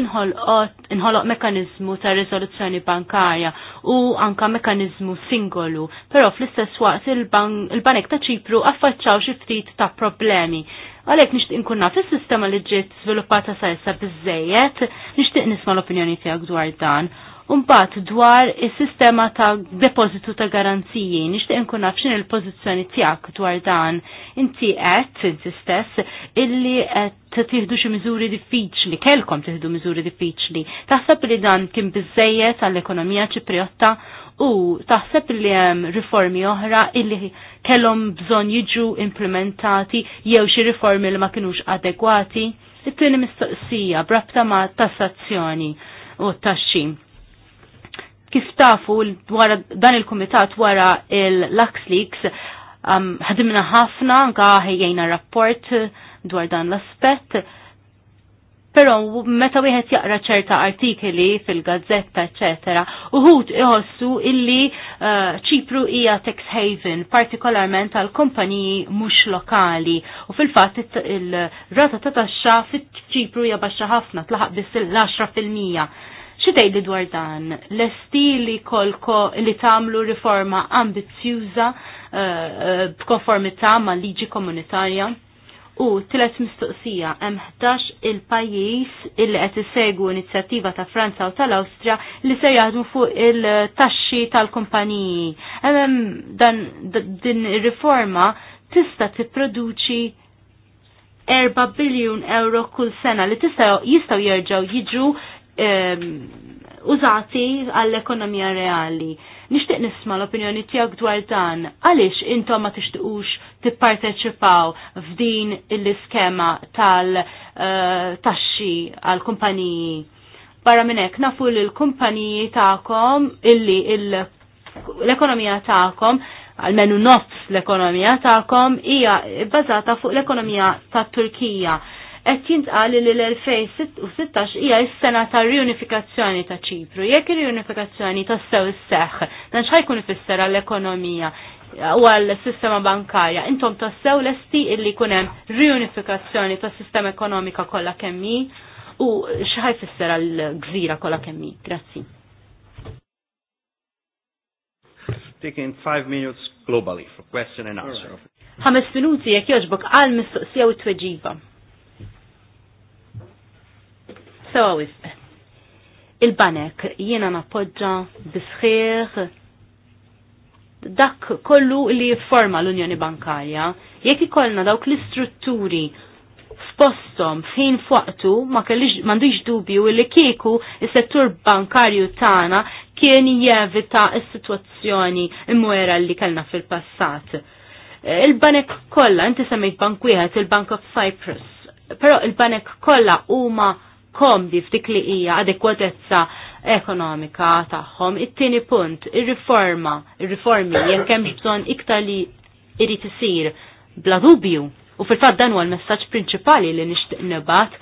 Speaker 3: inħoloq mekanizmu ta' riżoluzzjoni bankarja u anka mekanizmu singolu. Però fl-istess waqt il-Banek ta' Ċipru affaċċaw xi ftit ta' problemi. Għalhekk nixtieq inkun naf is-sistema li ġiet żviluppata sa jessa biżejjed, nixtieq nisma' l-opinjoni tiegħek dwar dan. Umbat dwar is-sistema ta' depozitu ta' garanziji, nixtieq nkun naf x'in il-pożizzjoni tiegħek dwar dan. Inti qed inti stess illi qed tieħdu xi miżuri diffiċli, kelkom tiħdu miżuri diffiċli. Taħseb li dan kien biżejjed għall-ekonomija Ċipriotta u taħseb li hemm riformi oħra illi kellhom bżonn jiġu implementati jew xi riformi li ma kinux adegwati. It-tieni mistoqsija brabta ma' tassazzjoni u taxxi Kif tafu wara dan il-Kumitat wara il-Lux Leaks um, ħadimna ħafna anka ħejjejna rapport dwar dan l-aspett. Però meta wieħed jaqra ċerta artikli fil-gazzetta, eċetera, Uħut iħossu illi uh, ċipru hija tax haven, partikolarment għal kumpaniji mhux lokali. U fil-fatt il-rata ta' taxxa fit-ċipru hija baxxa ħafna, tlaħaq biss il-10 fil-mija. Xi tgħidli dwar dan? L-estili kolko li tagħmlu riforma ambizzjuża eh, eh, b'konformità mal liġi komunitarja? U tilet mistoqsija hemm 11 il-pajjiż illi qed isegwu inizjattiva ta' Franza u tal austria li se jaħdmu fuq il-taxxi tal-kumpaniji. Dan din ir-riforma tista' tipproduċi 4 biljun euro kull sena li tista' jistgħu jerġgħu jiġu użati għall-ekonomija reali. Nixtieq nisma l-opinjoni tiegħek dwar dan, għaliex intom ma tixtiqux tipparteċipaw f'din l-iskema tal-taxxi eh, għall-kumpaniji. Barra minn hekk nafu li l-kumpaniji tagħkom illi l-ekonomija tagħkom menu nofs l-ekonomija tagħkom hija bbażata fuq l-ekonomija tat-Turkija qed jintqali li l-2016 hija s-sena ta' riunifikazzjoni ta' Ċipru. Jekk ir-riunifikazzjoni tassew isseħħ, dan x'ħajkun ifisser għall-ekonomija u għall-sistema bankarja. Intom l lesti illi jkun hemm riunifikazzjoni tas-sistema ekonomika kollha kemm hi u x'ħaj fisser għall-gżira kollha kemm hi. Grazzi.
Speaker 2: Taking five minutes globally for question and answer.
Speaker 3: Ħames minuti jekk jogħġbok għal mistoqsija u tweġiba. Sewa wisq. Il-banek jiena nappoġġa bisħieħ dak kollu li jifforma l-Unjoni Bankarja, jekk ikollna dawk l-istrutturi f'postom fejn fuqtu ma kellix m'għandux dubju li kieku is-settur bankarju tagħna kien jevita s-sitwazzjoni imwera li kellna fil-passat. Il-banek kollha, inti semmejt bank wieħed, il-Bank of Cyprus, però il-banek kollha huma komdi f'dik li hija adekwatezza ekonomika tagħhom. It-tieni punt, ir-riforma, ir-riformi jekk hemm bżonn iktar li irid isir bla dubju. U fil-fatt dan huwa l-messaġġ prinċipali li nixtieq nibgħat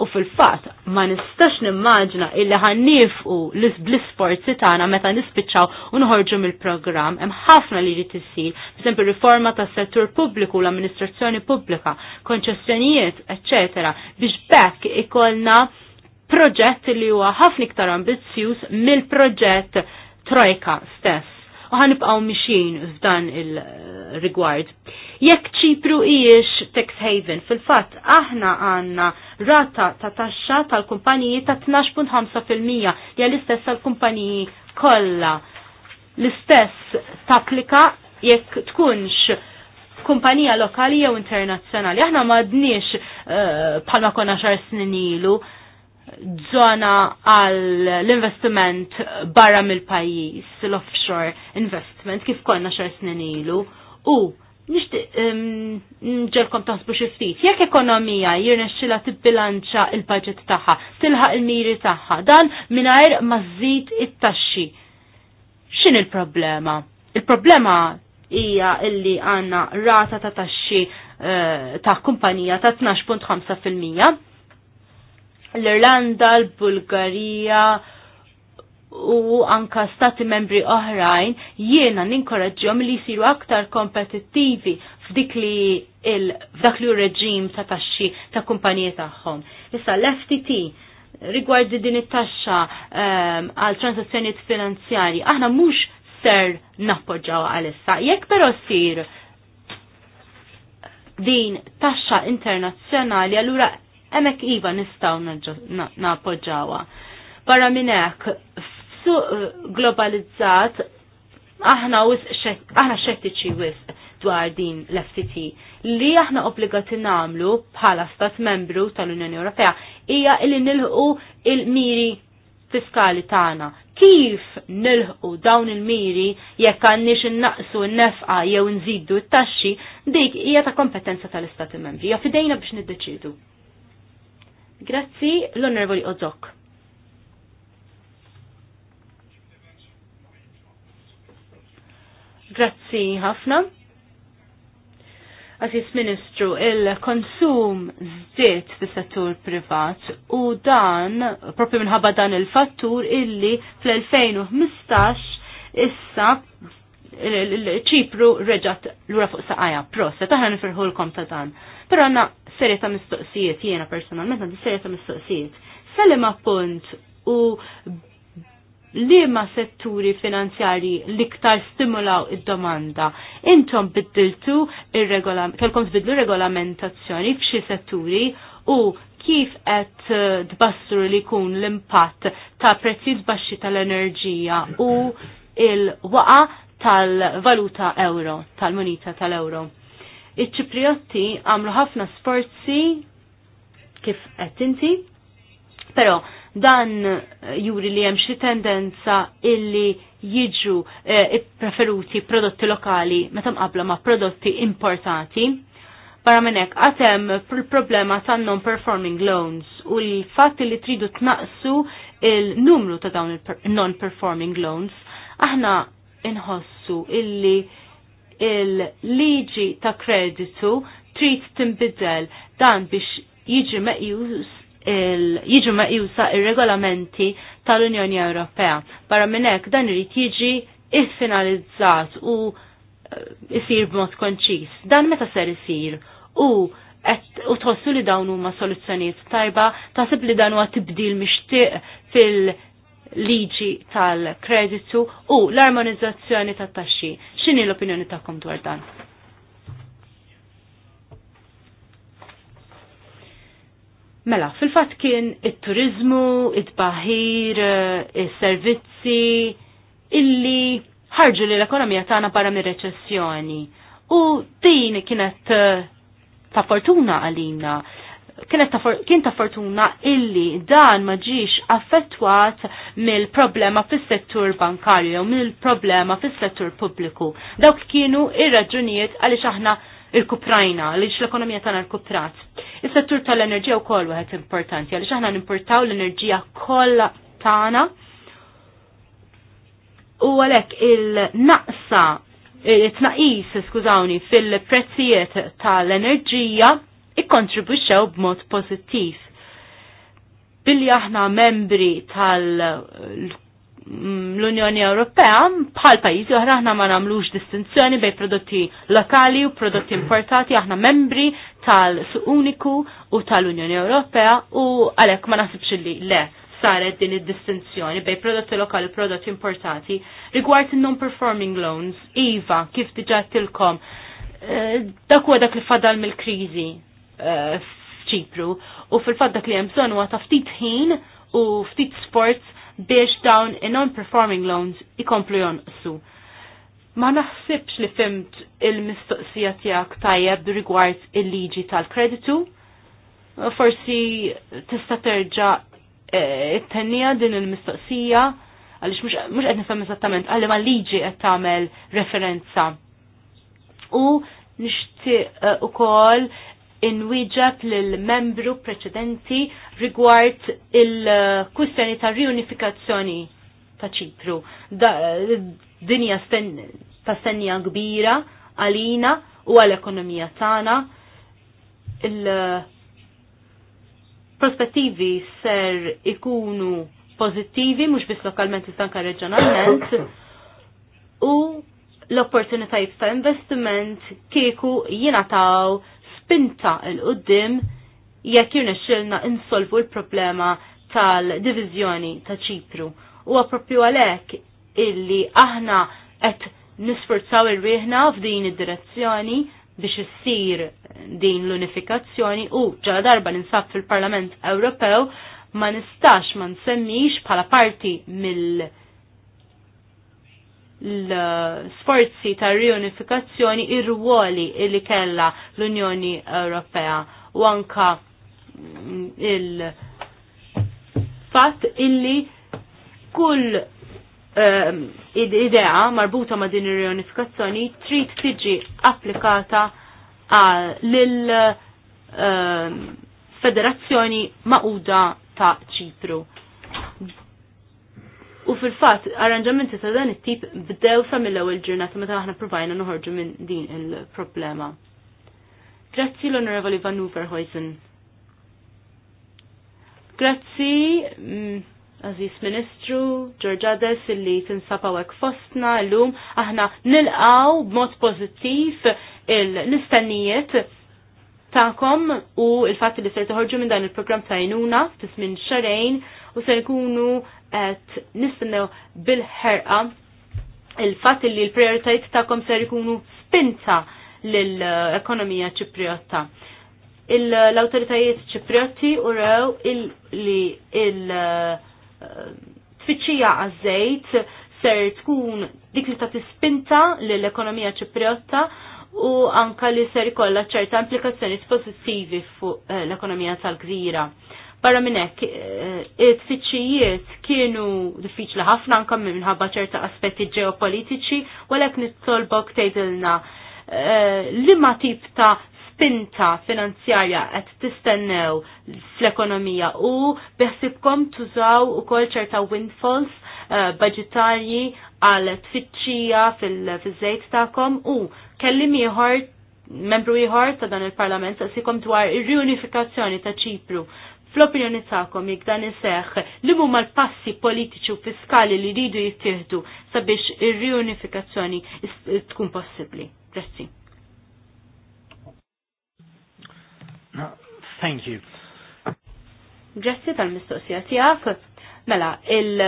Speaker 3: U fil-fat, ma nistax nimmaġna illi ħannifqu l sport tagħna meta nispiċċaw u nħorġu mill-programm hemm ħafna li li tissir, pereżempju riforma tas-settur pubbliku l-amministrazzjoni pubblika, konċessjonijiet, eċċetera, biex bekk ikollna proġett li huwa ħafna iktar ambizzjuż mill-proġett Trojka stess u ħanibqaw mixin f'dan il-rigward. Jekk ċipru ijiex tax haven, fil-fatt aħna għanna rata ta' taxxa tal-kumpaniji ta' 12.5% li l-istess tal-kumpaniji kollha. L-istess tapplika jekk tkunx kumpanija lokali jew internazzjonali. Aħna m'għadniex palma eh, konna xar snin ilu zona għal l-investiment barra mill-pajis, l-offshore investment, kif konna xar snin ilu, u nishti nġelkom taħsbu xi ftit. Jekk ekonomija jirnexxila tibbilanċa il-budget tagħha, tilħaq il-miri tagħha, dan mingħajr ma it-taxxi. X'in il-problema? Il-problema hija illi għandna rata ta' taxxi eh, ta' kumpanija ta' 12.5 l-Irlanda, l-Bulgarija u anka stati membri oħrajn jiena ninkoraġġjom li jsiru aktar kompetittivi f'dik li f'dak li reġim ta' taxxi ta' kumpanija tagħhom. Issa l-FTT rigwardi din it-taxxa ehm, għal transazzjonijiet finanzjarji aħna mhux ser nappoġġaw għalissa. Jekk però sir din taxxa internazzjonali allura Emek iva nistaw napoġawa. Barra minnek, su globalizzat, aħna aħna xettiċi wisq dwar din l fct li aħna obbligati namlu bħala stat membru tal-Unjoni Ewropea hija li nilħu il-miri fiskali tagħna. Kif nilħu dawn il-miri jekk għandniex innaqsu n-nefqa jew nżidu t-taxxi dik hija ta' kompetenza tal-Istati Membri. Ja fidejna biex niddeċidu. Grazzi l-Onorevoli Ozok. Grazzi ħafna. Aziz Ministru, il-konsum zdiet fis settur privat u dan, propju minħabba dan il-fattur illi fl-2015 issa ċipru reġat l-ura fuq saqajja, prosta, taħna kom ta' dan. Pero għanna serje ta' mistoqsijiet, jena personalment għandi serje ta' mistoqsijiet. Salima punt u li ma setturi finanzjari ktar stimulaw id-domanda. Intom biddiltu kelkom tbiddlu regolamentazzjoni f'xi setturi u kif qed eh, tbassru li jkun l-impatt ta' prezzijiet baxxi tal-enerġija u il-waqa tal-valuta euro, tal-monita tal-euro. Iċ-Ċipriotti għamlu ħafna sforzi kif qed inti, però dan juri li hemm xi tendenza illi jiġu eh, preferuti prodotti lokali meta mqabla ma' prodotti importati. Barra minnek, għatem problema ta' non-performing loans u l-fat li tridu tnaqsu il-numru ta' dawn il-non-performing loans, aħna inħossu illi il-liġi ta' kreditu trid timbidel dan biex jiġi meqjus jiġu meqjusa il regolamenti tal-Unjoni Ewropea. Barra minn hekk dan irid jiġi iffinalizzat u eh, isir b'mod konċis. Dan meta ser isir u u tħossu li dawn huma soluzzjonijiet tajba, taħseb li dan huwa tibdil mixtieq fil- liġi tal-kreditu u l-armonizzazzjoni tat-taxxi. X'inhi l-opinjoni tagħkom dwar dan? Mela, fil-fatt kien it-turizmu, it-baħir, eh, is-servizzi illi ħarġu li l-ekonomija tagħna barra mir-reċessjoni. U din kienet eh, ta' fortuna għalina kienet kien ta' fortuna illi dan ma ġiex affettwat mill-problema fis-settur bankarju jew mill-problema fis-settur pubbliku. Dawk kienu ir-raġunijiet għaliex aħna il-kuprajna, għaliex l-ekonomija tagħna rkuprat. Is-settur tal-enerġija wkoll wieħed importanti għaliex aħna nimportaw l-enerġija kollha tagħna. U għalhekk il-naqsa, it tnaqis skużawni, fil-prezzijiet tal-enerġija ikkontribwixxew b'mod pożittiv. Billi aħna membri tal mm, unjoni Ewropea bħal pajjiżi oħra aħna ma nagħmlux distinzjoni bejn prodotti lokali u prodotti importati aħna membri tal-suq uniku u tal-Unjoni Ewropea u għalhekk ma naħsibx li le saret din id-distinzjoni bej prodotti lokali u prodotti importati rigward non-performing loans, IVA, kif diġa tilkom, eh, dak dak li fadal mill-kriżi Eh, f'Ċipru. U fil-fatt dak li hemm bżonn huwa ta' ftit ħin u ftit sports biex dawn non-performing loans ikomplu jonqsu. Ma naħsibx li fimt il-mistoqsija tiegħek tajjeb rigward il-liġi tal-kreditu. Forsi tista' terġa' it-tennija eh, din il-mistoqsija għalix mux għedni nifem esattament għalli ma liġi għed tamel referenza. U nishti eh, u kol inwieġeb lill-membru preċedenti rigward il-kustjoni ta' riunifikazzjoni ta' ċipru. Dinja ta' stennija kbira għalina u għal-ekonomija tagħna il-prospettivi ser ikunu pozittivi, mhux biss lokalment istanka reġjonalment, u l-opportunitajiet ta' investiment kieku jinataw spinta l-qoddim jekk xilna insolvu l-problema tal divizjoni ta' Ċipru. U għapropju għalhekk illi aħna qed nisforzaw ir riħna f'din id-direzzjoni biex issir din l-unifikazzjoni u ġala darba ninsab fil-Parlament Ewropew ma nistax ma nsemmix bħala parti mill- l-sforzi ta' riunifikazzjoni ir-ruoli li kella l-Unjoni Ewropea u anka il-fatt illi kull ehm, idea marbuta ma' din ir-riunifikazzjoni trid tiġi applikata lil ehm, federazzjoni maquda ta' Ċipru U fil-fatt, arranġamenti ta' dan it-tip bdew sa mill-ewwel ġurnata meta aħna provajna noħorġu minn din il-problema. Grazzi l-Onorevoli Van Hooverhuizen. Grazzi, mm, Aziz Ministru, Ġorġades illi tinsapa hawnhekk fostna llum aħna b b'mod pożittiv l-istennijiet tagħkom u l fat li se toħorġu minn dan il-programm ta' jnuna tismin xarejn u se jkunu qed nistennew bil-ħerqa il-fatt li l-prioritajiet tagħkom ser ikunu spinta l-ekonomija ċipriotta. L-autoritajiet ċipriotti u rew li il-tfittxija għazzejt ser tkun dik li ta' tispinta l-ekonomija ċipriotta u anka li ser ikollha ċerta implikazzjoni pozittivi fuq eh, l-ekonomija tal-gżira. Barra minnek, eh, it-tfittxijiet kienu diffiċli ħafna anka minħabba ċerta aspetti ġeopolitiċi, u għalek nittolbok tgħidilna eh, li ma tip ta' spinta finanzjarja qed tistennew fl-ekonomija u beħsibkom tużaw ukoll ċerta windfalls eh, budgetarji għal tfittxija fil-żejt tagħkom u kellim ieħor membru ieħor ta' dan il-Parlament saqsikom dwar ir-riunifikazzjoni ta' Ċipru Fl-opinjoni tagħkom jekk dan iseħħ li huma l-passi politiċi u fiskali li jridu jittieħdu sabiex ir-riunifikazzjoni tkun possibbli. Grazzi. Thank you. Grazzi tal-mistoqsija tiegħek. Mela, il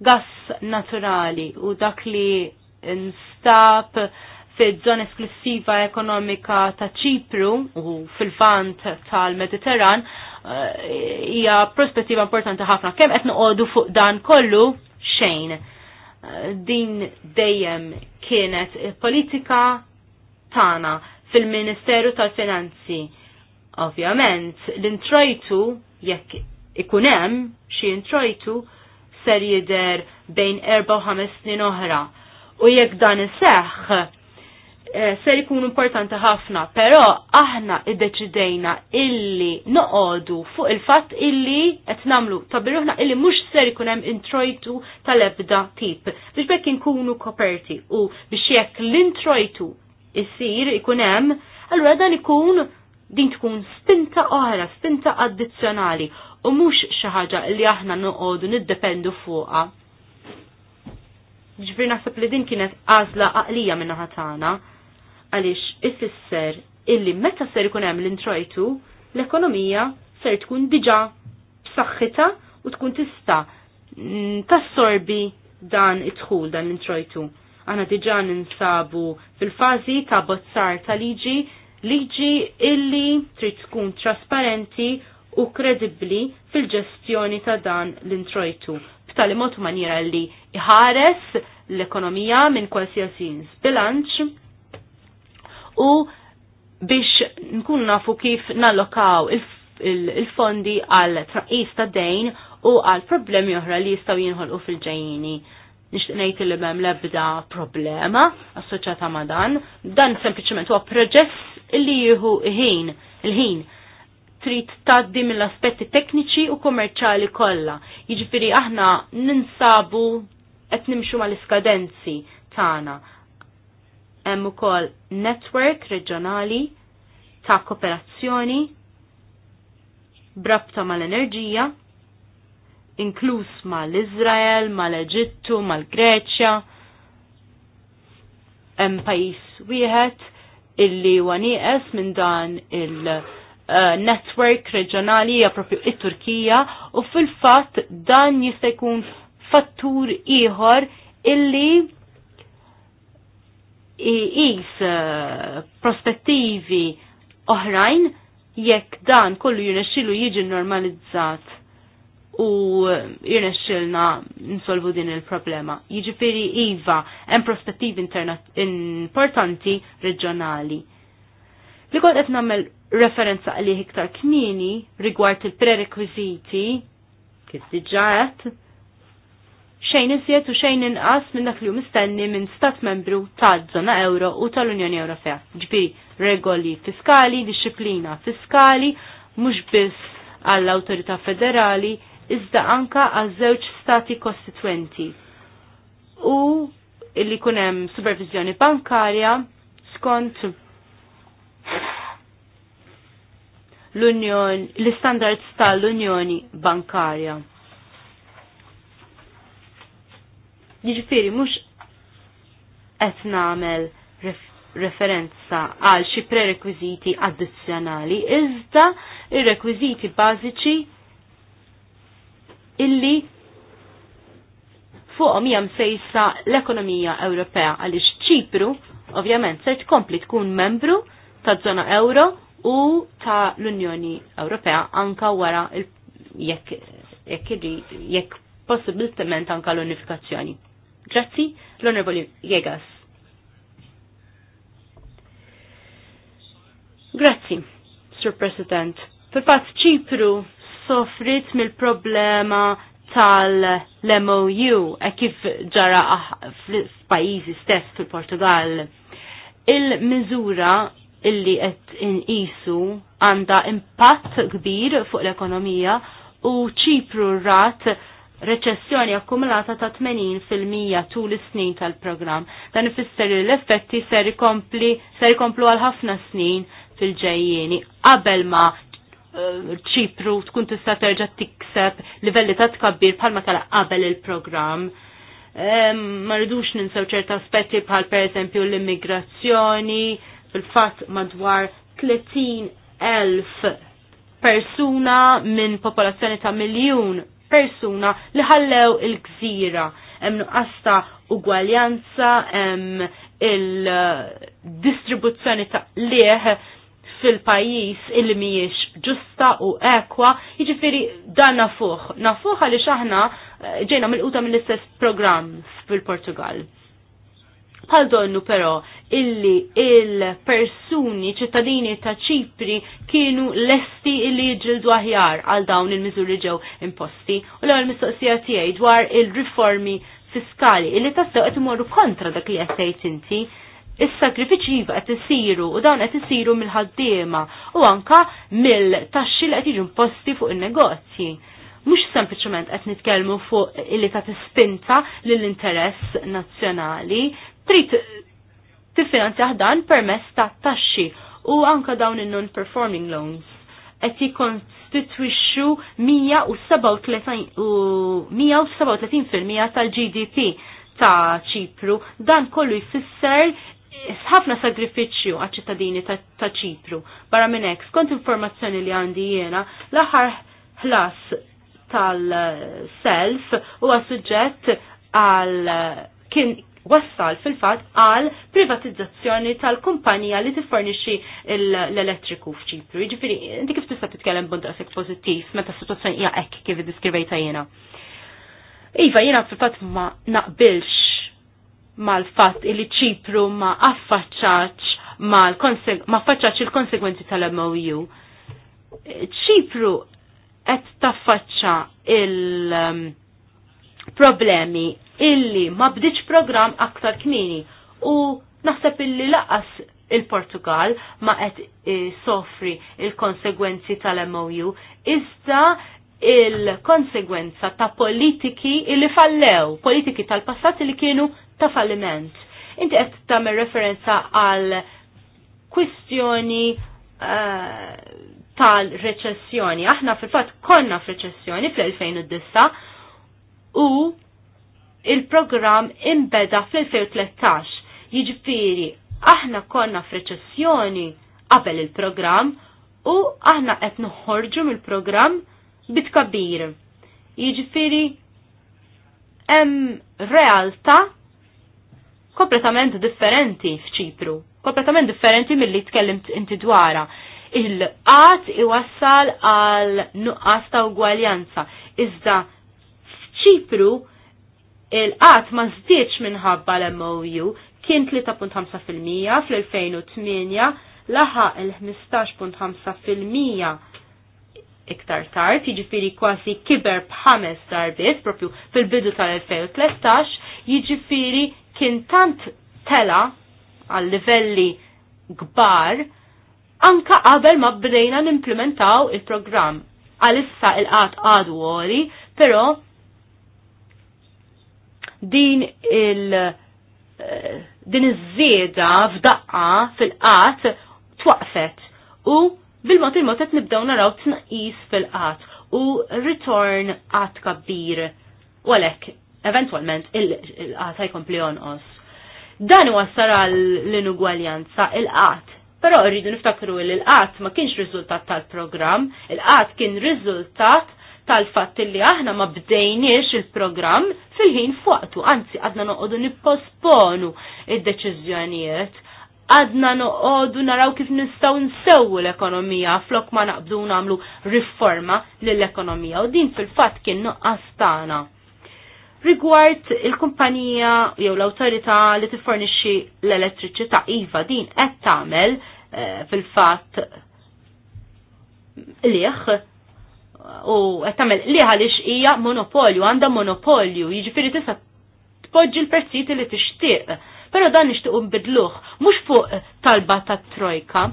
Speaker 3: gass naturali u dak li nstab fil-żona esklusiva ekonomika ta' Ċipru u fil-vant tal-Mediterran Eh, hija prospettiva importanti ħafna. Kemm qed noqogħdu fuq dan kollu xejn. Eh, din dejjem kienet politika tagħna fil-Ministeru tal-Finanzi. Ovvjament, l-introjtu jekk ikun hemm xi introjtu ser jidher bejn erba' u ħames snin oħra. U jekk dan iseħħ Eh, ser ikun importanti ħafna, però aħna iddeċidejna illi noqodu fuq il-fatt illi qed nagħmlu tabiruħna illi mhux ser ikun hemm introjtu tal-ebda tip biex bekk inkunu koperti u biex jekk l-introjtu isir ikun hemm, allura dan ikun din tkun spinta oħra, spinta addizzjonali u mhux xi ħaġa li aħna noqogħdu niddependu fuqha. Ġbir naħseb li din kienet għażla għaqlija minna ħatana għaliex ifisser illi meta ser ikun hemm l-introjtu, l-ekonomija ser tkun diġà b'saħħitha u tkun tista mm, tassorbi dan id-dħul dan l-introjtu. Aħna diġà ninsabu fil-fażi ta' bozzar ta' liġi liġi illi trid tkun trasparenti u kredibbli fil-ġestjoni ta' dan l-introjtu. B'tali mod maniera li iħares l-ekonomija minn kwalsiasi bilanċ u biex nkun nafu kif nallokaw il-fondi il il għal traqis ta' dejn u għal problemi oħra li jistaw jinħolqu fil-ġejjini. Nixtieq li m'hemm l-ebda problema assoċjata ma' dan, dan sempliċement huwa proġess li jieħu ħin, il-ħin trid taddi mill-aspetti tekniċi u kommerċali kollha. Jiġifieri aħna ninsabu qed nimxu mal-iskadenzi tagħna hemm ukoll network reġjonali ta' kooperazzjoni brabta mal-enerġija, inkluż mal-Izrael, mal-Eġittu, mal-Greċja, hemm pajjiż wieħed illi huwa nieqes minn dan il-network eh, reġjonali hija propju it-Turkija u fil-fatt dan jista' jkun fattur ieħor illi iqis eh, prospettivi oħrajn jekk dan kollu jirnexxilu jiġi normalizzat u eh, jirnexxilna nsolvu din il-problema. Jiġifieri iva hemm prospettivi importanti reġjonali. Li kont qed nagħmel referenza għalih iktar kmieni rigward il-prerekwiżiti kif diġa xejn iżjed u xejn inqas minn dak li mistenni minn stat membru taż-żona euro u tal-Unjoni Ewropea. Ġbiri regoli fiskali, disciplina fiskali, mhux biss għall-awtorità federali, iżda anka għal żewġ stati kostituenti. U illi kunem supervizjoni bankarja skont l-Unjoni, l-standards tal-Unjoni bankarja. Jiġifieri mhux qed nagħmel referenza għal xi prerekwiżiti addizzjonali, iżda ir-rekwiżiti bażiċi illi fuqhom hija msejsa l-ekonomija Ewropea għaliex Ċipru ovvjament se tkompli tkun membru ta' żona euro u ta' l-Unjoni Ewropea anka wara jekk jekk possibilment anka l-unifikazzjoni. Grazzi, l-Onorevoli Jegas. Grazzi, Sir President. Fil-fatt ċipru soffrit mill-problema tal-MOU, e kif ġara ah, f'pajizi stess fil-Portugal. Il-mizura illi qed inqisu għandha impatt kbir fuq l-ekonomija u ċipru rat reċessjoni akkumulata ta' 80% tul is-snin tal-programm. Dan ifisser li l-effetti ser ikomplu għal ħafna snin fil-ġejjieni qabel ma eh, ċipru tkun tista' terġa' tikseb livelli ta' tkabbir bħalma tal qabel il-programm. Ma rridux ninsew ċerta aspetti bħal pereżempju l-immigrazzjoni, fil-fatt madwar 30 elf persuna minn popolazzjoni ta' miljun persuna li ħallew il-gżira. Hemm nuqasta ugwaljanza, hemm il-distribuzzjoni ta' lieħ fil-pajis il miex ġusta u ekwa, jiġifieri dan nafuħ. Nafuħ għaliex aħna eh, ġejna mill-quta mill-istess programm fil-Portugal bħal donnu però illi il-persuni ċittadini ta' ċipri kienu lesti illi ġildu aħjar għal dawn il-miżuri ġew imposti u l-ewwel mistoqsija tiegħi dwar il-riformi fiskali illi tassew qed imorru kontra dak li qed tgħid inti is-sakrifiċi iva qed isiru u dawn qed isiru mill-ħaddiema u anka mill-taxxi li qed jiġu imposti fuq in-negozji. Mhux sempliċement qed nitkellmu fuq illi ta' tispinta lill-interess nazzjonali, trid tiffinanzjah dan permezz ta' taxxi u anka dawn in non performing loans qed jikkonstitwixxu 137% tal-GDP ta' Ċipru. Dan kollu jfisser ħafna sagrifiċċju għaċ ċittadini ta' Ċipru. Barra minn hekk, skont informazzjoni li għandi jiena, l-aħħar ħlas tal-self huwa suġġett għal kien wassal fil-fatt għal privatizzazzjoni tal-kumpanija li tiffornixxi l-elettriku f'Ċipru. Jiġifieri, inti kif tista' titkellem b'daqshekk pożittiv meta s-sitwazzjoni hija hekk kif iddiskrivejta jiena. Iva, jiena fil-fatt ma naqbilx mal-fatt li ċipru ma affaċċaċ ma affaċċaċ il-konsegwenzi tal-MOU. ċipru qed taffaċċa il- um, problemi illi ma bdiċ program aktar kmini u naħseb illi laqas il-Portugal ma qed eh, soffri il-konsegwenzi tal-MOU iżda il-konsegwenza ta' politiki illi fallew, politiki tal-passat li kienu ta' falliment. Inti qed tagħmel referenza għal kwistjoni uh, tal-reċessjoni. Aħna fil-fatt konna f'reċessjoni fl-2009 u il-program imbeda fil-2013. Jiġifiri, aħna konna f'reċessjoni qabel il-program u aħna qed nħorġu mill-program bitkabbir. Jiġifiri, hemm realtà kompletament differenti f'Ċipru, kompletament differenti mill-li tkellimt inti dwara. Il-qat iwassal għal nuqqas ta' ugwaljanza. Iżda f'Ċipru il-qat ma żdiedx minħabba l-MOU kien 3.5% fl-2008 laħa il-15.5% iktar tard, jiġifieri kważi kiber b'ħames darbiet propju fil-bidu tal-2013, jiġifieri kien tant tela għal livelli kbar anka qabel ma bdejna nimplementaw il-programm. Għalissa il-qat għadu għori, pero din il- eh, din iż-żieda f'daqqa fil-qat twaqfet u bil-mod il-mod qed nibdew naraw tnaqqis fil-qat u return qat kabbir u għalhekk eventwalment il-qat jkompli jonqos. Dan huwa sara l-inugwaljanza il-qat. Però rridu niftakru li l-qat ma kienx riżultat tal-programm, il-qat kien riżultat tal-fatt li aħna ma bdejniex il-programm fil-ħin fuqtu, anzi għadna noqogħdu nipposponu id-deċiżjonijiet, għadna noqogħdu naraw kif nistgħu nsewwu l-ekonomija flok ma naqbdu nagħmlu riforma lill-ekonomija u din fil-fatt kien nuqqas tagħna. Rigward il-kumpanija jew l-awtorità li tiffornixxi l-elettriċità iva din qed tagħmel eh, fil-fatt liħ u qed tagħmel liħa li hija monopolju, għandha monopolju, jiġifieri tista' tpoġġi l-prezzijiet li tixtieq. Però dan nixtiequ nbidluh, mhux fuq talba tat-trojka,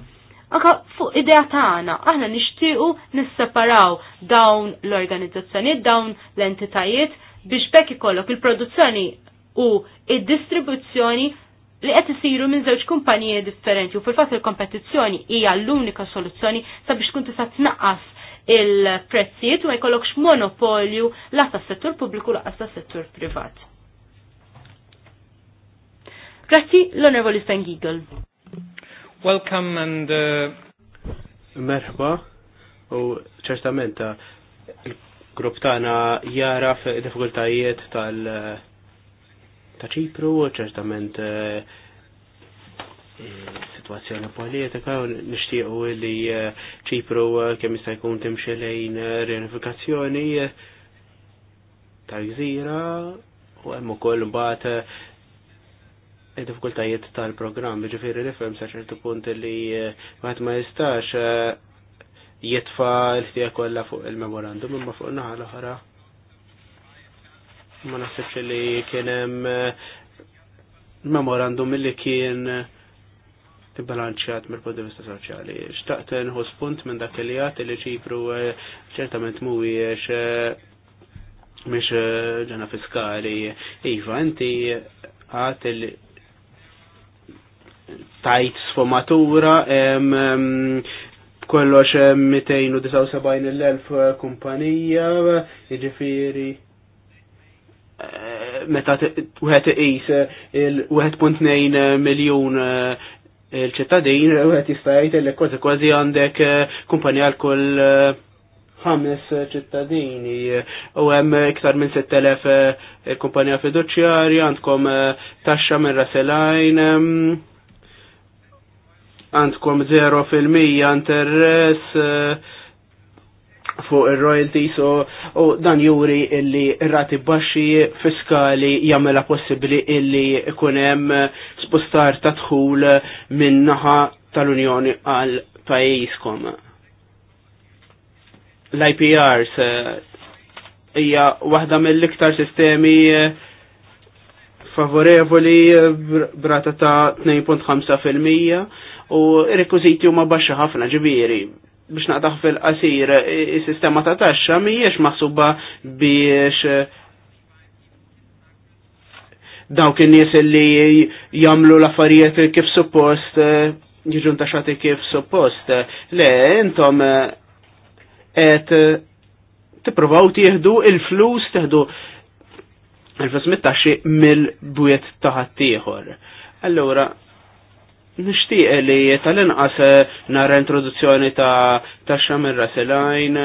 Speaker 3: Anka fuq idea tagħna, aħna nixtiequ nisseparaw dawn l-organizzazzjonijiet, dawn l-entitajiet biex bekk ikollok il-produzzjoni u id-distribuzzjoni li qed isiru minn żewġ kumpaniji differenti u fil-fatt il-kompetizzjoni hija l-unika soluzzjoni sabiex tkun tista' tnaqqas il-prezzijiet u ma jkollokx monopolju la tas settur pubbliku laqas tas settur privat. Grazzi l-Onorevoli Giegel.
Speaker 4: Welcome and uh... Merħba u ċertament uh, il-grupp tagħna jara f'diffikultajiet tal uh, ta' ċipru, ċertament uh, situazzjoni politika u nishtiqu li eh, ċipru eh, kemm jista' jkun timxi lejn eh, reunifikazzjoni tal-gżira u hemm ukoll mbagħad id-diffikultajiet tal-programm, ġifiri nifhem sa ċertu punt li wieħed ma jistax jitfa l-ħtija kollha fuq il-memorandum imma fuq naħa l-oħra. Ma naħsibx li kien hemm memorandum li kien tibbalanċjat mill-punt di vista soċjali. Xtaqt nħu spunt minn dak li jagħti li ċifru eh, ċertament mhuwiex eh, mhix eh, ġena fiskali. Iva, inti għat li tajt sfumatura kollox 279.000 kumpanija, jiġifieri meta wieħed iqis il-1.2 miljun il-ċittadin u għet jistajt li kważi kważi għandek eh, kumpanija l-kull eh, ħames eh, ċittadini u hemm iktar minn 6000 kumpanija fiduċjarja għandkom taxxa minn raselajn mm, għandkom 0% interess fuq il-royalties u dan juri illi rati baxxi fiskali jagħmilha possibbli illi ikun hemm spostar ta' dħul minn naħa tal-Unjoni għal pajjiżkom. L-IPRs eh, hija waħda mill-iktar sistemi eh, favorevoli eh, brata ta' 2.5% u ir-rekwiżiti huma baxxa ħafna ġibieri biex naqtaħ fil-qasir, il-sistema ta' taxxa mhijiex maħsuba biex eh, dawk in-nies li jagħmlu l-affarijiet kif suppost eh, jiġu ntaxxati kif suppost. Le, intom qed eh, tippruvaw tieħdu il-flus, teħdu il-flus mit-taxxi mill-bwiet taħat ħaddieħor. Allura, Nishtiq li tal-inqas eh, nara introduzzjoni ta' ta' xamil raselajn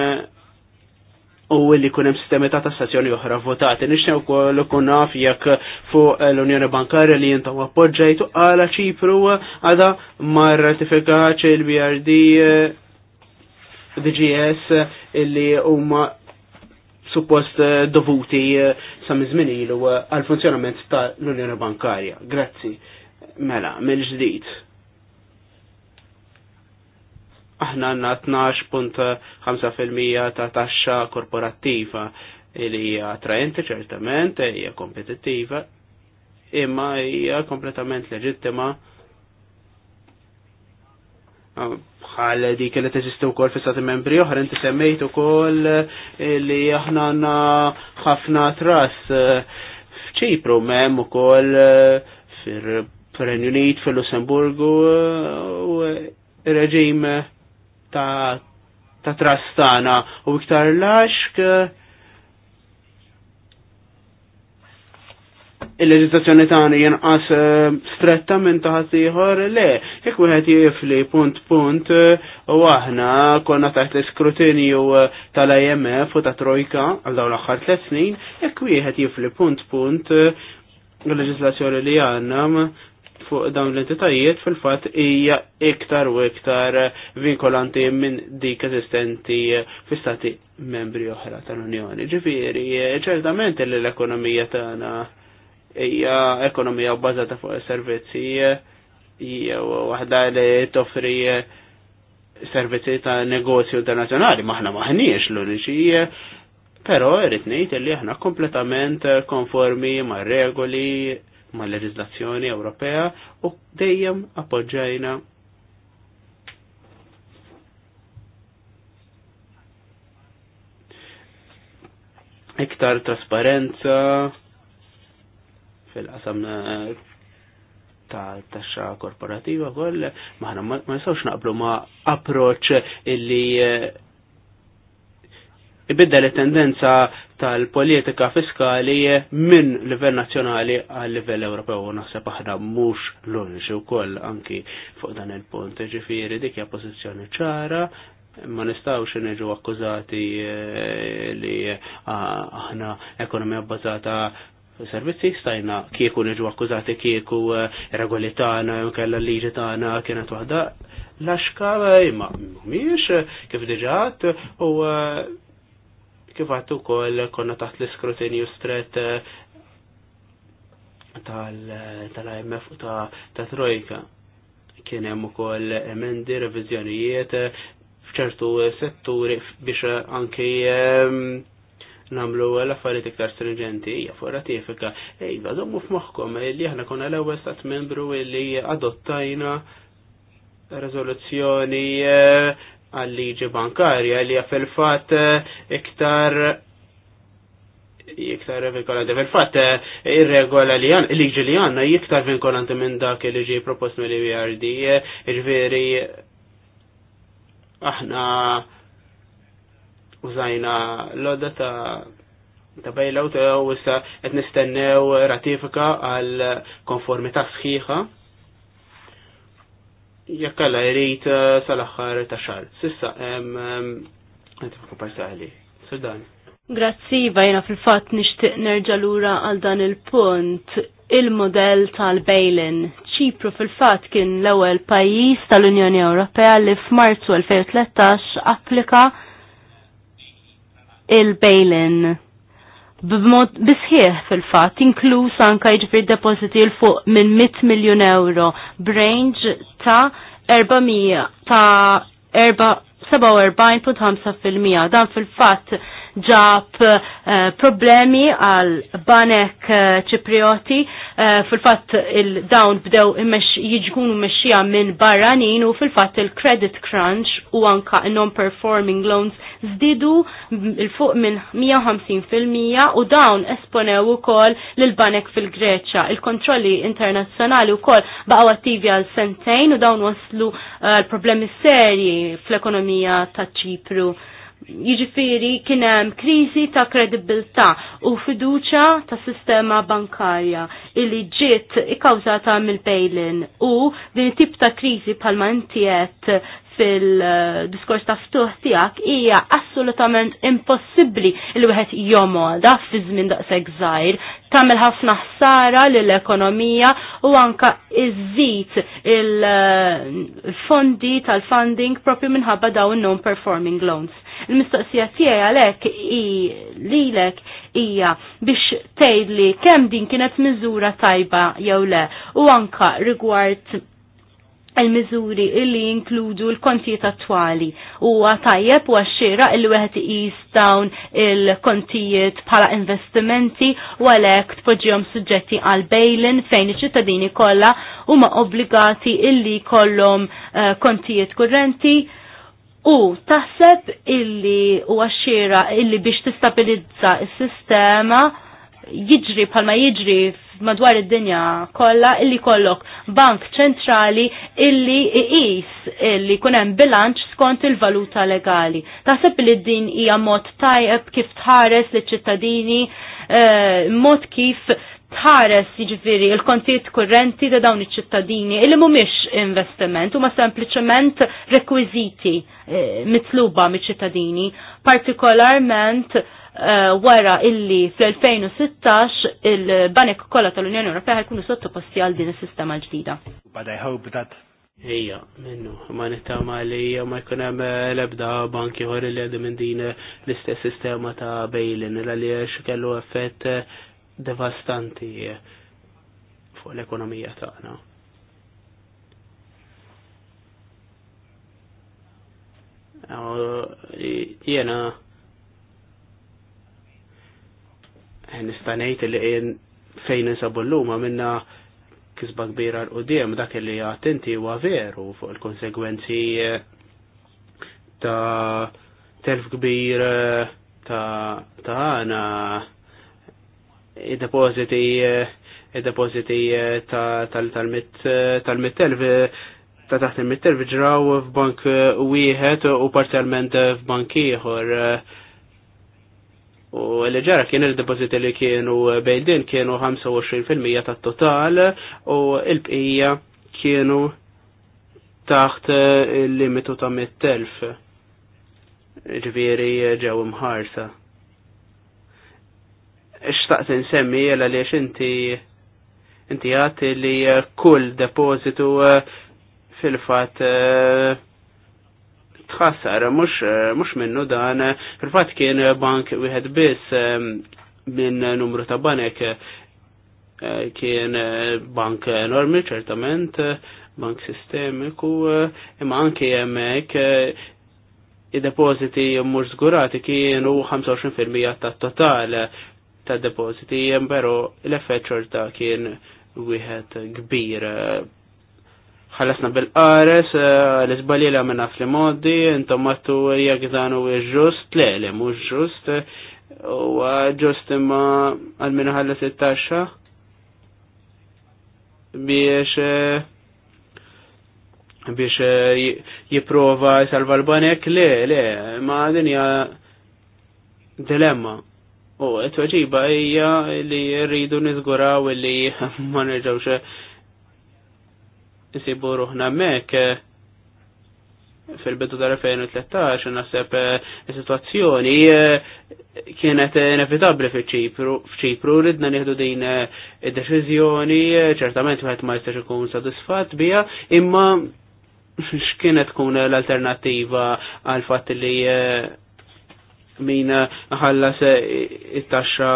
Speaker 4: u li kunem sistemi ta' tassazzjoni oħra votati. nixtieq kol kun naf jekk fuq l-Unjoni Bankarja li jintom appoġġajtu għala ċipru għada mar ratifikaċ il-BRD DGS illi huma suppost dovuti sa' mizmin ilu għal funzjonament tal-Unjoni Bankarja. Grazzi. Mela, mill-ġdid. Aħna għanna 12.5% ta' taxxa korporattiva li hija attraenti ċertament, hija kompetittiva, imma hija kompletament leġittima bħal dik li teżisti wkoll fi stati membri oħra inti semmejt ukoll li aħna għandna ħafna tras f'Ċipru m'hemm ukoll fir fil Unit, fil-Lussemburgu u reġim ta' ta' trastana u iktar laxk il-leġizzazzjoni tagħna jenqas eh, stretta minn taħat ieħor le, jekk wieħed jifli punt punt eh, u aħna konna taħt l-iskrutinju eh, tal-IMF u ta' Trojka għal dawn l-aħħar tliet snin, jekk wieħed jifli punt punt il leġislazzjoni li għandna fuq dawn l-entitajiet fil-fatt hija iktar u iktar vinkolanti minn dik eżistenti fi stati membri oħra tal-Unjoni. Ġifieri, ċertament li l-ekonomija tagħna hija ekonomija bbażata fuq servizzi u waħda li toffri servizzi ta' negozju internazzjonali, maħna maħniex l-uniċi, pero rritnejt ngħid li aħna kompletament konformi ma' regoli ma' leġislazzjoni Ewropea u dejjem appoġġajna iktar trasparenza fil-qasam eh, ta' taxxa korporativa kollha, ma nistgħux naqblu ma' approċċ illi eh, ibiddel it-tendenza tal-politika fiskali minn livell nazzjonali għal livell Ewropew naħseb aħna mhux l-unġi wkoll anki fuq dan il-punt. Ġifieri dik hija pożizzjoni ċara, ma nistawx neġu akkużati eh, li aħna ekonomija bbażata servizzi stajna kieku neġu akkużati kieku eh, regoli tagħna jew kellha liġi tagħna kienet waħda laxka imma mhumiex eh, kif diġat u kifat u koll konna taħt l-iskrutinju stret eh, eh, tal-IMF u ta' Trojka. Kien hemm ukoll emendi, reviżjonijiet eh, f'ċertu setturi biex anki namlu l-affarijiet iktar stringenti hija fuq ratifika. Iva, dommu f'moħħkom li aħna konna l-ewwel stat membru li adottajna rezoluzzjoni għall-liġi bankarja li fil-fat eh, iktar iktar vinkolanti. Fil-fat, eh, ir-regola li għan, il-liġi li għanna iktar vinkolanti minn dak li liġi propost mill BRD, eh, ġveri aħna użajna l-odda ta' ta' bejlaw ta' u issa qed nistennew ratifika għal konformità sħiħa jekk alla jrid eh, sal-aħħar ta' xahar. Sissa qed tkun saħli. Sudan.
Speaker 3: Grazzi, vajna fil-fatt nixtieq nerġa' lura għal dan il-punt il-modell tal-Bejlin. ċipru fil-fatt kien l-ewwel pajjiż tal-Unjoni Ewropea li f'Marzu 2013 applika il-Bejlin b'mod bisħieħ fil-fatt, inkluż anka jiġri depositi l fuq minn 100 miljun euro b'range ta' 400 ta' 47.5 dan fil-fatt ġab eh, problemi għal banek eh, ċiprioti eh, fil-fatt il-dawn bdew jiġgunu meċxija minn barranin u fil-fatt il-credit crunch u anka non-performing loans zdidu il-fuq minn 150% u dawn esponew ukoll l banek fil-Greċja. Il-kontrolli internazzjonali wkoll baqgħu attivi għal sentejn u dawn waslu l-problemi serji fl-ekonomija ta' Ċipru. Jiġifieri kien hemm kriżi ta' kredibilità u fiduċja ta' sistema bankarja illi ġiet ikkawżata mill-bejlin u din tip ta' kriżi bħalma intiet fil-diskors ta' ftuħ tiegħek hija assolutament impossibbli li wieħed jomoda fi żmien daqshekk żgħir, tagħmel ħafna ħsara lill ekonomija u anka iżid il-fondi tal-funding propju minħabba dawn non performing loans. Il-mistoqsija tiegħi għalhekk lilek hija biex tgħidli kemm din kienet miżura tajba jew le u anka rigward il-mizuri illi jinkludu l-kontijiet attwali u għatajjeb u għaxxira illi wieħed iqis dawn il-kontijiet bħala investimenti u għalhekk tpoġġihom suġġetti għal bejlin fejn iċ-ċittadini kollha huma obbligati illi kollom eh, kontijiet kurrenti u taħseb illi u għaxxira illi biex tistabilizza s-sistema jiġri bħalma jiġri madwar id-dinja kollha illi kollok bank ċentrali illi iqis illi kunem hemm bilanċ skont il-valuta legali. Taħseb li din hija mod tajab kif tħares liċ ċittadini eh, mod kif tħares jiġifieri il-kontijiet kurrenti ta' dawn iċ-ċittadini illi mhumiex investiment huma sempliċement rekwiżiti eh, mitluba miċ-ċittadini, partikolarment Eh, wara illi fl-2016 il-banek kollha tal-Unjoni Ewropea jkunu sottoposti għal din is-sistema l-ġdida.
Speaker 4: But I hope that Ejja, minnu, ma nittama li ma jkun hemm eh, l-ebda banki ħor li għadu minn din eh, l-istess sistema ta' bejlin, li kellu effett devastanti fuq l-ekonomija tagħna. Jena, Eh, nista' ngħid li fejn insabu l-luma minna kisba kbira l-qudiem dak li jgħatinti huwa veru fuq il-konsegwenzi eh, ta' telf kbir eh, ta' għana id-depositi id-depositi tal-mittelf ta' taħt il-mittelf ġraw f'bank wieħed u parzialment f'bank ieħor U li ġara kien il-depositi li kienu bejn kienu 25% tat-total u il-bqija kienu taħt il-limitu ta' 100.000. Ġviri ġew imħarsa. Ixtaqt insemmi jela li inti inti għati li kull depositu fil-fat tħassar, mux eh, minnu dan, fil-fat kien bank wieħed biss eh, minn numru ta' banek eh, kien bank enormi ċertament, bank sistemiku, imma anke jemmek i-depositi mhux żgurati kienu 25% tat-total tad-depositi, però l-effett ċorta kien wieħed kbir ħallasna bil-qares, eh, l-izbali li għamena fl-modi, intom għattu jek danu ġust, le, le, mux ġust, u ġust imma għal-minna ħallas it-taxxa biex eh, biex eh, jiprofa jisalva l-banek, le, le, ma hija dilemma. U t-tweġiba hija li rridu nizguraw li ma nerġawx nisibu ruħna mek eh, fil-bidu tal-2013 naħseb eh, situazzjoni eh, kienet inevitabli fil-ċipru ridna nieħdu din id-deċiżjoni ċertament wieħed ma jistax ikun sodisfatt biha imma x'kienet tkun l-alternattiva għal fatt li min ħallas it-taxxa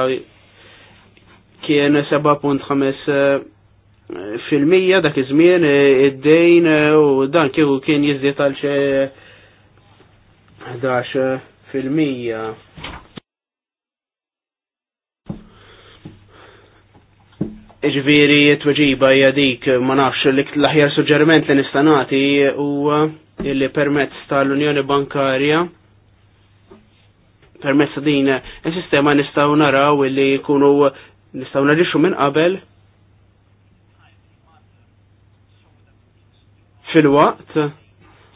Speaker 4: kien 7.5 fil-mija dak iż-żmien e, id-dejn e, u dan kieku kien jiżdied għal xi 11 e, fil-mija. Iġviri t-tweġiba hija dik ma nafx l-aħjar suġġeriment li nista' nagħti huwa illi permezz tal-Unjoni Bankarja permezz din is-sistema nistgħu naraw illi jkunu nistgħu narixu minn qabel fil-waqt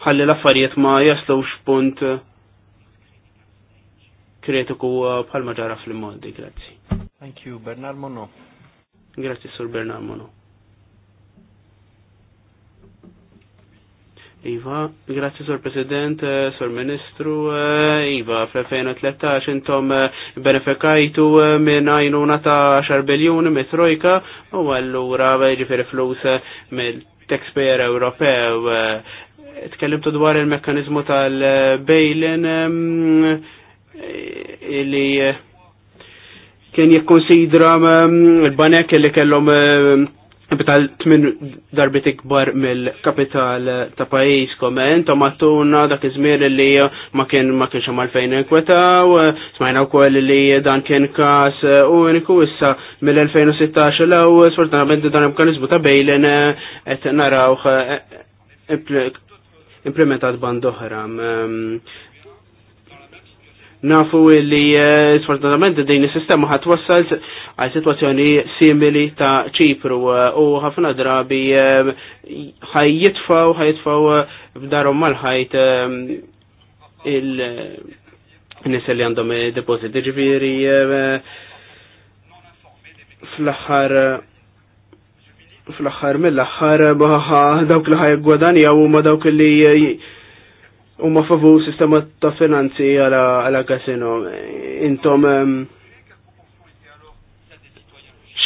Speaker 4: ħalli l-affarijiet ma jaslux punt kritiku uh, bħal ġara fil-modi, grazzi.
Speaker 2: Thank you, Bernard Mono.
Speaker 4: Grazzi, Sur Bernard Mono. Iva, grazzi Sur President, eh, Sur Ministru, eh, Iva, fl-2013 intom benefekajtu eh, minn għajnuna ta' 10 biljoni mit-trojka u għallura ġifiri flus mill taxpayer Ewropew. Eh, tkellimtu dwar il-mekkanizmu tal in eh, eh, li kien jikkonsidra mm, il-banek li kellhom kapital tmin darbit ikbar mill-kapital ta' pajis komen, ta' Matuna dak iżmir li ma kien ma kienx hemm għalfejn inkwetaw, smajna wkoll li dan kien każ uniku issa mill-2016 law sfortunatament dan il-mekanizmu ta' bejlen qed narawh eh, implementat band oħra. Nafu li eh, sfortunatament din is-sistema ħadd wassal għal sitwazzjoni simili ta' ċipru eh, u ħafna drabi eh, ħajjitfaw ħajjitfaw b'darhom mal-ħajt il nies li għandhom deposit ġifieri fl-aħħar fl aħħar mill-axħar dawk li ħaj gwadani huma ma dawk li u ma favu sistema ta' finanzi għala kasino. Intom,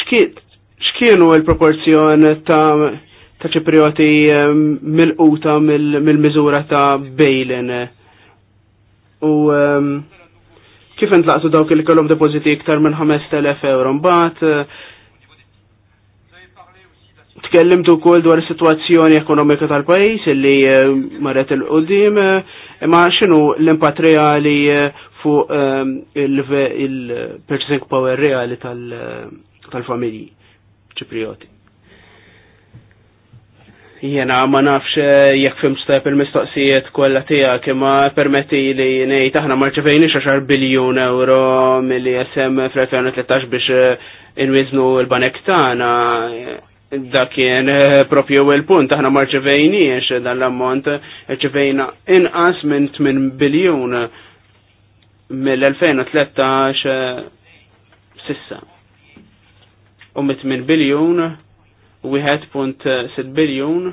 Speaker 4: xkienu il-proporzjon ta' ta' ċiprioti mil-quta mil-mizura ta' bejlin. U kif intlaqtu dawk il kellhom depoziti iktar minn 5,000 euro. Mbagħad Tkellimtu ukoll dwar is-sitwazzjoni ekonomika tal-pajjiż illi eh, marret il-qudiem, eh, imma x'inhu l-impatt reali eh, fuq il-purchasing power reali tal-familji ċiprioti. Jena ma nafx jekk fim stajp il-mistoqsijiet kollha tiegħek imma permetti li ngħid aħna ma rċevejniex għaxar biljun euro milli SM fl-2013 biex inwiznu l-banek tagħna Da kien eh, propju il-punt, aħna marċevejniex dan l-ammont, eh, ċevejna inqas minn 8 biljun mill-2013 eh, sissa. U mit 8 punt 1.6 biljun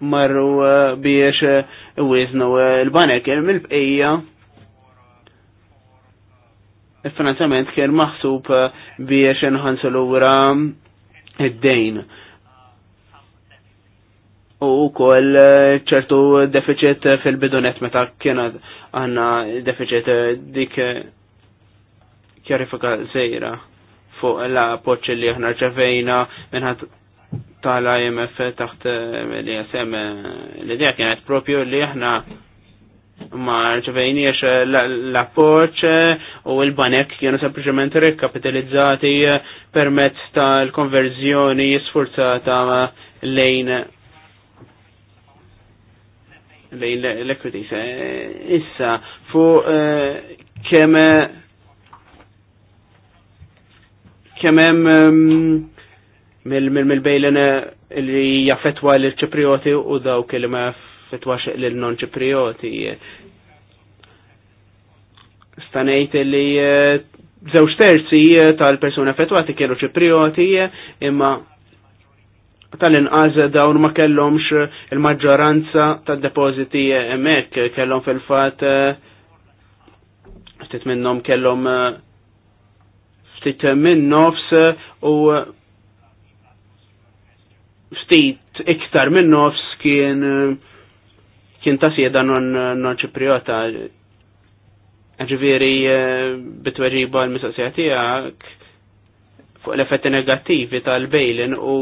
Speaker 4: marru biex wiznu l-banek mill-bqija il-finanzjament kien maħsub eh, biex nħansu l-ura id-dejn. U kol eh, ċertu deficit fil-bidunet meta kien għanna deficit eh, dik kjarifika zejra fuq la poċ li ħna ġavejna minnħat tal-IMF taħt l-ISM l-idea kienet propju li ħna ma għax eh, l-appoċ eh, u l-banek kienu sempliciment rekapitalizzati eh, permezz tal-konverzjoni sforzata lejn lejn l equity Issa, fu kemm kemm mm, mill bejlene li jaffetwa l-ċiprioti u dawk li ma fitwaxeq lil non ċiprioti. Stanejt li eh, żewġ terzi eh, tal-persuna fetwati kienu ċiprioti eh, imma tal inqaz dawn ma kellhomx il-maġġoranza tad depoziti hemmhekk kellhom fil-fatt ftit minnhom kellhom ftit minn nofs u ftit iktar minn nofs kien kien ta' sieda non ċipriota. Ġviri, eh, bitweġiba l-mistoqsija tijak fuq l-effetti negattivi tal-bejlin u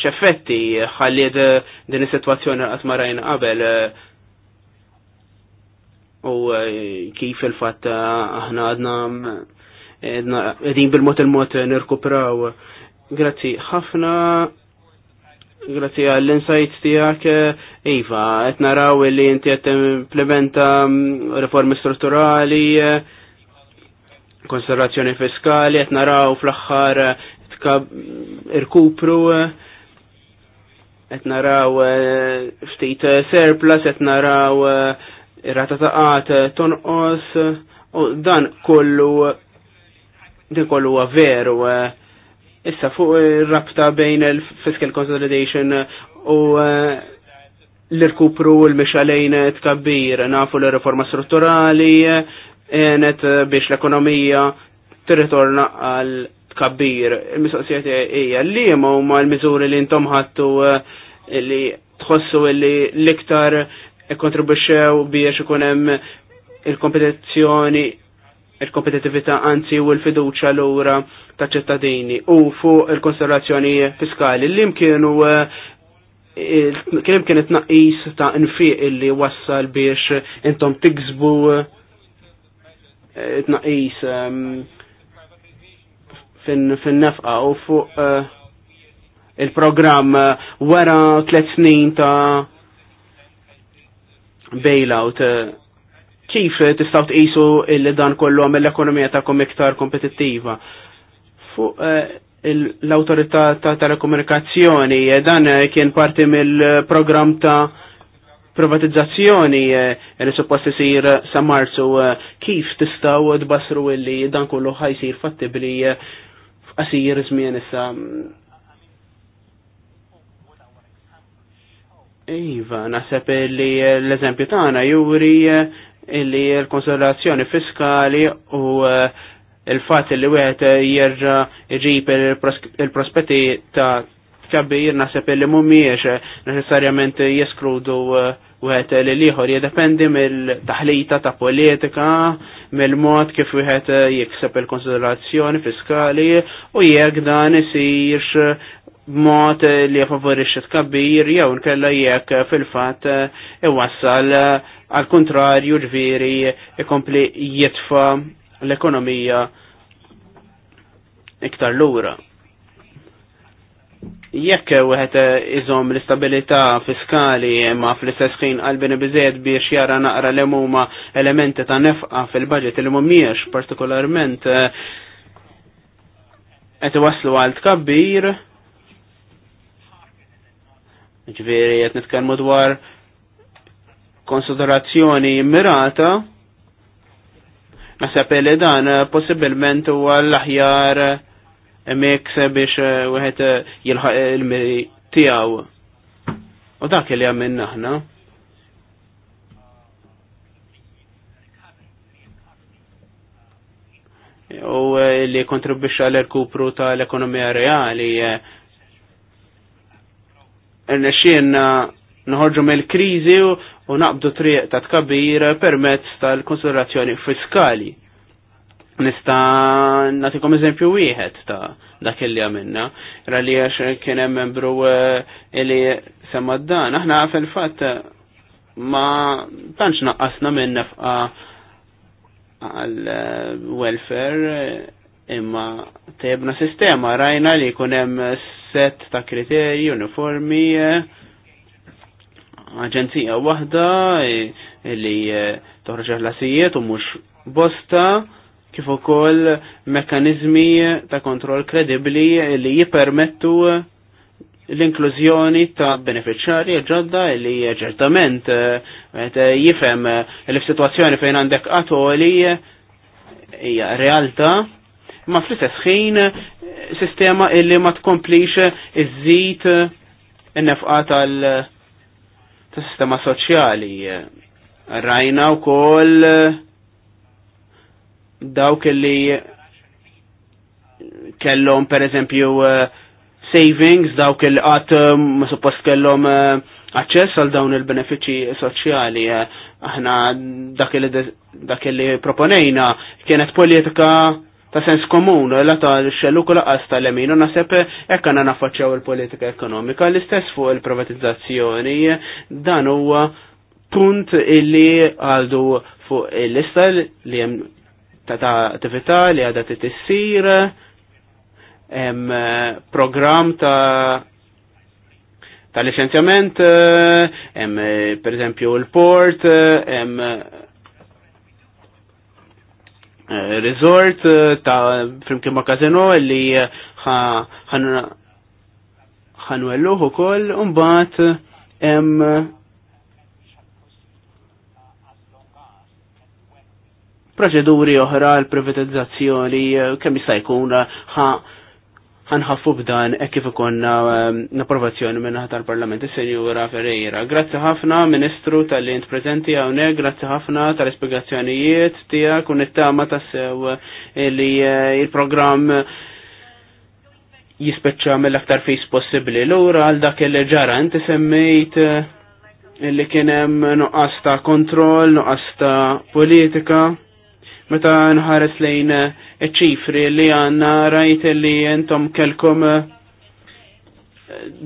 Speaker 4: x'effetti ħalliet eh, din is-sitwazzjoni qatt ma rajna qabel eh, u kif il-fatt aħna għadna qegħdin bil-mod il-mod nirkupraw. Grazzi ħafna Grazzi għall insights tijak, Iva, et naraw li inti għet implementa mm, reformi strutturali, konservazzjoni fiskali, et naraw fl-axħar irkupru, et naraw ftit surplus, et naraw irrata taqat tonqos, u dan kollu, din kollu veru. veru eh, Issa fuq ir-rabta eh, bejn il-fiscal consolidation eh, u eh, l-irkupru l-mixalejn tkabbir, nafu l-reforma strutturali, enet biex l-ekonomija tirritorna għal tkabbir. il misoqsijati hija li ma huma l-miżuri li intom ħattu li tħossu li l-iktar kontribuċew biex ikun hemm il-kompetizzjoni il kompetitivita anzi u l-fiduċa l-ura ta' ċittadini u fuq il-konservazzjoni fiskali li mkienu eh, kien kien it-naqis ta' infiq illi wassal biex intom tiksbu eh, it-naqis ehm, fin-nefqa u fuq eh, il-programm wara 3 snin ta' bailout kif tistaw tqisu illi dan kollu għamil l-ekonomija kom iktar kompetittiva. Fuq eh, l-autorità ta' telekomunikazzjoni, eh, dan eh, kien parti mill-programm ta' privatizzazzjoni li suppost isir sa' marzu, kif tistaw tbassru illi dan kollu ħajsir fattibli f'qasir żmien issa Iva, nasab li l-eżempju tagħna juri illi l-konsolidazzjoni fiskali u eh, il-fat li wieħed eh, jerġa' iġib il-prospetti ta' kabbir naħseb li mhumiex eh, neċessarjament jeskludu wieħed li liħor jiddependi mill-taħlita ta' politika, mill-mod kif wieħed jikseb il-konsiderazzjoni fiskali u jekk dan isirx mod li favorixxi tkabbir jew nkella jekk fil-fatt eh, iwassal għal eh, kontrarju ġviri ikompli jitfa l-ekonomija iktar lura. Jekk wieħed eh, iżom l-istabilità fiskali ma fl-istess ħin qalbini biżejjed biex jara naqra li huma elementi ta' nefqa fil-budget li mhumiex partikolarment qed iwasslu għal tkabbir, Ġveri, jett nitkelmu dwar konsiderazzjoni mirata, naħseb li dan possibilment huwa l-aħjar mek biex eh, wieħed eh, jilħaq eh, il-miri tiegħu. U dak li għamilna aħna. u li kontribwixxa l kupru tal-ekonomija reali n-xienna nħorġu l krizi u naqbdu triq ta' tkabbir permezz tal-konsiderazzjoni fiskali. Nista natikom eżempju wieħed ta' dak li għamilna, għax kien hemm membru eh, li semma dan. Aħna fil-fatt eh, ma tantx naqqasna minn nefqa għal eh, welfare imma tebna sistema rajna li jkun hemm set ta' kriterji uniformi eh, aġenzija waħda eh, li eh, toħroġ ħlasijiet u mhux bosta kif ukoll mekkaniżmi ta' kontroll kredibbli li jippermettu l-inklużjoni ta' beneficjari ġodda li ċertament jifhem li f'sitwazzjoni fejn għandek atoli hija realtà ma fl-istess ħin eh, sistema illi ma tkomplix eh, iż-żid eh, in-nefqa tal sistema soċjali. Rajna wkoll dawk illi kellhom pereżempju savings dawk il qatt ma suppost kellhom aċċess għal dawn il-benefiċċji soċjali. Aħna dak li proponejna kienet politika ta' sens komun, la ta' xellu kull qas l emin u naseb ekk nafacċaw il-politika ekonomika, l-istess fuq il-privatizzazzjoni, dan huwa punt illi għaldu fuq il-lista li jem ta' ta' attività li għadha titissir, hemm eh, program ta' ta' licenzjament, eh, hemm eh, per esempio l-port, hemm Eh, resort eh, ta' frimkien ma' kazino li eh, ħanwelluħ u koll un-bat proċeduri oħra l-privatizzazzjoni kemm jista' jkun ħa anħaffu b'dan e kif ikonna ehm, n-approvazzjoni minnaħat tal-Parlament, il-Senjura Ferreira. Grazzi ħafna, Ministru, tal int prezenti hawnhekk, grazzi ħafna tal ispjegazzjonijiet tijak, un it-tama tassew li eh, il-program jispeċċa mill-aktar fis possibli. L-ura għal dak il-ġara, inti semmejt eh, li kienem nuqqas ta' kontrol, nuqqas ta' politika, meta nħares lejn eh, ċifri li għanna rajt li jentom kelkom eh,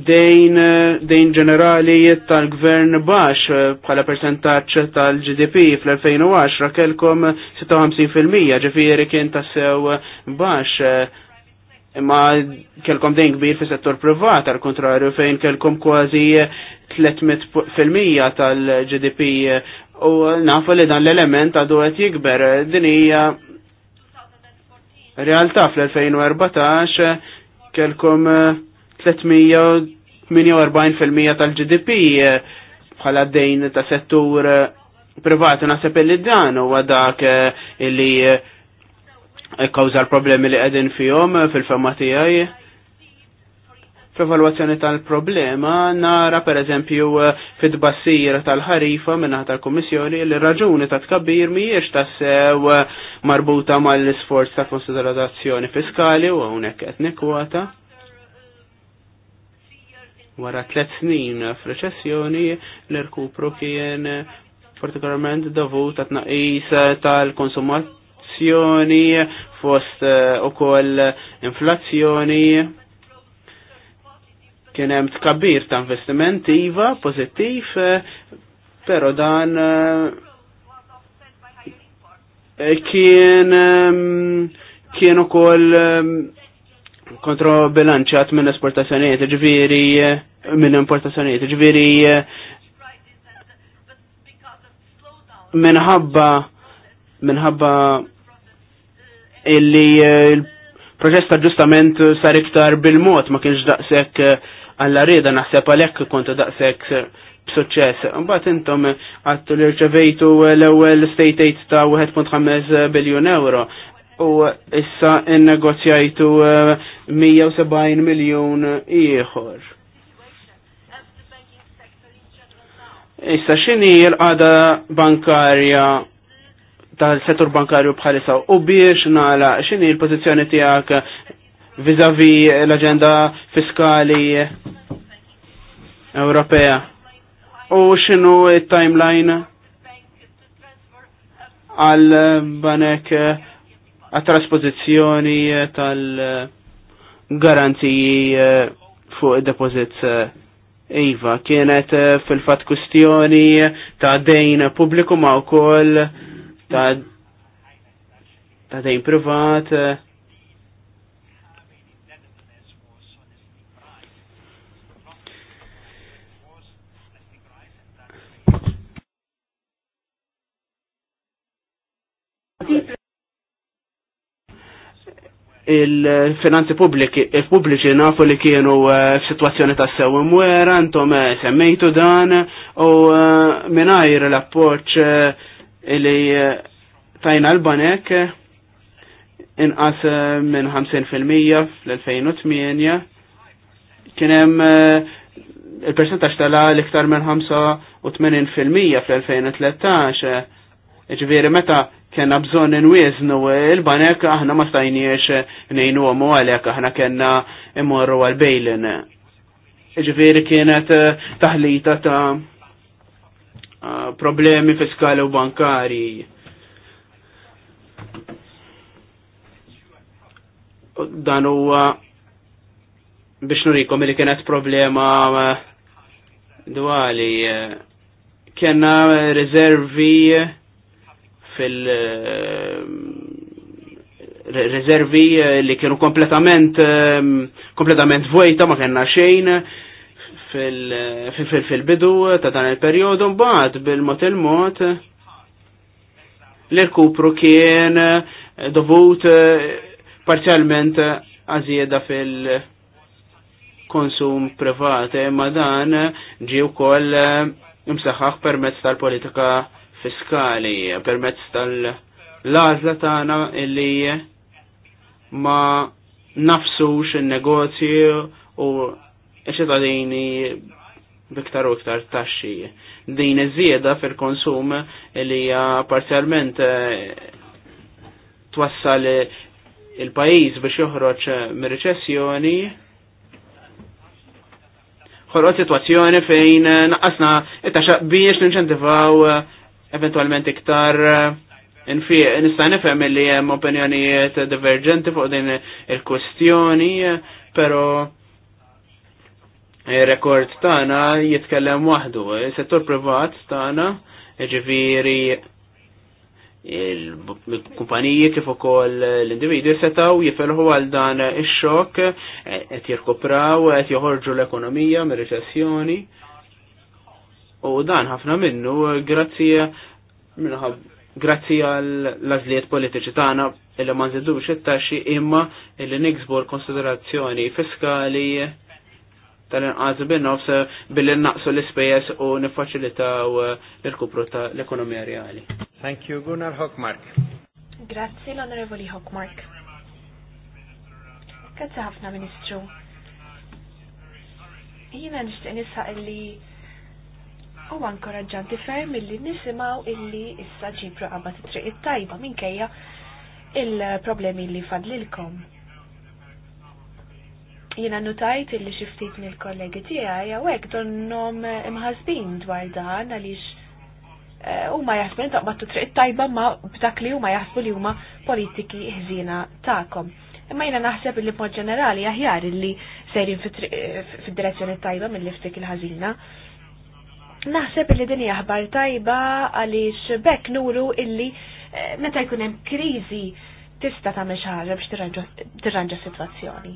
Speaker 4: dejn, eh, dejn ġenerali tal-gvern bax eh, bħala percentaċ tal-GDP fl-2010 kelkom 56% ġifiri kien tassew bax imma kelkom dejn kbir fi settur privat, al kontrarju fejn kelkom kważi 300% tal-GDP u nafu li dan l-element għadu għet jikber, din hija Realtà fl-2014 kelkom 348% tal-GDP bħala dejn ta' settur eh, privatu naħseb li dan huwa dak eh, illi eh, kkawża l-problemi li qegħdin fihom fil-fema tiegħi f'evalwazzjoni tal-problema nara pereżempju fit bassir tal-ħarifa minna tal-Kummissjoni li raġuni ta' tkabbir mhijiex tassew marbuta mal-isforz ta' konsiderazzjoni fiskali u hawnhekk qed nikkwata. Wara tliet snin f'reċessjoni l-irkupru kien partikolarment davut ta' tnaqis tal-konsumazzjoni fost eh, u koll inflazzjoni Kien hemm tkabbir ta' investiment iva pożittiv, eh, però dan eh, kien ehm, kien ukoll ehm, bilanċat minn esportazzjonijiet, ġifieri eh, minn importazzjonijiet, ġifieri minħabba minħabba illi il-proċess ta' ġustament sar iktar bil-mod ma kienx daqshekk għalla rida naħseb għalhekk kontu daqshekk eh, b'suċċess. Mbagħad intom eh, għattu li rċevejtu eh, l-ewwel state aid ta' 1.5 biljun euro u issa innegozjajtu 170 miljun ieħor. Issa x'inhi l-qada bankarja tal-settur bankarju bħalissa u biex nala x'inhi l pożizzjoni tiegħek vizavi l-agenda fiskali Ewropea. U xinu timeline għal banek għat-trasposizjoni tal-garanziji eh, fuq id-deposit eh, Iva, kienet eh, fil-fat kustjoni ta' dejn publiku ma' u koll ta' ta' dejn privat il-finanzi pubbliċi nafu li kienu eh, situazzjoni ta' sew imwera, intom eh, semmejtu dan, u eh, minajr l-appoċ li tajna l-banek inqas minn 50% fl-2008 kienem il-percentax tala l-iktar minn 85% fl-2013 ġviri meta kena bżon nwiznu il-banek aħna ma stajniex nejnu għamu għalek aħna kena imorru għal-bejlin. Ġifiri kienet eh, taħlita ta' problemi fiskali u bankari. Dan huwa biex nurikom li kienet problema eh, dwali. Eh, kena rezervi fil- eh, rezervi eh, li kienu kompletament eh, kompletament vojta ma kellna xejn fil-bidu ta' dan il periodu mbagħad bil-mod il-mod l-irkupru kien dovut parzjalment għażieda fil- konsum privat, ma dan ġi wkoll imsaħħaħ permezz tal-politika fiskali permezz tal lażla tagħna illi ma nafsux in negozji u ċittadini biktar u iktar taxxi. Din iż-żieda fil-konsum li hija parzjalment eh, twassal il-pajjiż biex joħroġ mir-reċessjoni ħorqot situazzjoni fejn naqasna it-taxxa biex ninċentivaw eventualment iktar eh, nista' nifhem li hemm opinjonijiet divergenti fuq din il-kwestjoni, però il-rekord tagħna jitkellem waħdu. Is-settur privat tagħna, ġifieri il-kumpaniji kif ukoll l-individwi setaw jifelħu għal dan ix-xokk qed jirkupraw qed joħorġu l-ekonomija mir-reċessjoni U dan ħafna minnu grazzi minħab grazzi għall-azliet politiċi tagħna illi ma nżidux it-taxxi imma illi niksbu konsiderazzjoni fiskali tal-inqas bin-nofs billi naqsu l-ispejjeż u niffaċilitaw l-kupru ta' l-ekonomija reali. Thank you, Gunnar Hockmark.
Speaker 5: Grazzi l-Onorevoli Hockmark. Grazzi ħafna Ministru. Jiena nixtieq nisaq li u ankoraġġanti ferm illi nisimaw illi issa ċipru it triq it-tajba minkejja il-problemi li fadlilkom. Jina nutajt illi xiftit mill-kollegi tiegħi hawnhekk donhom imħasbin dwar dan għaliex eh, u ma jaħsbu li taqbattu triq tajba ma b'dak li huma jaħsbu li huma politiki ħżina tagħkom. Imma jiena naħseb li mod ġenerali aħjar illi sejrin eh, fid-direzzjoni tajba mill-li ftik il-ħażina. Naħseb li din ħbar tajba għaliex bekk nuru illi eh, meta jkun hemm kriżi tista' tagħmel xi ħaġa biex tirranġa sitwazzjoni.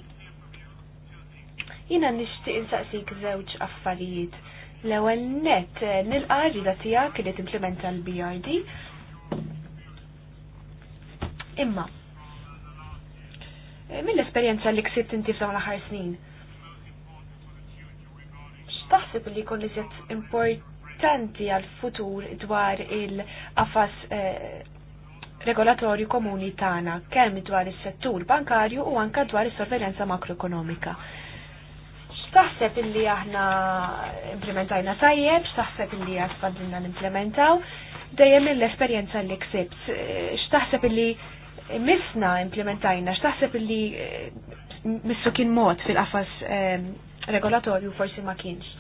Speaker 5: Jiena nixtieq insaqsik żewġ affarijiet. L-ewwel net eh, nilqa ġida tiegħek li timplementa l-BRD. Imma eh, mill-esperjenza li ksibt inti f'dawn l-aħħar snin, Taħseb li jkun iżjed importanti għal futur dwar il-qafas eh, regolatorju komuni tagħna kemm dwar is-settur bankarju u anke dwar is-sorveljanza makroekonomika. X'taħseb illi aħna implementajna tajjeb, x'taħseb illi għasfadilna nimplementaw, dejjem mill-esperjenza li ksibt. Eh, x'taħseb illi misna implementajna, x'taħseb illi eh, missu kien mod fil-qafas regolatorju forsi ma kienx.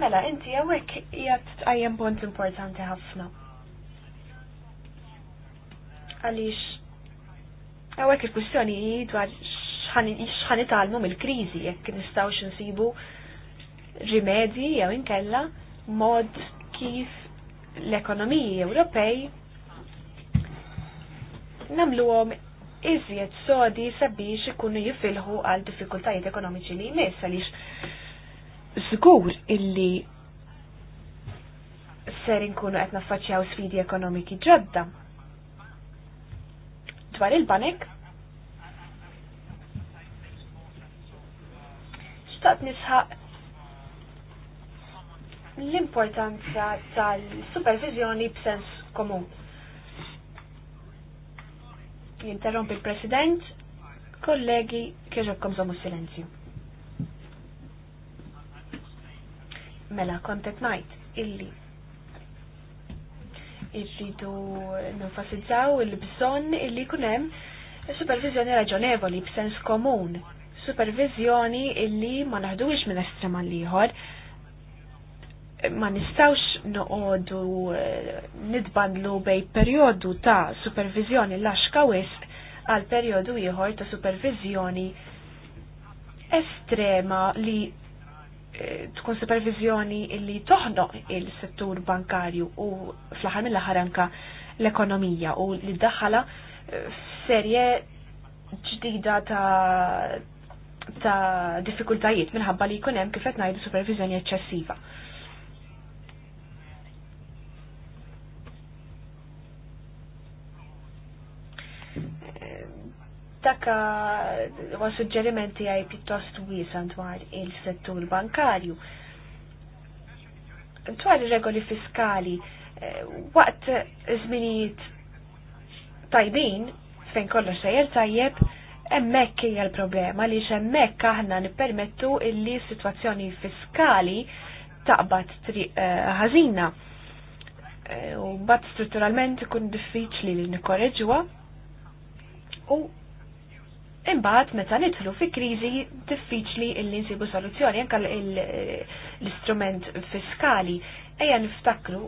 Speaker 5: Mela, inti għawek jgħat għajem bont importanti ħafna. Għalix, għawek il-kustjoni dwar xħan italmu mill-krizi, jekk nistaw xinsibu rimedji jew inkella mod kif l-ekonomiji Ewropej għom iżjed sodi sabiex ikunu jifilħu għal diffikultajiet ekonomiċi li jmiss għaliex Zgur illi ser inkunu qed naffaċċjaw sfidi ekonomiki ġodda. Dwar il-banek, xtaqt nisħaq l-importanza tal-supervizjoni b'sens komun. Jinterrompi il-President, kollegi, kieġokkom zomu silenzju. Mela kontet najt illi irridu nufasizzaw il-bżonn illi kunem supervizjoni raġonevoli b'sens komun. Supervizjoni illi ma naħduwix minn estrema għall-ieħor, ma nistawx noqogħdu eh, nidbandlu bej perjodu ta' supervizjoni laxka wisq għal perjodu ieħor ta' supervizjoni estrema li tkun supervizjoni illi toħnoq il-settur bankarju u fl-aħħar mill-aħħar anka l-ekonomija u li daħala eh, serje ġdida ta' ta' diffikultajiet minħabba li jkun hemm kif qed ngħidu supervizjoni eċċessiva. Taka eh, huwa suġġerimenti għaj pittost wiesa dwar il-settur bankarju. Dwar regoli fiskali, eh, waqt żminijiet tajbin, fejn kollox sejjer tajjeb, emmek hija l-problema li xemmek aħna nippermettu illi situazzjoni fiskali taqbad eh, ħażina. U bat strutturalment ikun diffiċli li nikkoreġuha u Imbagħad meta nidħlu fi kriżi diffiċli illi nsibu soluzzjoni anke l-istrument fiskali ejja niftakru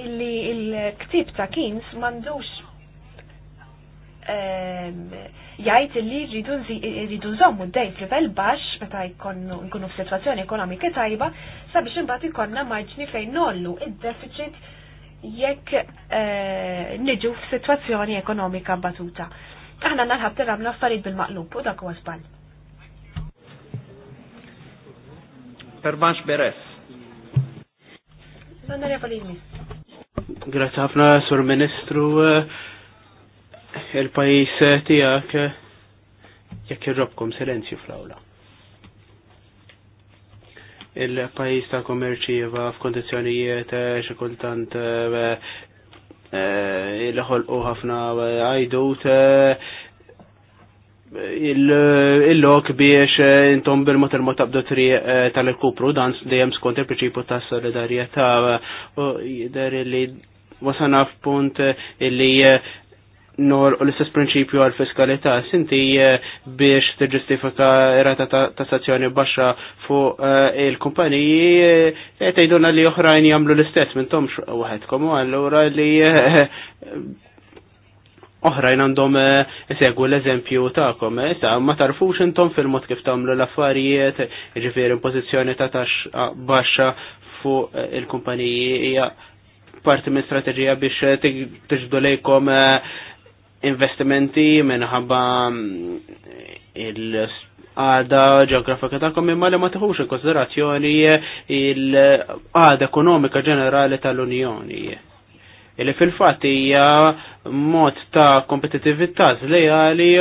Speaker 5: illi il-ktib ta' Kins mandux ehm, jgħid li rridu nżommu d-dejn f'livell baxx meta jkunu f'sitwazzjoni ekonomika tajba sabiex imbagħad ikollna marġni fejn nollu id-deficit jekk eh, niġu f'sitwazzjoni ekonomika batuta. Aħna nalħab tiramna affarijiet bil-maqlub u dak huwa żball.
Speaker 4: Pervanx Beres. L-onorevoli Grazie ħafna, Sur Ministru il-pajis eh, tijak eh, jekk irrobkom silenzju fl-awla. Il-pajis ta' komerċi jeva f'kondizjonijiet eh, xi kultant il-ħolqu ħafna għajdut il-lok biex intom bil il-mot abdu tri tal-kupru dan dejjem skont il-prinċipju ta' u jider li wasana f'punt illi nor u l-istess prinċipju għal fiskalità sinti eh, biex tiġġustifika rata ta' stazzjoni baxxa fuq eh, il-kumpaniji tgħidulna eh, li oħrajn jagħmlu l-istess minn tomx waħedkom u allura li oħrajn għandhom segwu l-eżempju ta'kom. Issa ma tarfux intom fil-mod kif tagħmlu l-affarijiet, ġifir impozizjoni ta' tax baxa fuq il-kumpaniji hija parti minn strateġija biex tiġdu lejkom investimenti minħabba mm, il-għada ġeografika tagħkom imma li ma tħux in konsiderazzjoni il-għada ekonomika ġenerali tal-Unjoni. Illi fil-fatt hija mod ta' kompetitività żlejali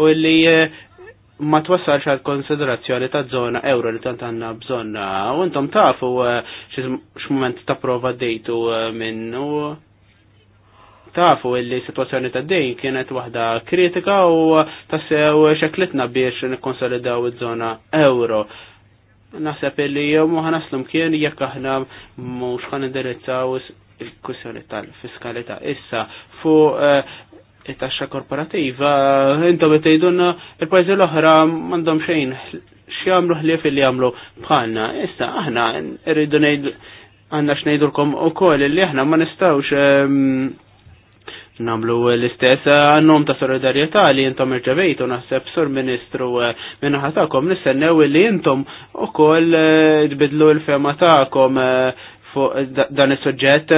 Speaker 4: u li ma twassalx għal konsiderazzjoni ta' zona euro li tant għanna bżonna. U intom tafu eh, x'moment ta' prova dejtu eh, minnu tafu illi situazzjoni ta' dejn kienet waħda kritika u tassew xeklitna biex nikkonsolidaw id żona euro. Naħseb illi jom ħanaslum kien jekk aħna mhux ħan indirizzaw il-kussjoni tal-fiskalità. Issa fuq eh, it-taxxa korporativa, intom qed il pajzi l-oħra m'għandhom xejn x'jamlu ħlief illi jagħmlu bħalna. Issa aħna rridu ngħid għandna x'ngħidulkom ukoll li aħna ma nistgħux ehm, namlu l-istess eh, għannom ta' solidarieta li jintom irġavejtu naħseb sur ministru eh, minna ħatakom nistennew li jintom u koll eh, tbidlu l-fema ta'kom fuq dan il-sujġet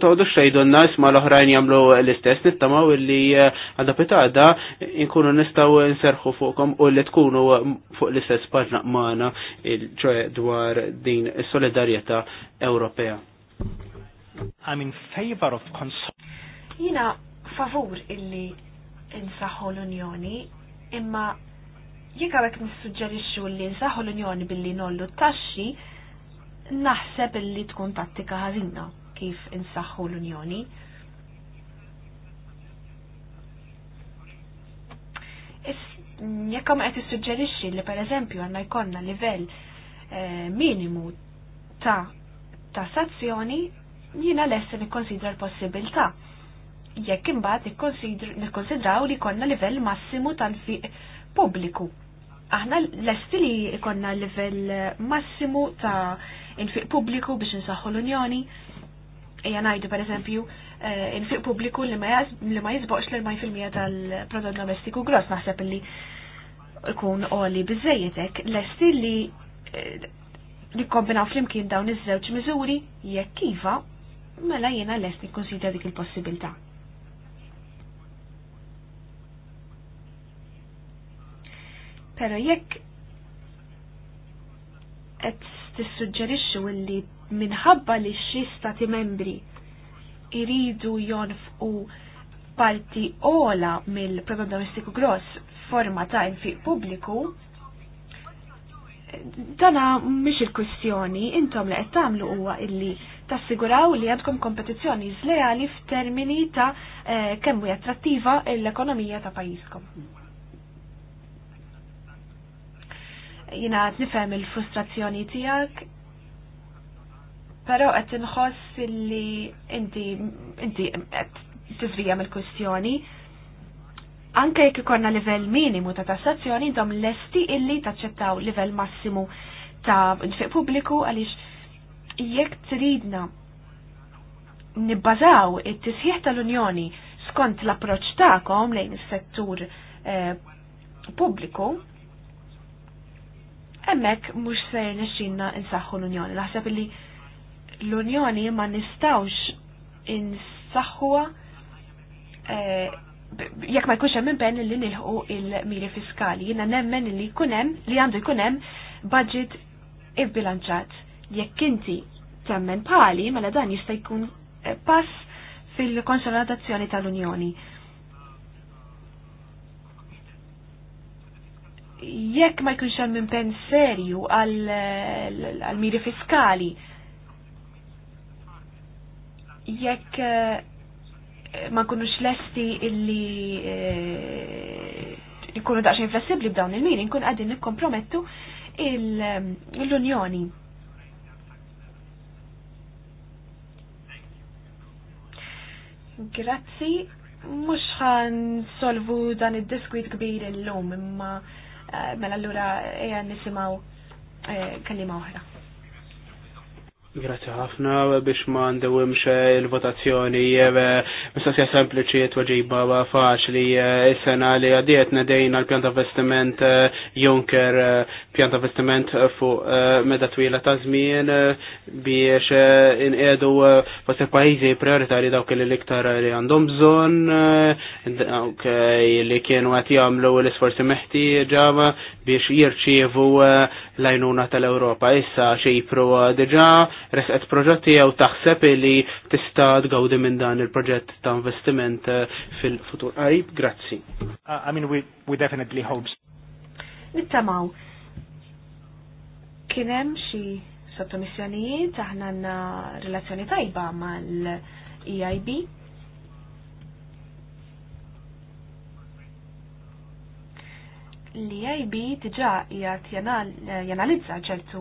Speaker 4: toħdu xejdu n-nas ma l-oħrajn jamlu l-istess u li għadda pitada inkunu nistaw nserħu fuqkom u li tkunu fuq l-istess parna maħna ċoħe dwar din solidarieta Ewropea. I'm in favor of consult
Speaker 5: Jina favur illi insaħħu l-Unjoni, imma jekk hawnhekk nissuġġerixxu li nsaħħu l-Unjoni billi nollu t-taxxi, naħseb illi tkun tattika ħażinna kif insaħħu l-Unjoni. Jekk hawn qed issuġġerixxi li pereżempju għandna jkollna livell eh, minimu ta' tassazzjoni, jiena lesti nikkonsidra l-possibilità jekk imbagħad nikkonsidraw li konna livell massimu tal-fiq pubbliku. Aħna lesti li konna livell massimu ta' infiq pubbliku biex insaħħu l-Unjoni. Ejja ngħidu pereżempju eh, infiq pubbliku li ma jisboqx l-40% tal-prodott domestiku gross naħseb li kun oli biżejjed lesti li eh, nikkombinaw flimkien dawn iż-żewġ miżuri jekk iva mela jiena lest nikkonsidra dik il-possibilità. Pero jekk qed tissuġġerixxu illi minħabba li xi stati membri iridu jonfqu parti ola mill-prodott domestiku gross forma ta' infiq pubbliku, dana mhix il-kwistjoni intom li qed tagħmlu huwa illi tassiguraw li għandkom kompetizzjoni zleali f'termini ta' eh, kemm hija attrattiva l-ekonomija ta' pajjiżkom. jina għad nifem il-frustrazzjoni tijak, pero għed nħoss li inti, inti għed tizvijam il-kustjoni. Anke jek ikonna livell minimu ta' tassazzjoni, dom lesti illi taċċettaw livell massimu ta' nfiq publiku għalix jekk tridna nibbażaw it-tisħiħ tal-Unjoni skont l-approċ tagħkom lejn is-settur eh, pubbliku, hemmhekk mhux se nesċinna insaħħu l-Unjoni. Laħseb li l-Unjoni ma nistawx insaħħuha eh, jekk ma jkunx hemm impenn li nilħu il-miri fiskali. Jiena nemmen li jkun hemm li għandu jkun hemm budget ibbilanċat. Jekk inti temmen pali, mela dan jista' jkun eh, pass fil-konsolidazzjoni tal-Unjoni. jekk ma jkunx hemm impenn serju għal miri fiskali jekk eh, ma nkunux lesti illi nkunu eh, daqsxejn flessibbli b'dawn il-miri nkun qegħdin nikkompromettu eh, l-Unjoni. Grazzi, mhux ħan solvu dan id-diskwit kbir illum imma Eh, mela l-lura eja nisimaw eh, kalima oħra.
Speaker 4: Grazie ħafna biex ma ndewimx eh, il-votazzjoni eh, mista sija sempliċi tweġiba faċli eh, il sena li għadiet nedejna l pjant ta' vestiment Juncker pjan ta' vestiment fuq meda twila ta' żmien biex in-edu fosse pajjiżi prioritari dawk li l-iktar li għandhom bżonn dawk li kienu qed jagħmlu l meħti meħtieġa biex jirċievu l tal-Europa. Issa ċipru diġa resqet proġetti jew taħseb li tista' tgawdi minn dan il-proġett ta' investiment eh,
Speaker 1: fil-futur. Qarib, grazzi. Uh, I mean, we, we definitely hope.
Speaker 5: Nittamaw, kienem xi sottomissjonijiet, aħna għanna relazzjoni tajba mal-EIB, li IB diġa jgħat janalizza ċertu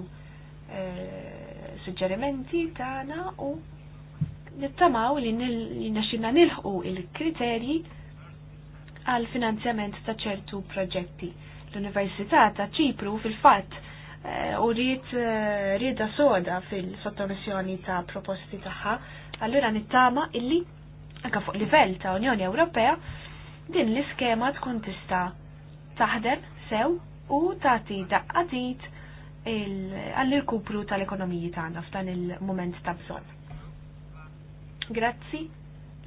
Speaker 5: eh, suġġerimenti tagħna u nittamaw li nixinna nilħu il-kriterji għal finanzjament ta' ċertu proġetti. L-Università ta' Ċipru fil-fatt eh, u rrit eh, rida soda fil-sottomissjoni ta' proposti tagħha, allura nittama illi anka fuq livell ta' Unjoni Ewropea din l-iskema tkun tista' taħdem sew u tagħti daqqatit għall-irkupru tal-ekonomiji tagħna f'dan il-moment ta' bżonn. Grazzi,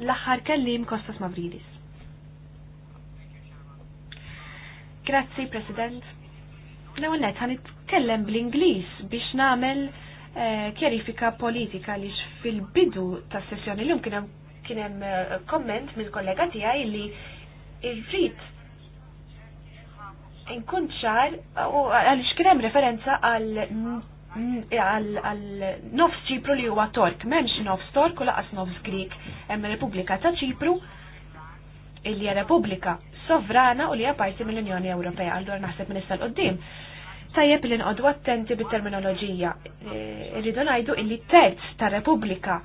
Speaker 5: l-aħħar kellim Kostas Mavridis. Grazzi, President. L-ewwel nett kellem bl-Ingliż biex nagħmel eh, kjerifika politika li fil-bidu ta' sessjoni l-lum kien hemm eh, komment mill-kollega tiegħi li il-frit Inkun ċar għaliex kien hemm referenza għal għal nofs ċipru li huwa tork, m'hemmx nofs tork u laqas nofs Grik, hemm Repubblika ta' Ċipru il hija Repubblika sovrana u li hija parti mill-Unjoni Ewropea, allura naħseb minn l-qoddim. Tajjeb li nqodu attenti bit-terminoloġija. E, irridu ngħidu li terz ta' Repubblika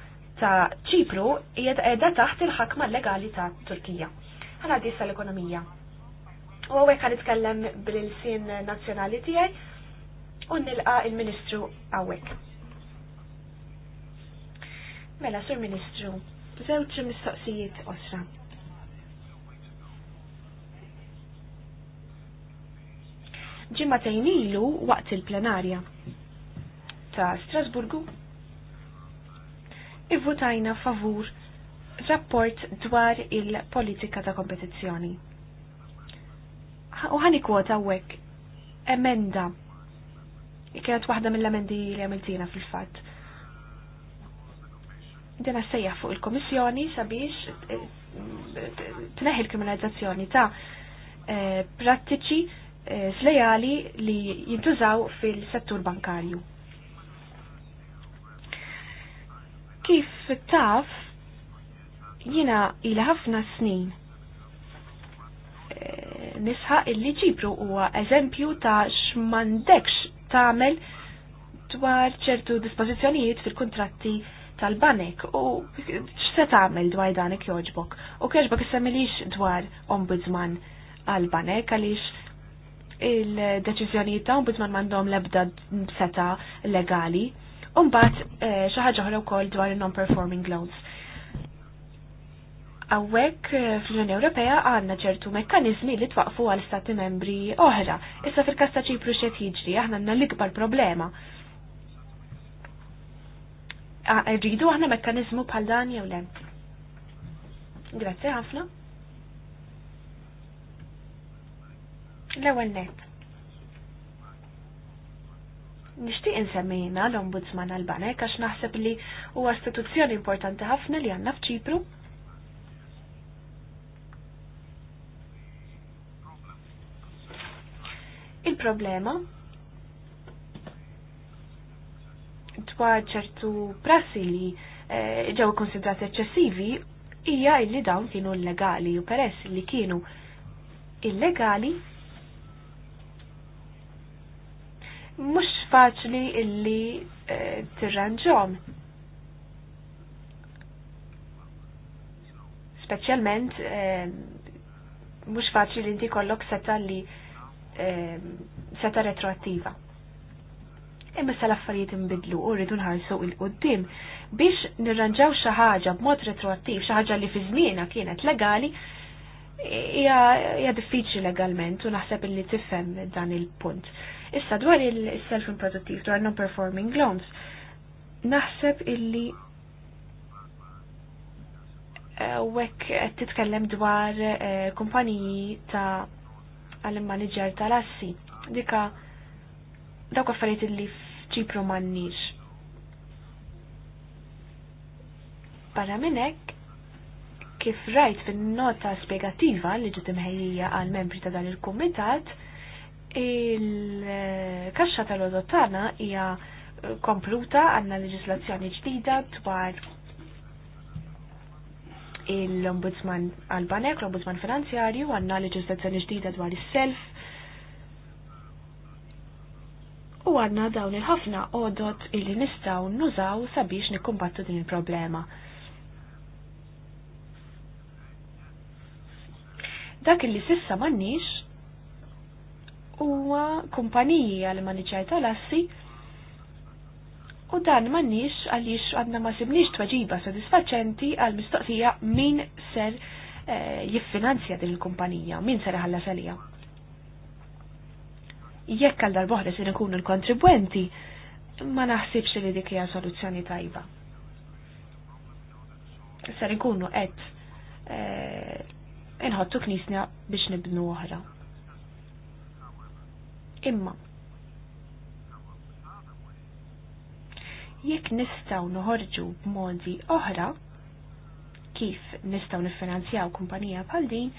Speaker 5: ta' Ċipru hija qiegħda taħt il-ħakma legali ta' Turkija. Ħana l ekonomija U għek għan itkellem bil-sin nazjonali tijaj u nilqa il-ministru għawek. Mela, sur ministru, zewċ mistoqsijiet osra. Ġimma ilu waqt il-plenarja ta' Strasburgu ivvutajna favur rapport dwar il-politika ta' kompetizzjoni u ħani kwota emenda kienet waħda mill-emendi li għamiltina fil-fat. Dena sejja fuq il-Komissjoni sabiex t-neħi l-kriminalizzazzjoni ta' eh, prattiċi eh, slejali li jintużaw fil-settur bankarju. Kif taf jina il ħafna snin nisħa illi ġibru huwa eżempju ta' x'mandekx tagħmel dwar ċertu dispożizzjonijiet fil-kontratti tal-banek u
Speaker 1: x'se
Speaker 5: tagħmel dwar danek joġbok. U kieġbok issemmilix dwar ombudsman għal-banek għaliex il-deċiżjonijiet ta' ombudsman m'għandhom l-ebda seta legali. Umbat eh, xi ħaġa oħra wkoll dwar non-performing loans Għawek eh, fl-Unjoni Ewropea għandna ċertu mekkanizmi li twaqfu għal stati membri oħra. Issa fil-kas ta' ċipru xed jiġri, aħna għandna l-ikbar problema. Rridu aħna mekkanizmu bħal dan jew le. Grazzi ħafna. L-ewwel net. Nixtieq insemmejna l-Ombudsman Albanek għax naħseb li huwa istituzzjoni importanti ħafna li għandna f'Ċipru Il-problema dwar ċertu prassi li eh, ġew konsidrati eċċessivi hija li dawn kienu illegali u peress li kienu illegali mhux faċli illi eh, tirranġom. Speċjalment eh, mhux faċli li inti kollok seta li Ehm, seta retroattiva. Imma se l-affarijiet imbidlu u rridu nħarsu il-qoddim biex nirranġaw xi ħaġa b'mod retroattiv, xi ħaġa li fi żmienha kienet legali, hija diffiċli legalment u naħseb li tifhem dan il-punt. Issa dwar il-self improduttiv dwar non-performing loans, naħseb illi wek eh, qed titkellem dwar eh, kumpaniji ta' għall-manager tal-assi. Dika dawk affarijiet li f'ċipru m'għandniex. Barra minn hekk, kif rajt fin-nota spjegattiva li ġiet imħejjija għal membri ta' dan il-kumitat, il-kaxxa tal-odottana hija kompluta għandna leġislazzjoni ġdida dwar l-Ombudsman Albanek, l-Ombudsman Finanzjarju, għanna leġislazzjoni ġdida dwar is-self. U għanna dawn il-ħafna odot illi nistaw nużaw sabiex nikkumbattu din il-problema. Dak li sissa mannix huwa kumpaniji għal maniċajta tal-assi u dan mannix għaliex għadna ma sibniex tweġiba sodisfaċenti għal mistoqsija min ser eh, jiffinanzja din il-kumpanija, min ser ħalla salija. Jekk għal darbohra se nkun l-kontribwenti, ma naħsibx li dik hija soluzzjoni tajba. Ser ikunu qed eh, inħottu knisna biex nibnu oħra. Imma jekk nistgħu noħorġu b'modi oħra kif nistgħu niffinanzjaw kumpanija bħal din,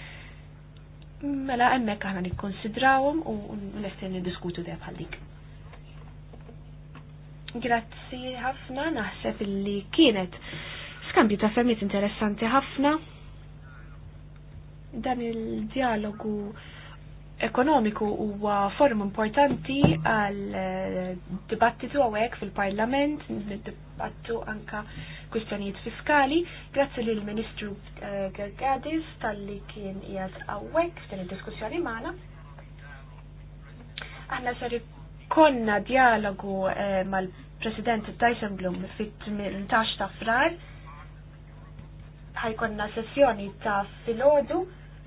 Speaker 5: mela hemmhekk aħna nikkonsidrawhom u lester niddiskutu dejjem bħal dik. Grazzi ħafna, naħseb illi kienet skambju ta' femmiet interessanti ħafna. Dan il-dialogu ekonomiku huwa forum importanti għal eh, dibattitu għawek fil-parlament, dibattu anka kwistjonijiet fiskali, grazzi lill ministru eh, Gergadis tal-li kien jgħad għawek f'din il-diskussjoni maħna. Aħna ser konna dialogu eh, mal-president Tyson Blum fit-18 ta' frar, ħajkonna sessjoni ta' filodu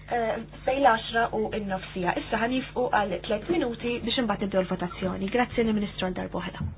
Speaker 5: bejn eh, l-10 u n-nofsija. Issa ħanifqu għal 3 minuti biex imbagħad nibdew l-votazzjoni. Grazzi ministru għal darbohra.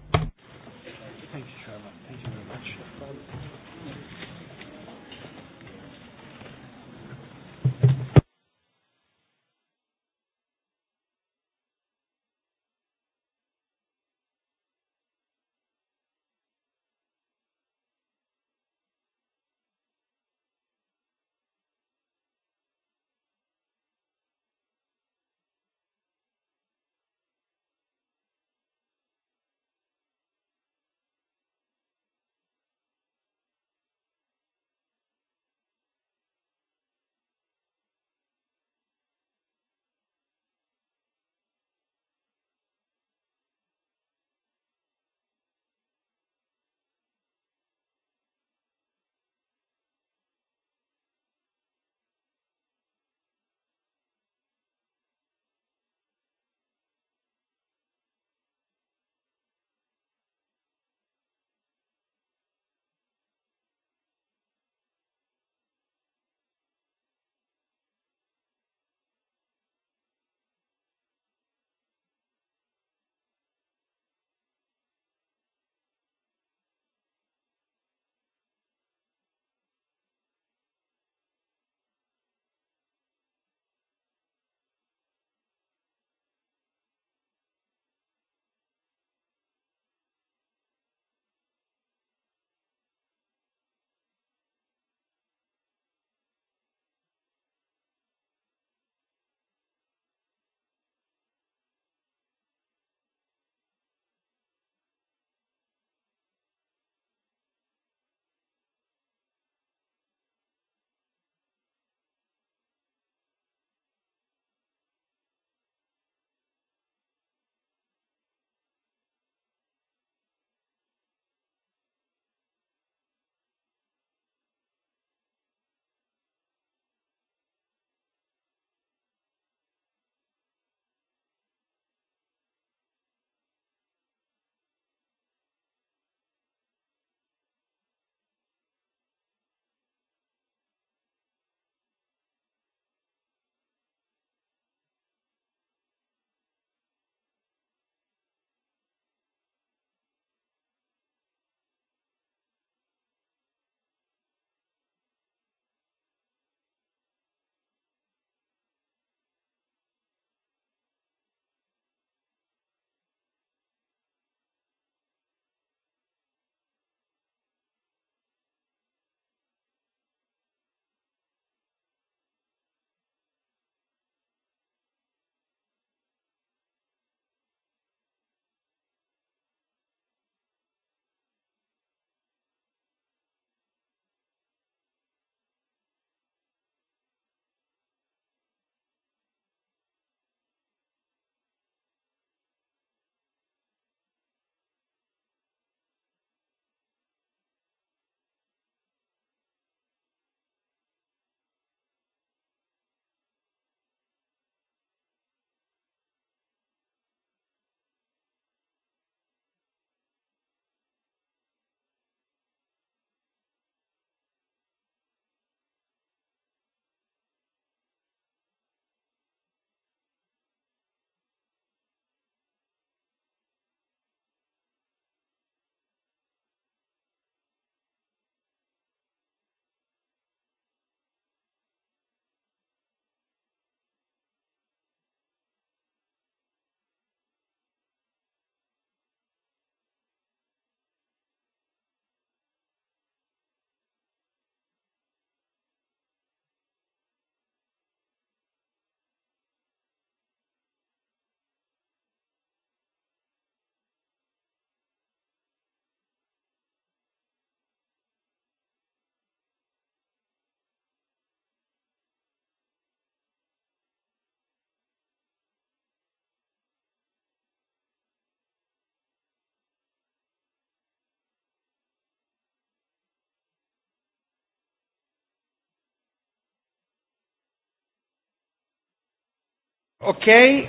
Speaker 1: Okay,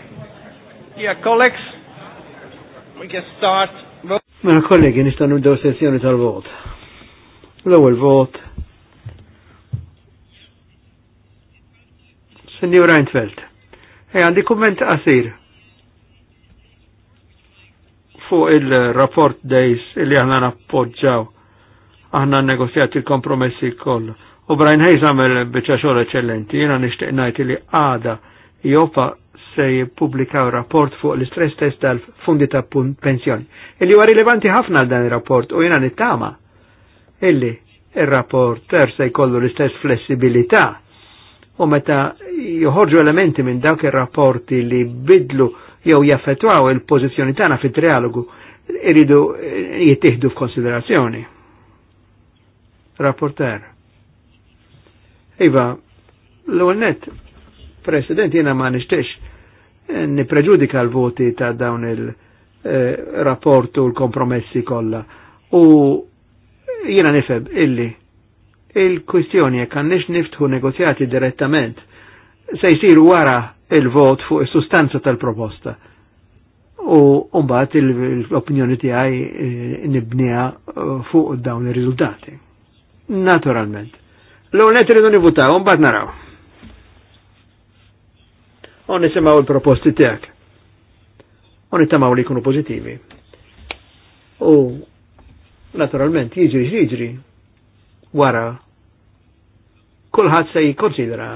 Speaker 1: yeah, colleagues, we can start. Ma
Speaker 2: mela, kollegi nista' nibdew sessjoni tal-vot. L-ewwel vot. Sinjur Reinfeldt. E għandi kumment għasir fuq il-rapport dejs li għanna nappoġġaw għanna negozjat il-kompromessi koll. U Brian Hayes għamel biċċa xogħol eċċellenti, jiena nixtieq ngħid li għada jopa se jippubblikaw rapport fuq l-istress test tal-fundi ta' pensjoni. Illi huwa rilevanti ħafna għal dan ir-rapport u jiena nittama illi ir-rapport ter se jkollu l-istess flessibilità u meta joħorġu elementi minn dawk ir-rapporti li bidlu jew jaffetwaw il-pożizzjoni tagħna fit-trialogu iridu eh, jittieħdu f'konsiderazzjoni. Rapporter. Iva, l unnet president jena ma nishtiċ nipreġudika l-voti ta' dawn il-rapport u l-kompromessi kollha. U jiena nifeb illi il-kwistjoni jekk għandix niftħu negozjati direttament se jsir wara il-vot fuq is-sustanza tal-proposta. U umbat l-opinjoni tiegħi eh, nibnija eh, fuq dawn ir-riżultati. Naturalment. L-għonet rridu nivutaw, umbat naraw u nisimaw il-proposti tiegħek. U nittamaw li jkunu pożittivi. U naturalment jiġri jiġri wara kulħadd se jikonsidra.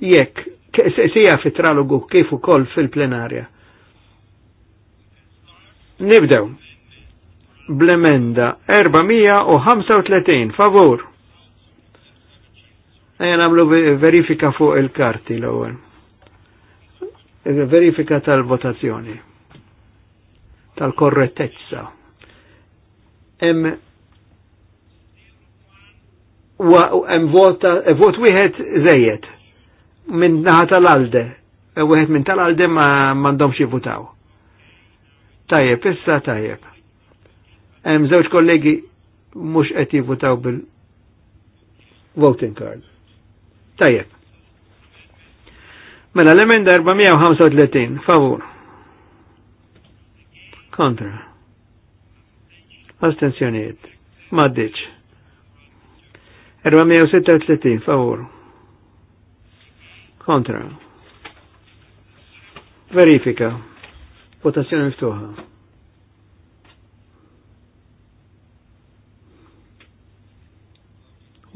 Speaker 2: jekk se fit-tralogu kif ukoll fil-plenarja. Nibdew bl-emenda 435 favur Ejja għamlu verifika fuq il-karti l-ewwel. Verifika tal-votazzjoni. Tal-korrettezza. Em Em vota eh, vot wieħed żejjed minn naħa tal-alde. Eh, wieħed minn tal-alde ma m'għandhomx jivutaw. Tajjeb, issa tajjeb. Em żewġ kollegi mhux qed jivutaw bil voting card. Tajjeb. Mela l-emenda 435, favur. Kontra. Astenzjoniet. Maddiċ. 436, favur. Kontra. Verifika. Votazzjoni miftuħa.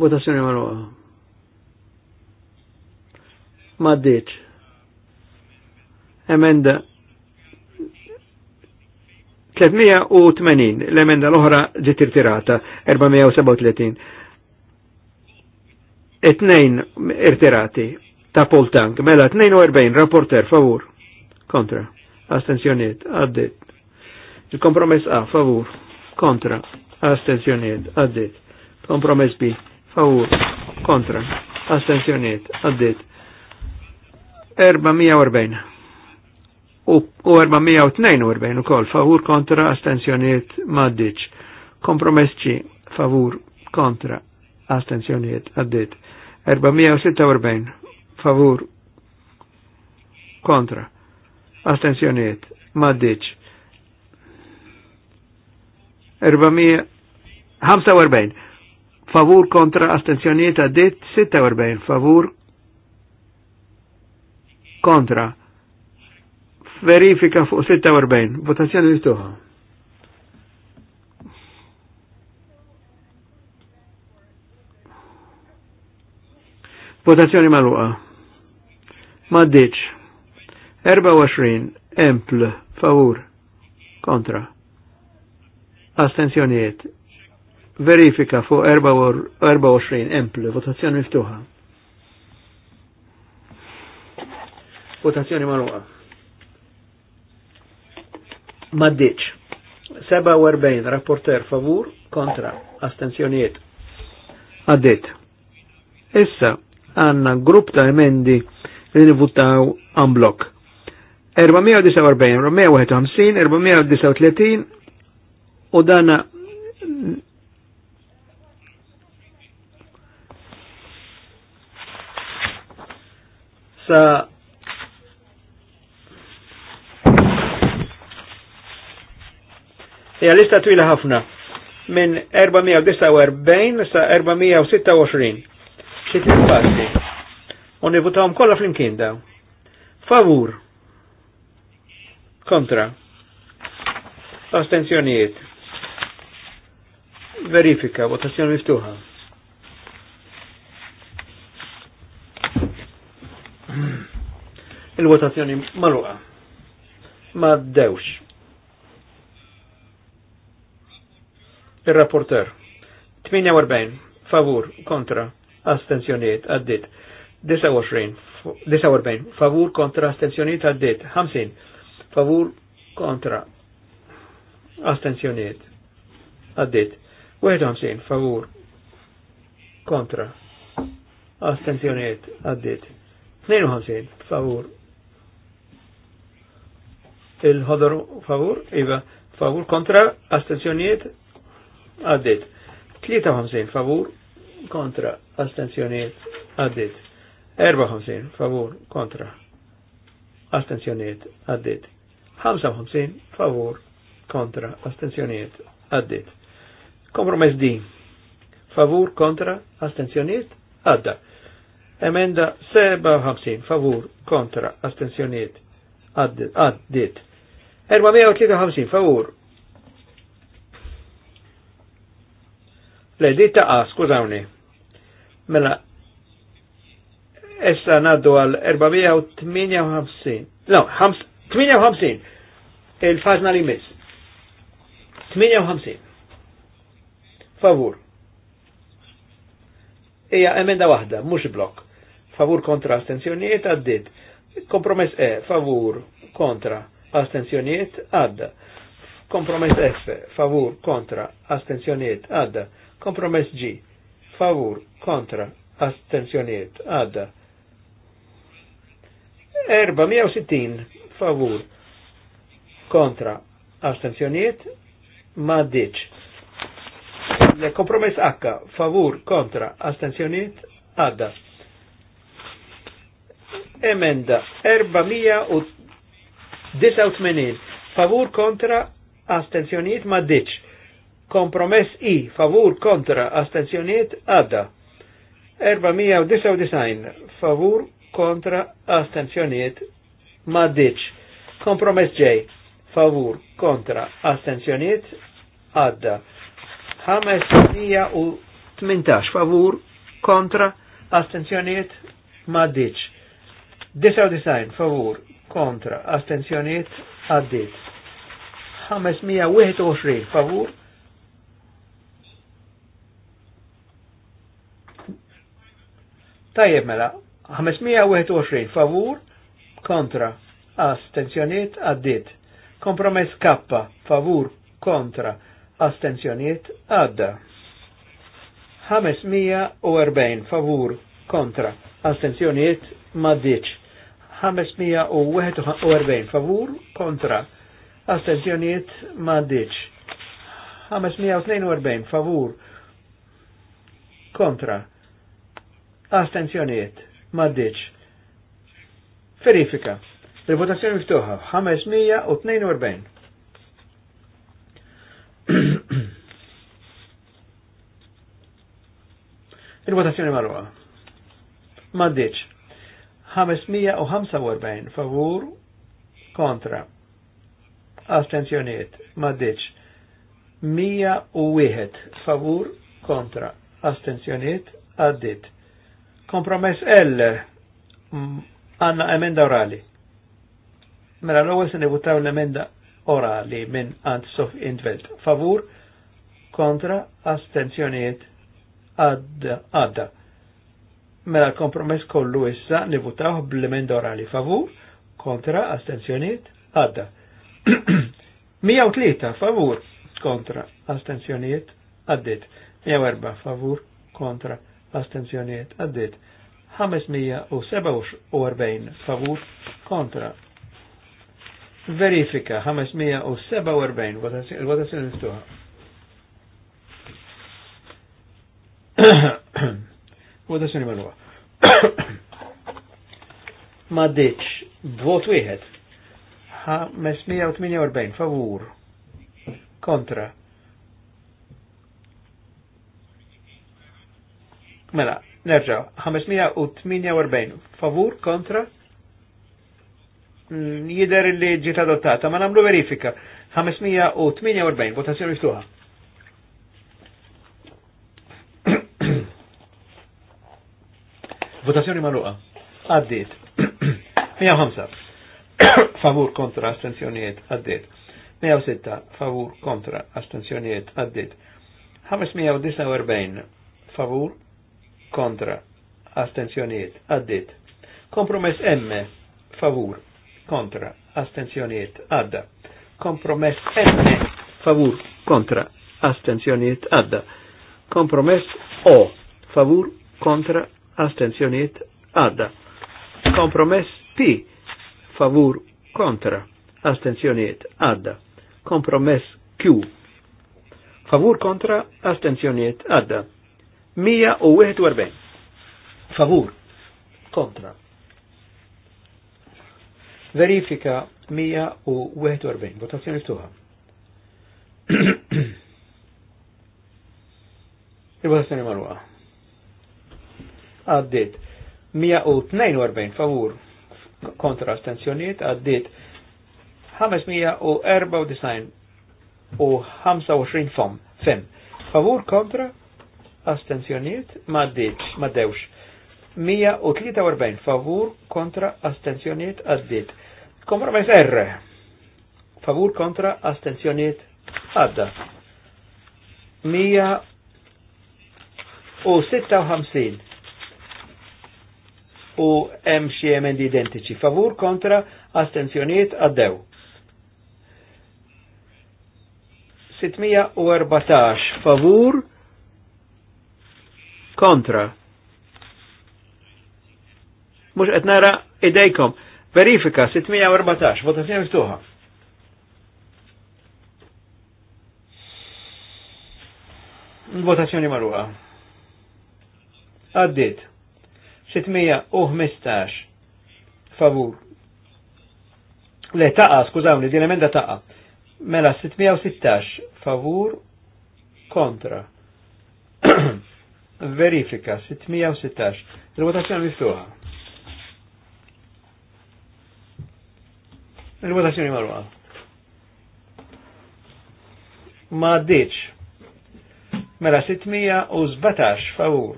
Speaker 2: Votazzjoni manuqa ma ddiċ. Emenda 380, l-emenda l-oħra ġiet irtirata, 437. Etnejn irtirati ta' Paul Tank, mela 42, rapporter, favur, kontra, astensjoniet, għaddit. Il-kompromess A, favur, kontra, astensjoniet, għaddit. Kompromess B, favur, kontra, astensjoniet, għaddit. 440 u 442 u kol favur kontra astensjoniet maddiċ. Kompromessċi favur kontra astensjoniet għaddit. 446 favur kontra astensjoniet maddiċ. 445 favur kontra astensjoniet għaddit 46 favur kontra verifika fuq 46 votazzjoni mistuħa. votazzjoni maluqa maddiċ 24 empl favur kontra Astenzjoniet. verifika fuq 24 empl votazzjoni mistuħa. votazzjoni marruqa. Maddiċ. 47 rapporter favur kontra astenzjonijiet. Għaddit. Issa għanna grupp ta' emendi li nivutaw unblock. 449, 451, 439 u dana sa' Ija lista twila ħafna minn 449 sa 426. Xi passi. U nivutawhom kollha flimkien daw. Favur. Kontra. Astenzjonijiet. Verifika, votazzjoni miftuħa. Il-votazzjoni maluqa. Ma dewx. Il-rapporter. 48. Favur. Kontra. Astenzjoniet. għaddit. 29. 49. Favur. Kontra. Astenzjoniet. għaddit. 50. Favur. Kontra. Astenzjoniet. għaddit. 51. Favur. Kontra. Astenzjoniet. għaddit. 52. Favur. Il-ħodor favur, iva, favur kontra, astenzjoniet, għaddit. 53 favur kontra astenzjoniet għaddit. 54 favur kontra astenzjoniet għaddit. 55 favur kontra astenzjoniet għaddit. Kompromess di. Favur kontra astenzjoniet għadda. Emenda 57 favur kontra astenzjoniet għaddit. 453 favur Le, di ta' A, skużawni. Mela, essa naddu għal 458. No, 58. Il-fazna li mis. 58. Favur. Ija emenda wahda, mux blok. Favur kontra astensjonijiet għaddit. Kompromess E, favur kontra astensjonijiet għadda. Kompromess F, favur kontra astensjonijiet għadda Kompromess G. Favur, kontra, astenzjoniet, għadda. 460 favur, kontra, astenzjoniet, ma Le Kompromess H, favur, kontra, astenzjoniet, għadda. Emenda 489, favur, kontra, astenzjoniet, ma ditx. Kompromess I, favur kontra astenzjoniet għadda. 499, favur kontra astenzjoniet maddiċ. Kompromess ġej favur kontra astenzjoniet għadda. 518, favur kontra astenzjoniet maddiċ. 99, favur kontra astenzjoniet għaddit. 521, favur Tajjeb mela, 521 favur kontra astenzjoniet għaddit. Kompromess kappa favur kontra astenzjoniet għadda. 540 favur kontra astenzjoniet maddiċ. 541 favur kontra astenzjoniet maddiċ. 542 favur kontra Astenzjoniet. Maddiċ. Verifika. Il-votazzjoni miftuħa. 542. Il-votazzjoni marwa. Maddiċ. 545 favur kontra. Astenzjoniet. Maddiċ. 101 favur kontra. Astenzjoniet. Addit. Kompromess L għanna emenda orali. Mela l-ewwel se nivutaw l-emenda orali minn Ant Sof Intvelt. Favur kontra astenzjonijiet għadda. Mela l-kompromess kollu issa nivutaw bl-emenda orali. Favur kontra astenzjoniet għadda. 103 favur kontra astenzjoniet għaddit. 104 favur kontra astenzjoniet għaddit 547 favur kontra. Verifika 547 votazzjoni stuħa. Votazzjoni marruħa. Ma ditx vot wieħed 548 favur kontra Mela, nerġaw, 548 favur kontra mm, jider li ġiet adottata, ma namlu verifika. 548 votazzjoni miftuħa. votazzjoni maluqa. Għaddiet. 105. favur kontra astenzjonijiet għaddiet. 106 favur kontra astenzjonijiet għaddiet. 549 favur kontra, astenzjoniet, għaddit. Kompromess M, favur, kontra, astenzjoniet, għadda. Kompromess M. favur, kontra, astenzjoniet, għadda. Kompromess O, favur, kontra, astenzjoniet, għadda. Kompromess P, favur, kontra, astenzjoniet, għadda. Kompromess Q, favur, kontra, astenzjoniet, għadda 141. Favur. Kontra. Verifika 141. Votazzjoni ftuħa. Il-votazzjoni marwa. Għaddit 142 favur kontra astenzjoniet, għaddit 594 u 25 Fem. Favur kontra astenzjoniet ma ddiċ, ma dewx. 143 favur kontra astenzjoniet għaddit. Kompromess R. Favur kontra astenzjoniet għadda. 156 u hemm xi emendi identiċi. Favur kontra astenzjoniet għaddew. 614 favur kontra. Mux qed nara idejkom. Verifika 614, votazzjoni miftuħa. Votazzjoni marruħa. Għaddit. 615 favur. Le, taqa, skużawni, din emenda taqa. Mela 616 favur kontra verifika 616. Il-votazzjoni miftuħa. Il-votazzjoni marwa. Ma ditx. Mela 617 favur.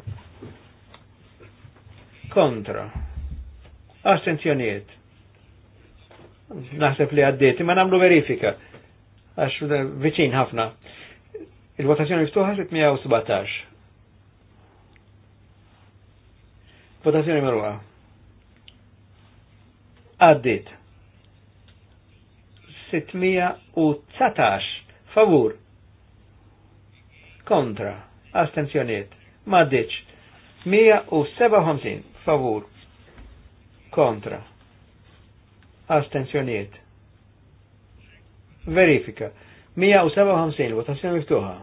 Speaker 2: Kontra. Astenzjoniet. Naħseb li għaddiet, ma namlu verifika. Għax eh, viċin ħafna. Il-votazzjoni miftuħa 617. Votazzjoni marwa. Għaddit. 619 favur. Kontra. Astenzjoniet. Maddiċ. 157 favur. Kontra. Astenzjoniet. Verifika. 157 votazzjoni miftuħa.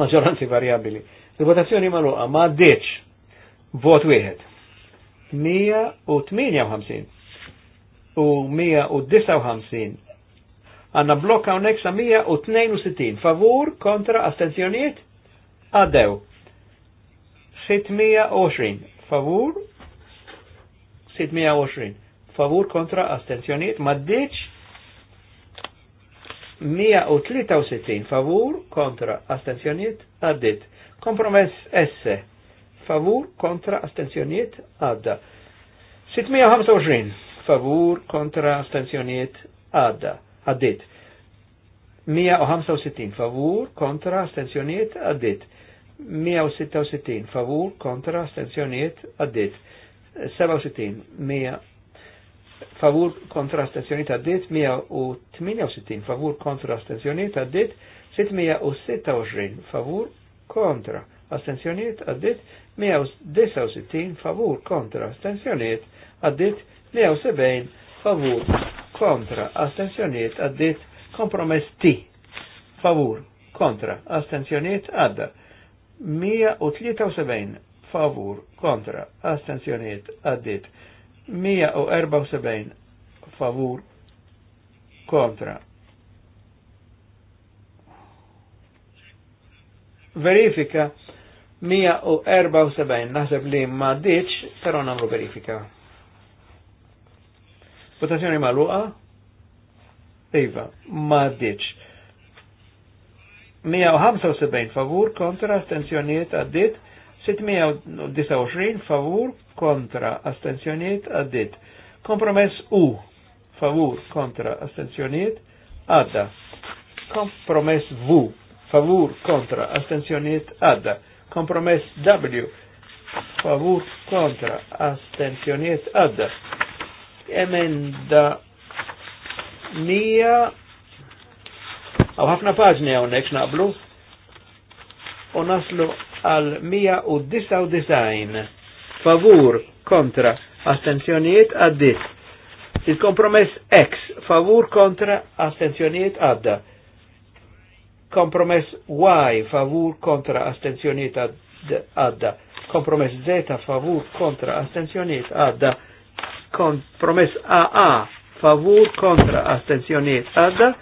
Speaker 2: maġoranzi variabili. Il-votazzjoni maluqa ma deċ vot wieħed. 158 u 159 għanna blokka unnek sa 162 favur kontra astenzjoniet għaddew 620 favur 620 favur kontra astenzjoniet deċ 163 favur kontra astenzjoniet għaddit. Kompromess S favur kontra astenzjoniet għadda. 625 favur kontra astenzjoniet għadda. Għaddit. 165 favur kontra astenzjoniet għaddit. 166 favur kontra astenzjoniet għaddit. 67 favur kontra stazzjoni ta' dit 168 favur kontra stazzjoni ta' dit 626 favur kontra astensjoniet għaddit 169 favur kontra astensjoniet għaddit 170 favur kontra astensjoniet għaddit kompromess T favur kontra astensjoniet għadda 173 favur kontra astensjoniet għaddit 173 174 favur kontra. Verifika 174 naħseb li ma diċ però namlu verifika. Votazzjoni maluqa? Iva, ma diċ. 175 favur kontra astenzjoniet għaddit 174. 629 favur kontra astenzjoniet għaddit. Kompromess U favur kontra astenzjoniet għadda. Kompromess V favur kontra astenzjoniet għadda. Kompromess W favur kontra astenzjoniet għadda. Emenda 100 għaw ħafna paġni għawnek naqblu u naslu għal 199 favur kontra astenzjoniet għaddis. Il-kompromess X favur kontra astenzjoniet għadda. Kompromess Y favur kontra astenzjoniet għadda. Kompromess Z favur kontra astenzjoniet għadda. Kompromess AA favur kontra astenzjoniet għadda.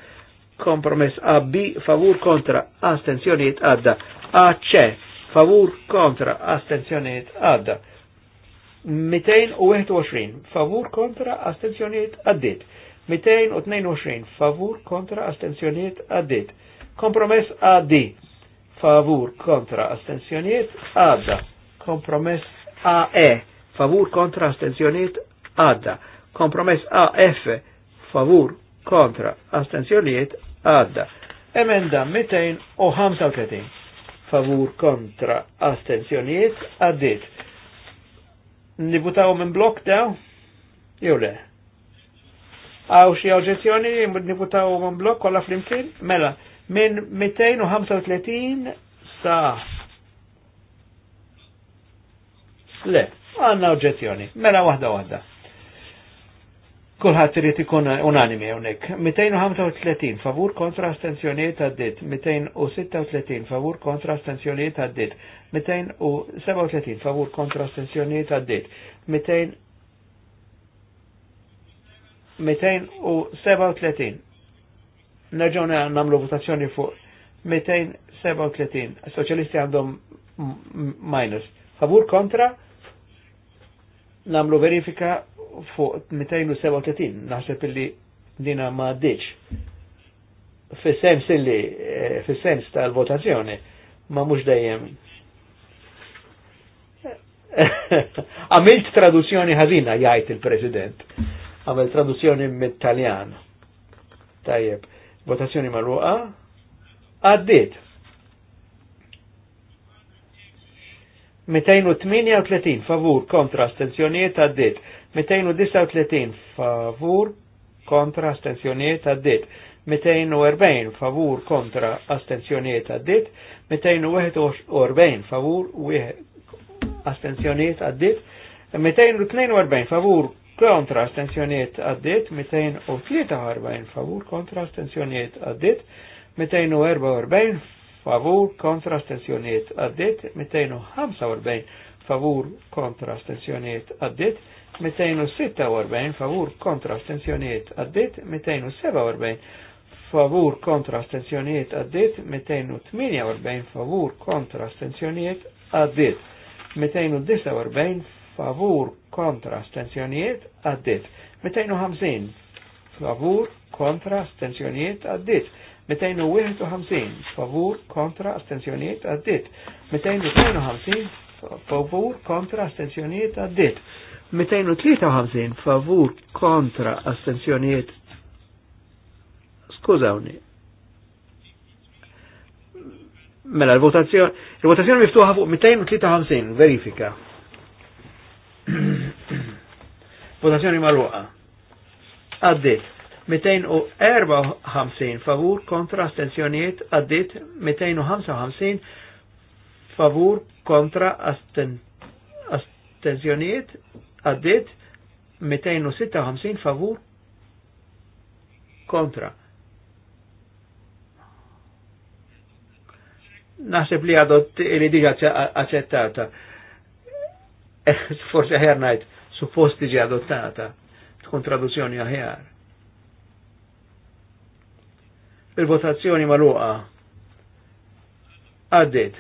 Speaker 2: Kompromess AB favur kontra astenzjoniet għadda. AC favur kontra astenzjoniet għadda. 221 favur kontra astenzjoniet għaddit. 222 favur kontra astenzjoniet għaddit. Kompromess AD favur kontra astenzjoniet għadda. Kompromess AE favur kontra astenzjoniet għadda. Kompromess AF favur kontra astenzjoniet għadda. Emenda 235 favur kontra astenzjoniet għaddit. Nibutaw minn blok daw? Jew le? Għaw xie oġezzjoni nibutaw minn blok kolla flimkien? Mela, minn 235 sa. Le, għanna oġezzjoni. Mela wahda wahda. Kulħadd irid ikun unanimi hawnhekk. 235 favur kontra astensjonijiet għaddit, 236 favur kontra astensjonijiet għaddit, 237 favur kontra astensjonijiet għaddit, 237. Nerġgħu nagħmlu votazzjoni fuq 237. Soċjalisti għandhom minus. Favur kontra namlu verifika fuq 237 naħseb illi dina ma ddiċ. Fis-sens illi eh, fis-sens tal-votazzjoni ma mhux dejjem Għamilt traduzzjoni ħażina jgħid il-President. Għamilt traduzzjoni mit-Taljan. Tajjeb, votazzjoni marruqa għaddit 238 favur kontra astenzjonijiet għaddiet. 239 favur kontra astenzjoniet għaddit, 240 favur kontra astenzjoniet għaddit, 241 favur astenzjoniet għaddit, 242 favur kontra astenzjoniet għaddit, 243 favur kontra astenzjoniet għaddit, 244 favur kontra astenzjoniet għaddit, 245 favur kontra astenzjoniet għaddit, 246 favur kontra astensjonijiet għaddit, 247 favur kontra astensjonijiet għaddit, 248 favur kontra astensjonijiet għaddit, 249 favur kontra astensjonijiet għaddit, 250 favur kontra astensjonijiet għaddit, 251 favur kontra astensjonijiet għaddit, 252 favur kontra astensjonijiet għaddit. 253 favur kontra astenzjoniet. skużawni mela l-votazzjoni l votazzjoni miftuħa fuq 253 verifika votazzjoni marruqa għaddit 254 favur kontra astenzjoniet, għaddit 255 favur kontra astenzjoniet, għaddit 256 favur kontra. Naħseb li għadot li diġa accettata. Eh, Forse ħer najt, suppost diġa adottata. Tkun traduzzjoni aħjar. Il-votazzjoni maluqa għaddit.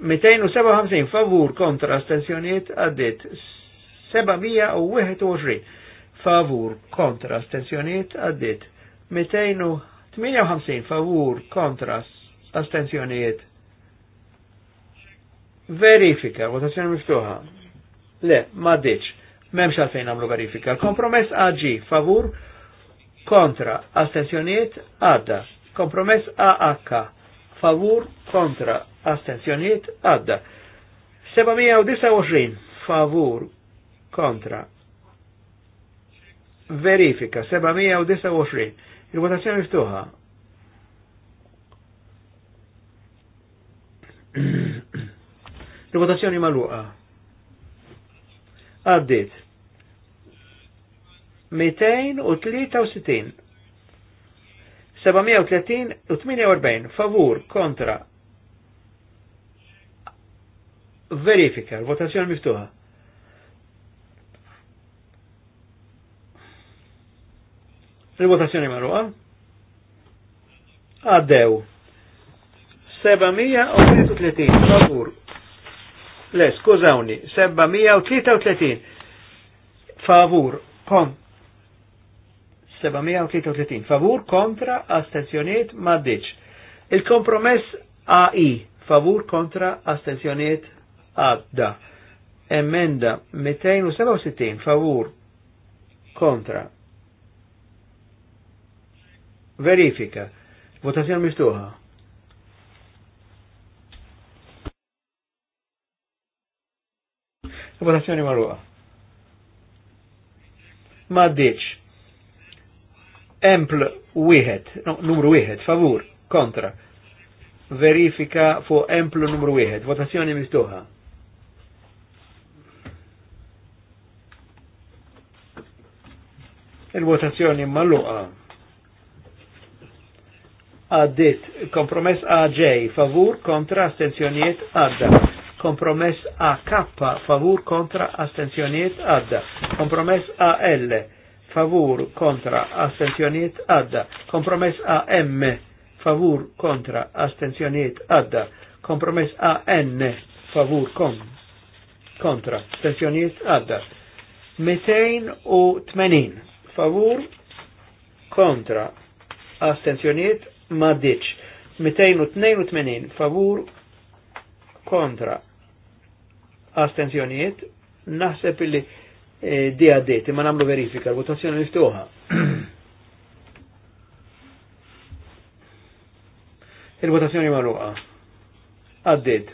Speaker 2: 257 favur kontra astensjoniet għaddit 721 favur kontra astensjoniet għaddit 258 favur kontra astensjoniet verifika, votazzjoni miftuħa le, ma ditx memx għalfejn għamlu verifika kompromess AG favur kontra astensjoniet għadda kompromess AH favur kontra astenzjoniet għadda. 729 favur kontra verifika 729 il-votazzjoni ftuħa il-votazzjoni maluqa għaddit 263 730 u 48 favur kontra verifika, votazzjoni miftuħa. Il-votazzjoni marruqa? Għaddew. 733, favur. Le, skużawni, 733, favur, kon. 733, favur, kontra, astenzjoniet, maddiċ. Il-kompromess AI, favur, kontra, astenzjoniet, għadda. Emenda 267 favur kontra. Verifika. Votazzjoni mistuħa. Votazzjoni marruqa. Ma ddiċ. Empl wieħed, no, numru wieħed, favur, kontra. Verifika fu emplu numru wieħed. Votazzjoni mistuħa. il-votazzjoni malluqa. Għaddit, kompromess AJ, favur kontra astenzjoniet għadda. Kompromess AK, favur kontra astenzjoniet għadda. Kompromess AL, favur kontra astenzjoniet għadda. Kompromess AM, favur kontra astenzjoniet għadda. Kompromess AN, favur kon, kontra astenzjoniet għadda. 280 favur kontra astenzjoniet ma ditx 282 favur kontra astenzjoniet naħseb illi eh, di għaddiet ma namlu verifika l-votazzjoni miftuħa il-votazzjoni maluqa għaddit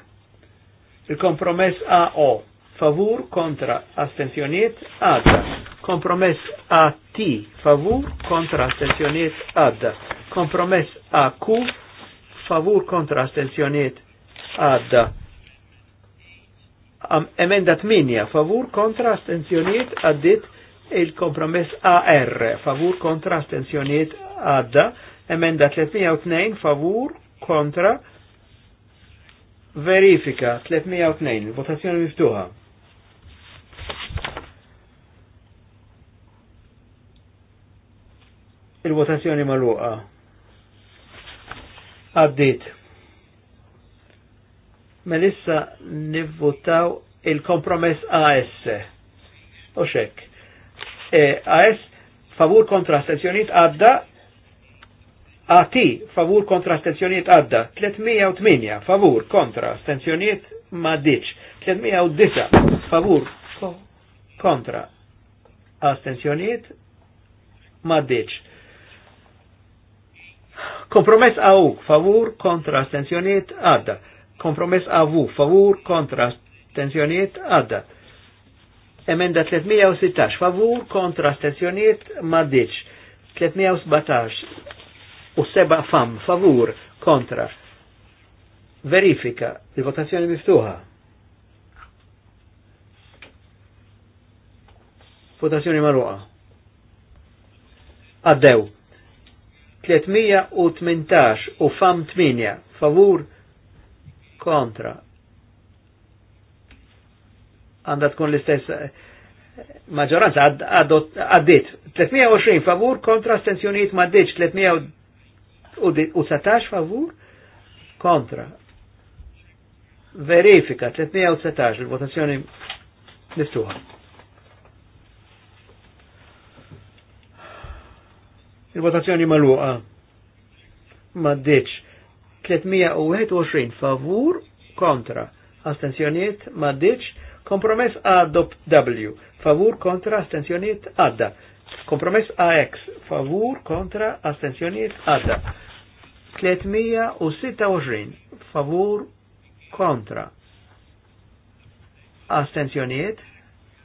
Speaker 2: il-kompromess AO favur kontra astenzjoniet għadda Kompromess A T favur kontra astenzjoniet għadda. Kompromess A Q favur kontra astenzjoniet għadda. emendat minja favur kontra astenzjoniet għaddit il-kompromess AR favur kontra astenzjoniet għadda. Emenda 302 favur kontra verifika 302 votazzjoni miftuħa. il-votazzjoni maluqa. Għaddit. Melissa nivvotaw il-kompromess AS. Oxek. E, AS favur kontra astenzjoniet għadda. AT favur kontra astenzjoniet għadda. 308 favur kontra astenzjoniet ma diċ. 309 favur kontra astenzjoniet ma diċ. Kompromess għaw, favur kontra astensjoniet għadda. Kompromess għaw, favur kontra astensjoniet għadda. Emenda 316 favur kontra astensjoniet maddiċ. 317 u seba fam favur kontra. Verifika, il-votazzjoni miftuħa. Votazzjoni marruqa. Addew. 318 u fam 8 favur kontra. Għandat tkun l-istess eh, maġoranza għaddit 320 favur kontra astensjonijiet ma ddiċ 319 favur kontra. Verifika 319 il-votazzjoni miftuħa. Il-votazzjoni maluqa. Maddiċ. 321 favur kontra. Astenzjoniet maddiċ. Kompromess W. Favur kontra astenzjoniet għadda. Kompromess AX. Favur kontra astenzjoniet għadda. 326 favur kontra. Astenzjoniet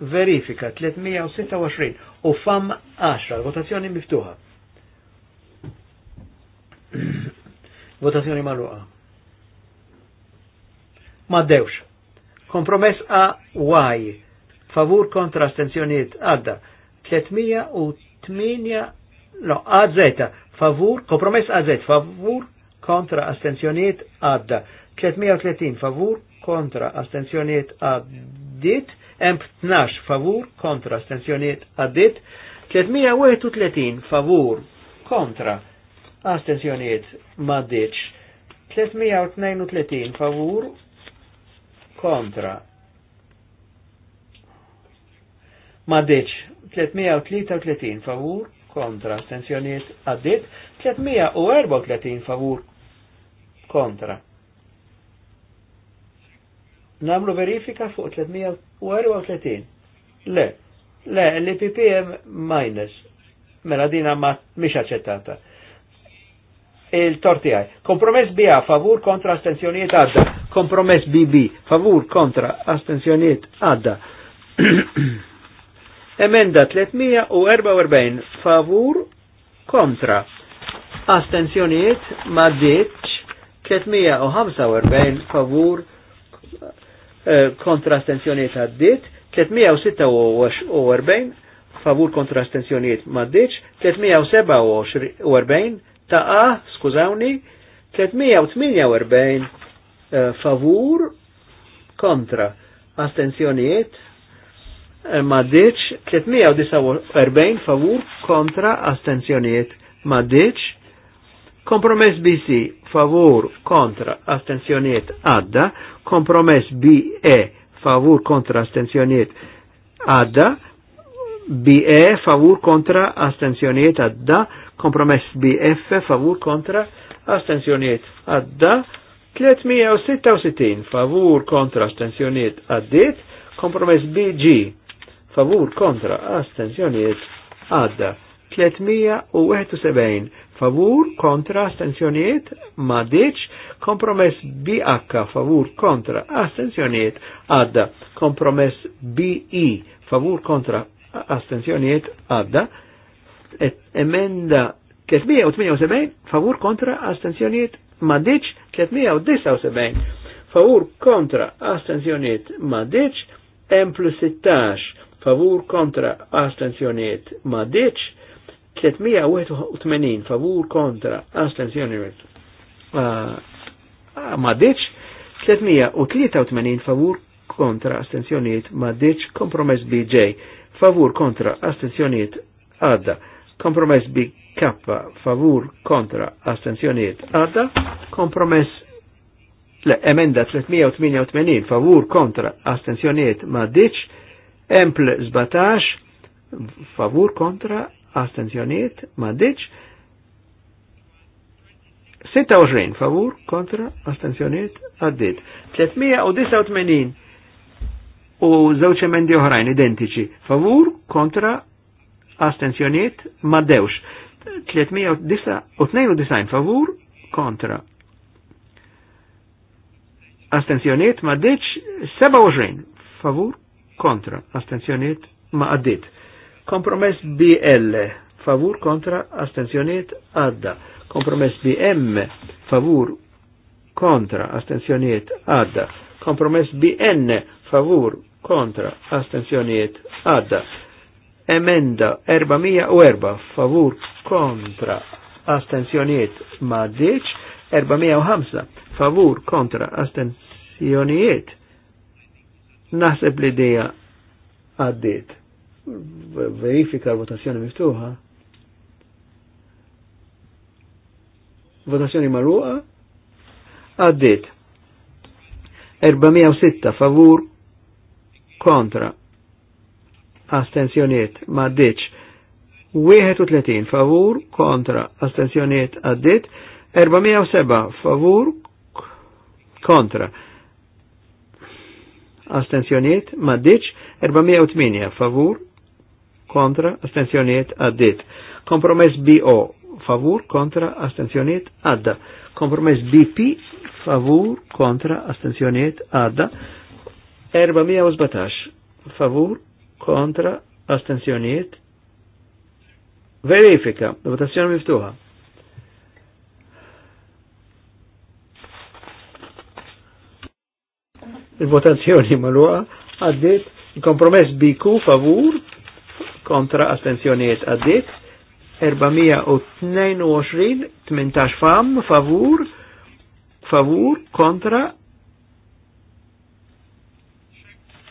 Speaker 2: verifika 326 u fam 10 votazzjoni miftuħa. Votazzjoni maluqa. Ma dewx. Kompromess A Y. Favur kontra astenzjoniet għadda. 308 no, AZ. Favur, kompromess AZ. Favur kontra astenzjoniet għadda. 330 favur kontra astenzjoniet għaddit. Emp 12 favur kontra astenzjoniet għaddit. 331 favur kontra astenzjoniet maddiċ 332 favur kontra maddiċ 333 favur kontra astenzjoniet għaddit 334 favur kontra namlu verifika fuq 334 le le l-PPM minus mela dina ma mish aċċettata il-torti għaj. Kompromess BA, favur kontra astenzjoniet għadda. Kompromess BB, favur kontra astenzjoniet għadda. Emenda 344, favur kontra astenzjoniet maddiċ 345 eh, favur kontra astenzjoniet għaddit, 346 favur kontra astenzjoniet maddiċ, 347 taqa, skużawni, 348 eh, favur kontra astenzjonijiet eh, maddiċ 349 favur kontra astenzjonijiet maddiċ Kompromess BC favur kontra astenzjoniet għadda, kompromess BE favur kontra astenzjoniet għadda, BE favur kontra astenzjoniet għadda, Kompromess BF favur kontra astensjoniet għadda. 366 favur kontra astensjoniet għaddit. Kompromess BG favur kontra astensjoniet għadda. 371 favur kontra astensjoniet madiċ, kompromess BH favur kontra astensjoniet għadda, kompromess BE favur kontra astensjoniet għadda, emenda 378 favur kontra astenzjoniet diċ 379 favur kontra astenzjoniet diċ M plus 16 favur kontra astenzjoniet diċ 381 favur kontra astenzjoniet diċ 383 favur kontra astenzjoniet diċ kompromess BJ favur kontra astenzjoniet għadda Kompromess bi K favur kontra astenzjoniet għadda. Kompromess le, emenda 388 favur kontra astenzjoniet ma diċ, Empl 17 favur kontra astenzjoniet ma diċ, 26 favur kontra astenzjoniet għaddit. 389 u zewċ emendi oħrajn identiċi favur kontra astenzjoniet dewx. 392 favur kontra. Astenzjoniet maddeċ 27 favur kontra. Astenzjoniet ma għaddit. Kompromess BL favur kontra astenzjoniet għadda. Kompromess BM favur kontra astenzjoniet għadda. Kompromess BN favur kontra astenzjoniet għadda Emenda 404 favur kontra astensjonijiet ma ddiċ, 405 favur kontra astensjonijiet. Naħseb li dija għaddit. Verifika l-votazzjoni miftuħa. Votazzjoni marruqa? Għaddit. 406 favur kontra astensjoniet ma ddiċ 31 favur kontra astensjoniet għaddit 407 favur kontra astensjoniet ma ddiċ 408 favur kontra astensjoniet għaddit kompromess BO favur kontra astensjoniet għadda kompromess BP favur kontra astensjoniet għadda 417 favur kontra, astensjoniet, verifika, votazzjoni miftuħa. Il-votazzjoni mal għaddit, kompromess biku favur, kontra astensjoniet għaddit, 422, 18 fam, favur, favur, kontra,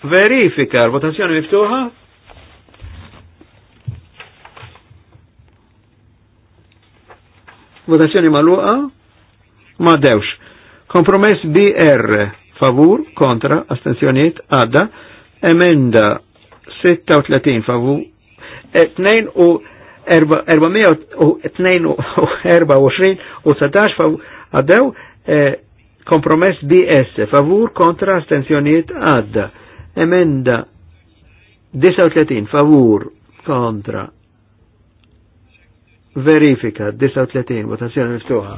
Speaker 2: Verifika, votazzjoni miftuħa? Votazzjoni maluqa? Ma dewx. Kompromess BR, favur, kontra, astenzjoniet, għadda, emenda 36 favur, 2 e, u 422 u 19 favur, għaddew, e, kompromess BS, favur, kontra, astenzjoniet, għadda Emenda 39 favur kontra verifika 39 votazzjoni miftuħa.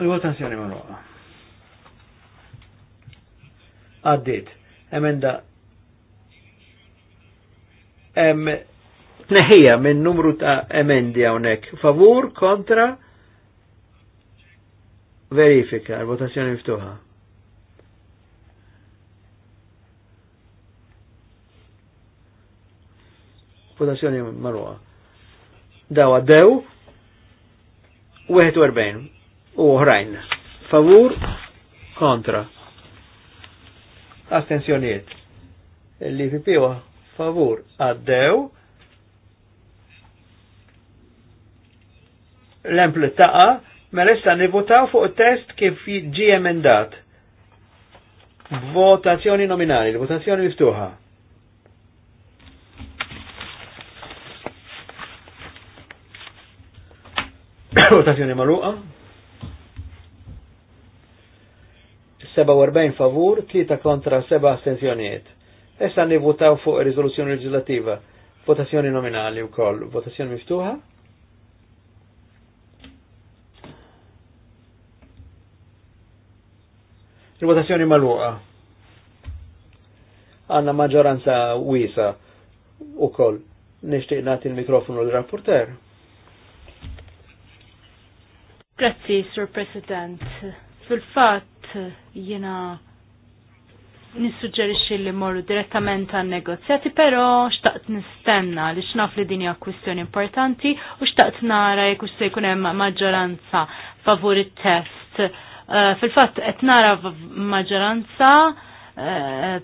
Speaker 2: Il-votazzjoni marruqa. Għaddit. Emenda. Em, tneħija minn numru ta' emendi hawnhekk. Favur, kontra, Verifika, votazzjoni miftuħa. Votazzjoni marwa. Dawa dew, 41 u oħrajn. Favur, kontra. Astenzjoniet. l fipiwa. favur għaddew. L-empl taqa Mela issa nivvotaw fuq test kif ġi emendat. Votazzjoni nominali, votazzjoni miftuħa. votazzjoni maluqa. 47 favur, 3 kontra 7 astenzjonijiet. Issa nivotaw fuq ir-riżoluzzjoni leġislativa. Votazzjoni nominali wkoll, votazzjoni miftuħa. Il-votazzjoni maluqa. Għanna maġġoranza wisa u koll. Nishtiq nagħti il-mikrofonu
Speaker 3: l-rapporter. Grazzi, Sur President. Fil-fatt jena nissuġġerixxi li morru direttament għan negozjati, però xtaqt nistenna li xnaf li dinja kwistjoni importanti u xtaqt nara jekk se jkun hemm maġġoranza favur it-test Eh, fil-fatt qed nara maġġoranza eh,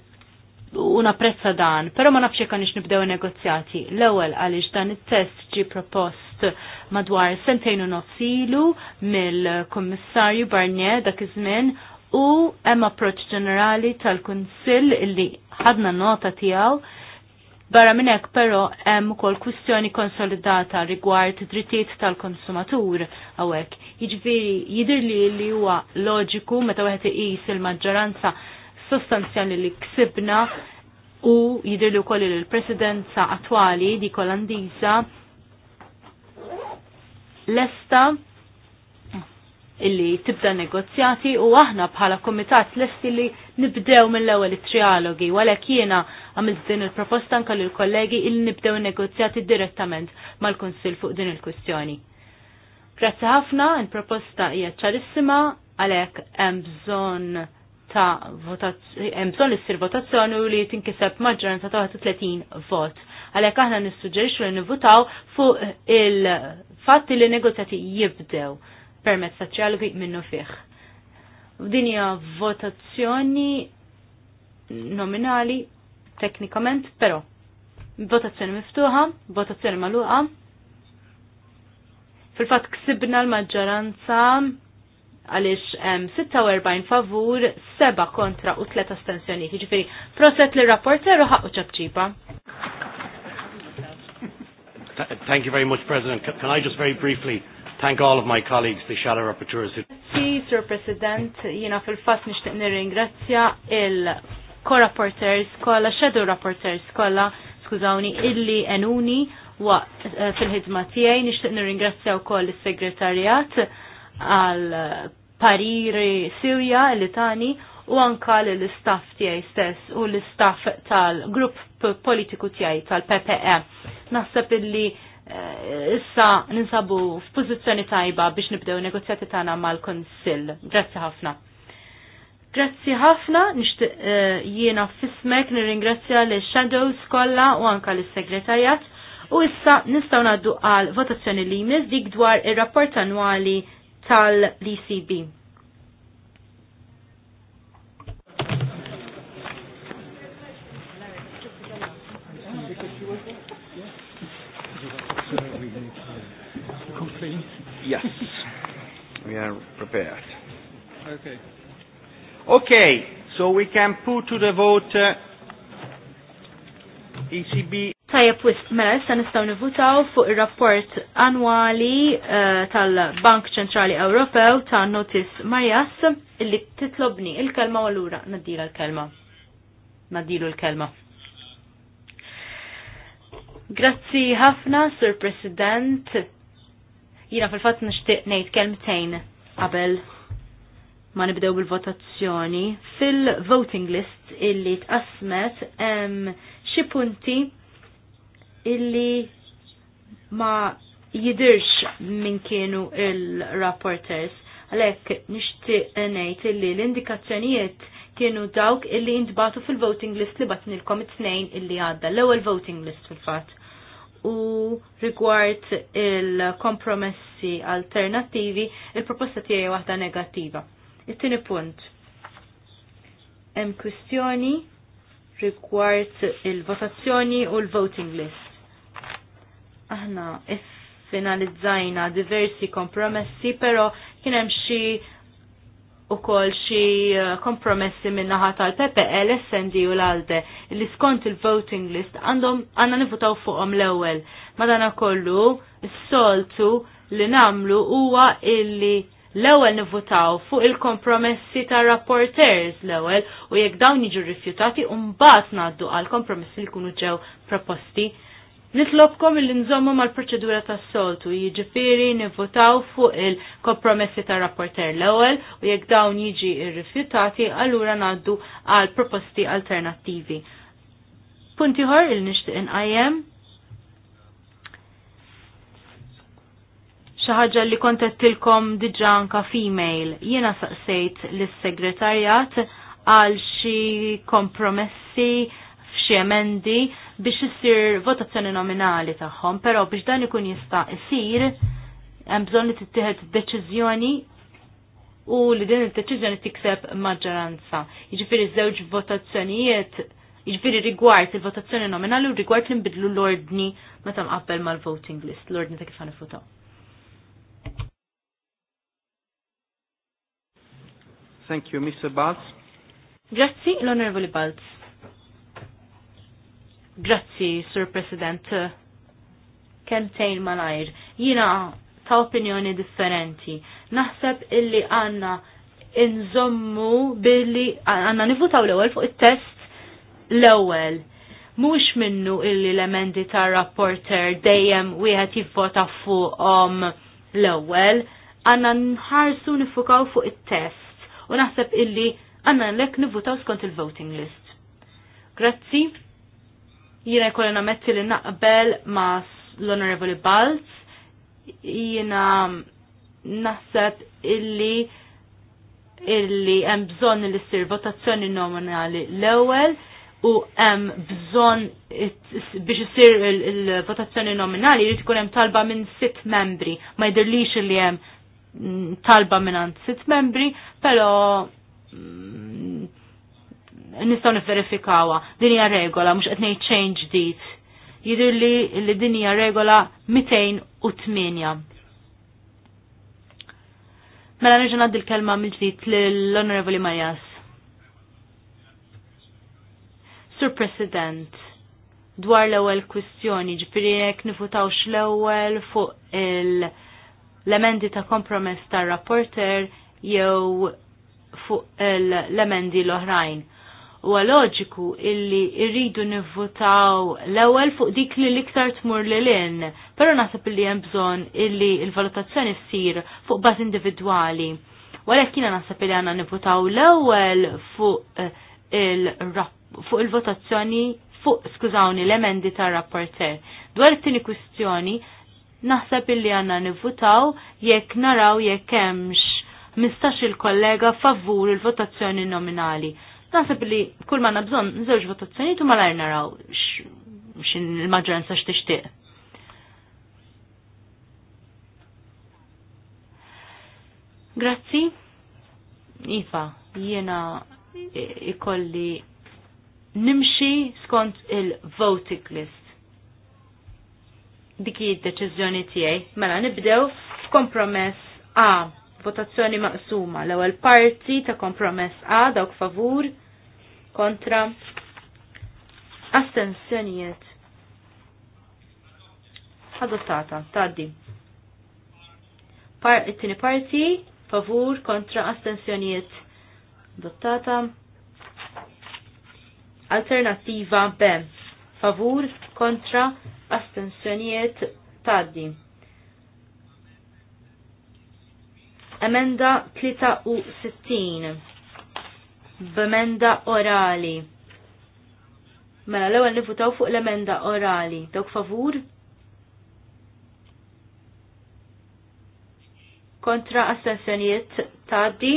Speaker 3: u napprezza dan, però ma nafx kan nibdew negozjati. L-ewwel għaliex dan it-test ġi propost madwar sentejn u nofsilu mill-Kummissarju Barnier dak iż-żmien u hemm approċċ ġenerali tal-Kunsill illi ħadna nota tiegħu Barra minn hekk però hemm ukoll kwistjoni konsolidata rigward drittijiet tal-konsumatur hawnhekk. Jiġifieri jidher li li huwa loġiku meta wieħed iqis il-maġġoranza sostanzjali li ksibna u jidher li wkoll il-presidenza attwali di Kolandiża lesta illi tibda negozjati u aħna bħala komitat lesti li nibdew mill-ewwel it-trialogi għalhekk jiena għamilt din il-proposta anke l kollegi illi nibdew negozjati direttament mal-Kunsill fuq din il-kwistjoni. Grazzi ħafna, il-proposta hija ċarissima għalhekk hemm bżonn ta' hemm bżonn issir votazzjoni u li tinkiseb maġġoranza ta' 30 vot. Għalhekk aħna nissuġġerixxu li nivutaw fuq il-fatti li negozjati jibdew permezz ta' minnu fih. Din hija votazzjoni nominali teknikament, però votazzjoni miftuħa, votazzjoni magħluqa. Fil-fatt ksibna l-maġġoranza għaliex 46 favur, 7 kontra u 3 astensjoni. Ġifiri, proset li rapporter u ħakku
Speaker 1: Thank you very much, President. Can I just very briefly thank all of my colleagues, the shadow rapporteurs.
Speaker 3: Si, Sir President, jina fil-fat nishtiq nirringrazzja il-co-rapporteurs kolla, shadow rapporteurs kolla, skużawni, illi enuni wa eh, fil-ħidma tiegħi nixtieq nirringrazzja wkoll is-segretarjat għal pariri Siwja, illi tani u anka l-istaff tiegħi stess u l-istaff tal-grupp politiku tiegħi tal-PPE. Naħseb illi Eh, issa ninsabu f'pożizzjoni tajba biex nibdew negozjati tagħna mal-Konsill. Grazzi ħafna. Grazzi ħafna, nixtieq eh, jiena fismek nirringrazzja l shadows kollha u anka l segretarjat u issa nistgħu ngħaddu għal votazzjoni li jmiss dik dwar ir-rapport annwali tal-ECB.
Speaker 1: Yes, we are prepared. Okay.
Speaker 3: Okay, so we can put to the vote uh, ECB. Tajab wist mela issa nistgħu nivutaw fuq ir-rapport annwali uh, tal-Bank Ċentrali Ewropew ta' Notis Marjas illi titlobni il-kelma u allura naddila l-kelma. Naddilu l-kelma. Grazzi ħafna, Sir President, Jina fil-fat nishtiq nejt kelmtejn qabel ma nibdew bil-votazzjoni. Fil-voting list illi tqasmet xi punti illi ma jidirx minn kienu il-rapporters. Għalek nishtiq nejt illi l-indikazzjonijiet kienu dawk illi jintbatu fil-voting list li batnilkom it-tnejn illi għadda, l ewwel voting list fil-fat u rigward il-kompromessi alternativi, il-proposta tiegħi waħda negattiva. It-tieni punt. Hemm kwistjoni rigward il-votazzjoni u l-voting list. Aħna finalizzajna diversi kompromessi, però kien hemm xi u kol xie uh, kompromessi naħa tal-PPL, SND u l-ALDE li skont il-voting list għandhom għanna nifutaw fuqom l-ewel. Madana kollu, s-soltu li namlu huwa illi l-ewel nifutaw fuq il-kompromessi ta' rapporters l-ewel u jekk dawn jiġu rifjutati un-bat naddu għal-kompromessi li kunu ġew proposti Nitlobkom il nżommu mal-proċedura ta' soltu, jiġifieri nivvotaw fuq il-kompromessi ta' rapporter l-ewwel u jekk dawn jiġi rrifjutati allura ngħaddu għal proposti alternattivi. Punt ieħor il nixtieq inqajjem xi ħaġa li kontettilkom diġà anka female. Jiena saqsejt lis-segretarjat għal xi kompromessi f'xi emendi biex issir votazzjoni nominali tagħhom, però biex dan ikun jista' isir hemm bżonn li tittieħed deċiżjoni u li din id-deċiżjoni tikseb maġġoranza. Jiġifieri żewġ votazzjonijiet jiġifieri rigward il-votazzjoni nominali u rigward li nbidlu l-ordni meta mqabbel mal-voting list, l-ordni ta' kif ifutaw. Thank you, Mr. Balz. Grazzi, l-Onorevoli Balz. Grazzi, Sur President. Kemtejn malajr. Jina ta' opinjoni differenti. Naħseb illi għanna inżommu billi għanna nivutaw l-ewel fuq il-test l-ewel. Mux minnu illi l-emendi ta' rapporter dejjem wieħed jivvota fuq um, l-ewel, għanna nħarsu nifukaw fuq il-test u naħseb illi għanna l-ek nivutaw skont il-voting list. Grazzi. Jina jkolli nametti li naqbel ma l-Honorable Balz, jina naħseb illi illi hemm bżonn li ssir votazzjoni nominali l-ewwel u hemm bżonn biex isir il-votazzjoni nominali jrid ikun hemm talba minn sitt membri. Ma jidhirlix li hemm mm, talba minn sitt membri, però mm, nistgħu nifverifikawha. Din hija regola mhux qed ngħid dit. ġdid. li li din hija regola 208. Mela nerġa' ngħaddi l-kelma mill-ġdid lill honorable Majas. Sur President, dwar l-ewwel kwistjoni, ġifieri jekk nifutawx l-ewwel fuq l-emendi ta' kompromess tar-rapporter jew fuq l-emendi l-oħrajn huwa loġiku illi irridu nivvotaw l-ewwel fuq dik li l-iktar tmur li lin, però naħseb illi hemm bżonn illi l-valutazzjoni ssir fuq baż individwali. Walek jiena naħseb li għandna nivvotaw l-ewwel fuq eh, il fuq il-votazzjoni fuq skużawni l-emendi tar-rapporter. Dwar it-tieni kwistjoni naħseb illi għandna nivvotaw jekk naraw jekk hemmx mistax il-kollega favur il-votazzjoni nominali. Nasib li kull ma nabżon żewġ votazzjonijiet u malajr naraw xin il-maġġoranza x'tixtieq. Grazzi. Iva, jiena ikolli nimxi skont il-voting list. Dik hi d-deċiżjoni tiegħi. Mela nibdew f'kompromess A, votazzjoni maqsuma, l-ewwel parti ta' kompromess A dawk favur, kontra astensjonijiet adottata taddi Par it-tieni parti favur kontra astensjonijiet adottata Alternativa B. Favur kontra astensjonijiet taddi. Emenda 63 b'emenda orali. Mela l-ewwel nifutaw fuq l-emenda orali. Dawk favur? Kontra astensjonijiet tgħaddi.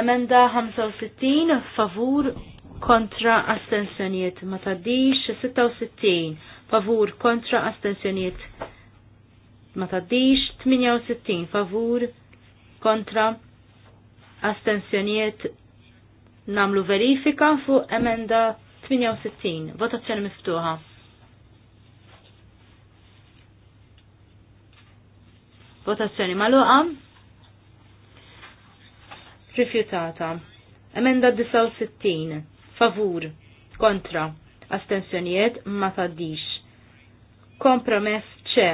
Speaker 3: Emenda 65 favur kontra astensjonijiet ma taddix 66 favur kontra astensjonijiet ma taddix 68 favur kontra astensjonijiet namlu verifika fuq emenda 68, votazzjoni miftuħa. Votazzjoni maluqa. Rifjutata. Emenda 69, favur, kontra, astensjonijiet ma taddix. Kompromess ċe,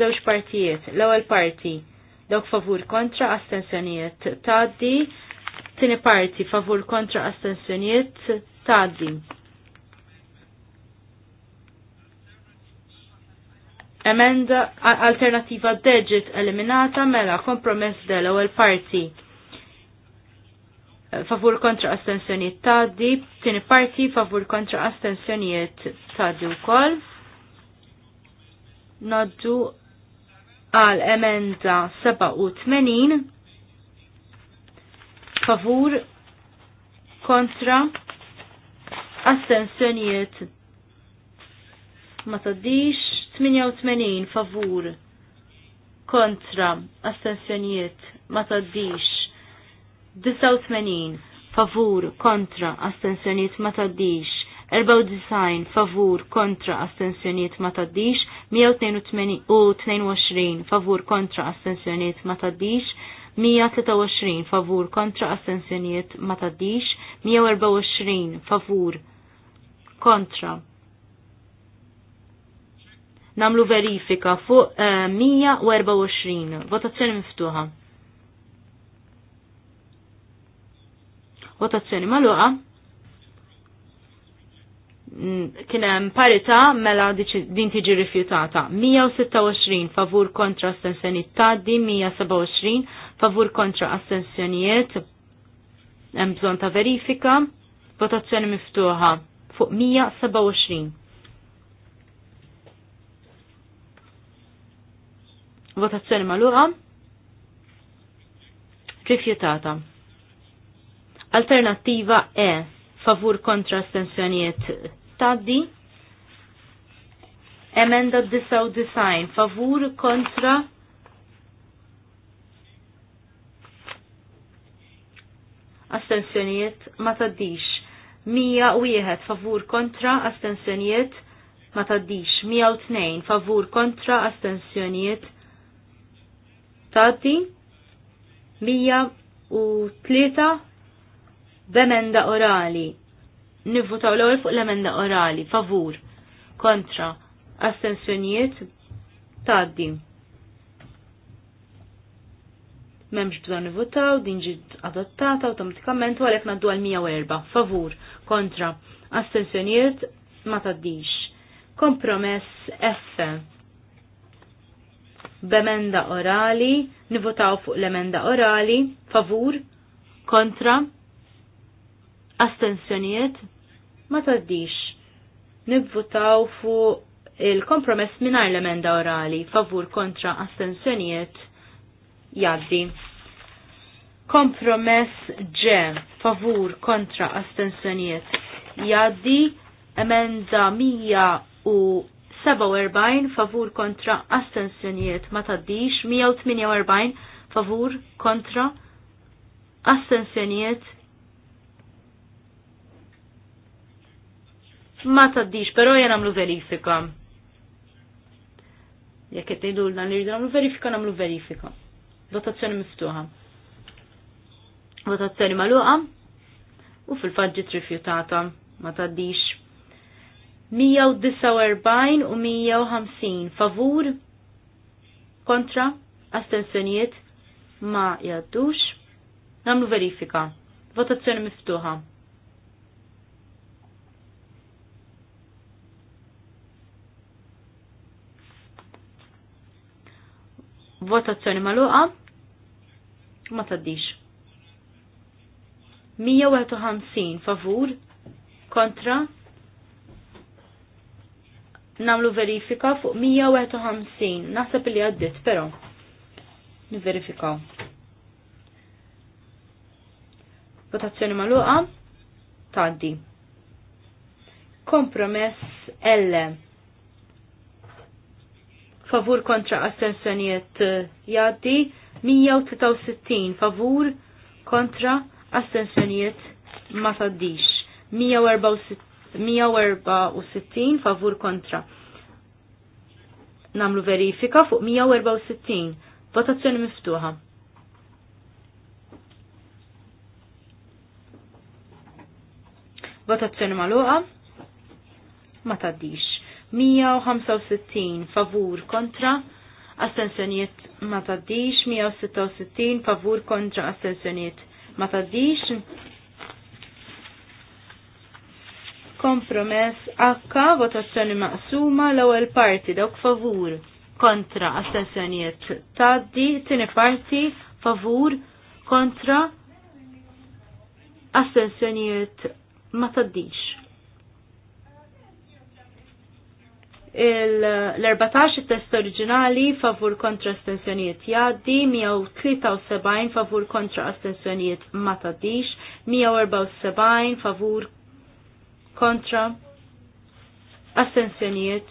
Speaker 3: zewġ partijiet, l-ewwel parti, dawk favur kontra astensjonijiet taddi, tini parti favur kontra astensjonijiet taddi. Emenda alternativa deġit eliminata mela kompromess del ewwel parti favur kontra astensjonijiet taddi, tini parti favur kontra astensjonijiet taddi u kol. Noddu għal emenda 87 favur kontra astensjoniet ma taddix 88 favur kontra astensjonijiet ma taddix 89 favur kontra astensjoniet ma taddix 94 favur kontra astensjonijiet ma taddix 22 favur kontra astensjoniet ma taddix, 123 favur kontra astensjoniet ma taddix, 124 favur kontra. Namlu verifika fuq uh, 124. Votazzjoni miftuħa. Votazzjoni maluqa. Mm, kienem parita mela din tiġi rifjutata. 126 favur kontra astensjoniet taddi, 127 favur kontra astensjoniet, hemm bżonn ta' verifika, votazzjoni miftuħa fuq 127. Votazzjoni magħluqa rifjutata. Alternativa E favur kontra astensjoniet taddi emenda 99 favur kontra astensjonijiet ma taddix. Mija u favur kontra astensjonijiet ma taddix. Mija u tnejn favur kontra astensjonijiet taddi. Mija u tlieta bemenda orali nivvotaw l-ewwel fuq l-emenda orali, favur, kontra, astensjonijiet, taddi. Memx bżon nivvotaw, din ġiet adottata automatikament u għalek naddu għal 104, favur, kontra, astensjonijiet, ma taddix. Kompromess F. B'emenda orali, nivvotaw fuq l-emenda orali, favur, kontra, astensjonijiet, ma taddix. Nivvutaw fuq il-kompromess mingħajr l-emenda orali favur kontra astensjonijiet jaddi. Kompromess G favur kontra astensjonijiet jaddi emenda 147 favur kontra astensjonijiet ma taddix 148 favur kontra astensjonijiet ma taddix, pero jen għamlu verifika. Jekk qed dan li rridu nagħmlu verifika nagħmlu verifika. Votazzjoni miftuħa. Votazzjoni magħluqa u fil-fatt ġiet rifjutata ma taddix. 149 u 150 favur kontra astensjonijiet ma jaddux. Għamlu verifika. Votazzjoni miftuħa. Votazzjoni maluqa. Ma taddix. 151 favur kontra namlu verifika fuq 151. Naħseb li għaddit, pero niverifikaw. Votazzjoni maluqa taddi. Kompromess L favur kontra assenzjonijiet eh, jaddi, 163 favur kontra assenzjonijiet ma taddix, 164 favur kontra. Namlu verifika fuq 164, votazzjoni miftuħa. Votazzjoni maluqa, ma taddix. 165 favur kontra astensjoniet ma taddix, 166 favur kontra astensjoniet ma taddix. Kompromess H, votazzjoni maqsuma l-ewwel parti dawk favur kontra astensjoniet taddi, tieni parti favur kontra astensjoniet ma taddix. l-14 test oriġinali favur kontra astensjonijiet jaddi, 173 favur kontra astensjonijiet ma 174 favur kontra astensjonijiet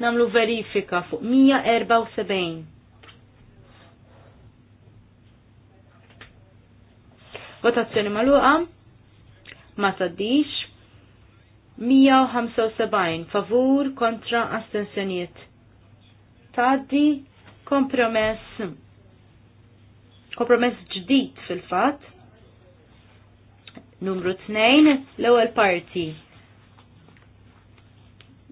Speaker 3: namlu verifika fuq 174. Votazzjoni maluqa ma taddix. 175 favur kontra astensjoniet. Taddi kompromess kompromess ġdid fil-fat. Numru 2 l-ewwel parti.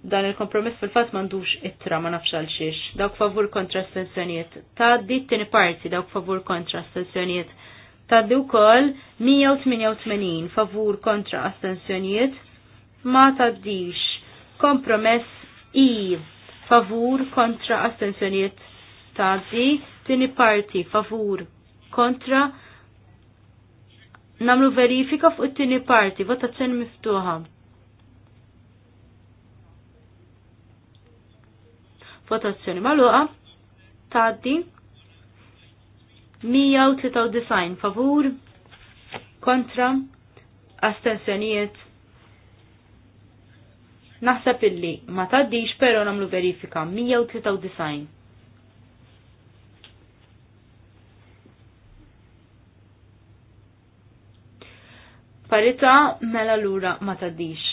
Speaker 3: Dan il-kompromess fil-fat mandux ittra ma nafx għal xiex. Dawk favur kontra astensjoniet. Taddi t-tieni parti dawk favur kontra astensjoniet. Taddi wkoll 188 favur kontra astensjoniet ma taddix. Kompromess I. Favur kontra astensjoniet tazzi. Tini parti favur kontra. Namlu verifika fuq it-tini parti. Votazzjoni miftuħa. Votazzjoni maluqa. Taddi. 193 favur kontra astensjonijiet Naħseb illi ma taddix pero namlu verifika 193. Parita mela lura ma taddix.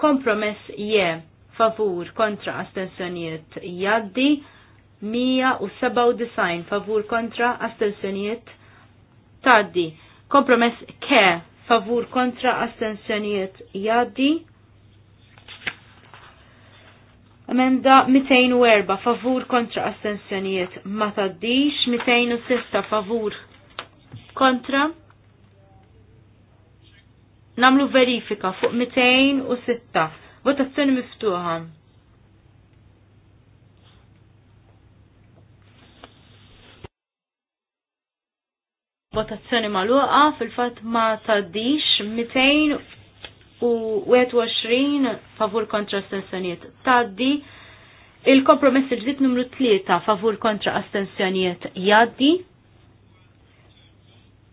Speaker 3: Kompromess je favur kontra astensjoniet jaddi 197 favur kontra astensjonijiet taddi. Kompromess ke favur kontra astensjoniet jaddi Emenda 204 favur kontra astensjonijiet ma taddix, 206 favur kontra. Namlu verifika fuq 206. Votazzjoni miftuħa. Votazzjoni maluqa fil-fat ma taddix 200 u 21 favur kontra astensjoniet. taddi. Il-kompromess il-ġdid numru 3 favur kontra astensjoniet jaddi.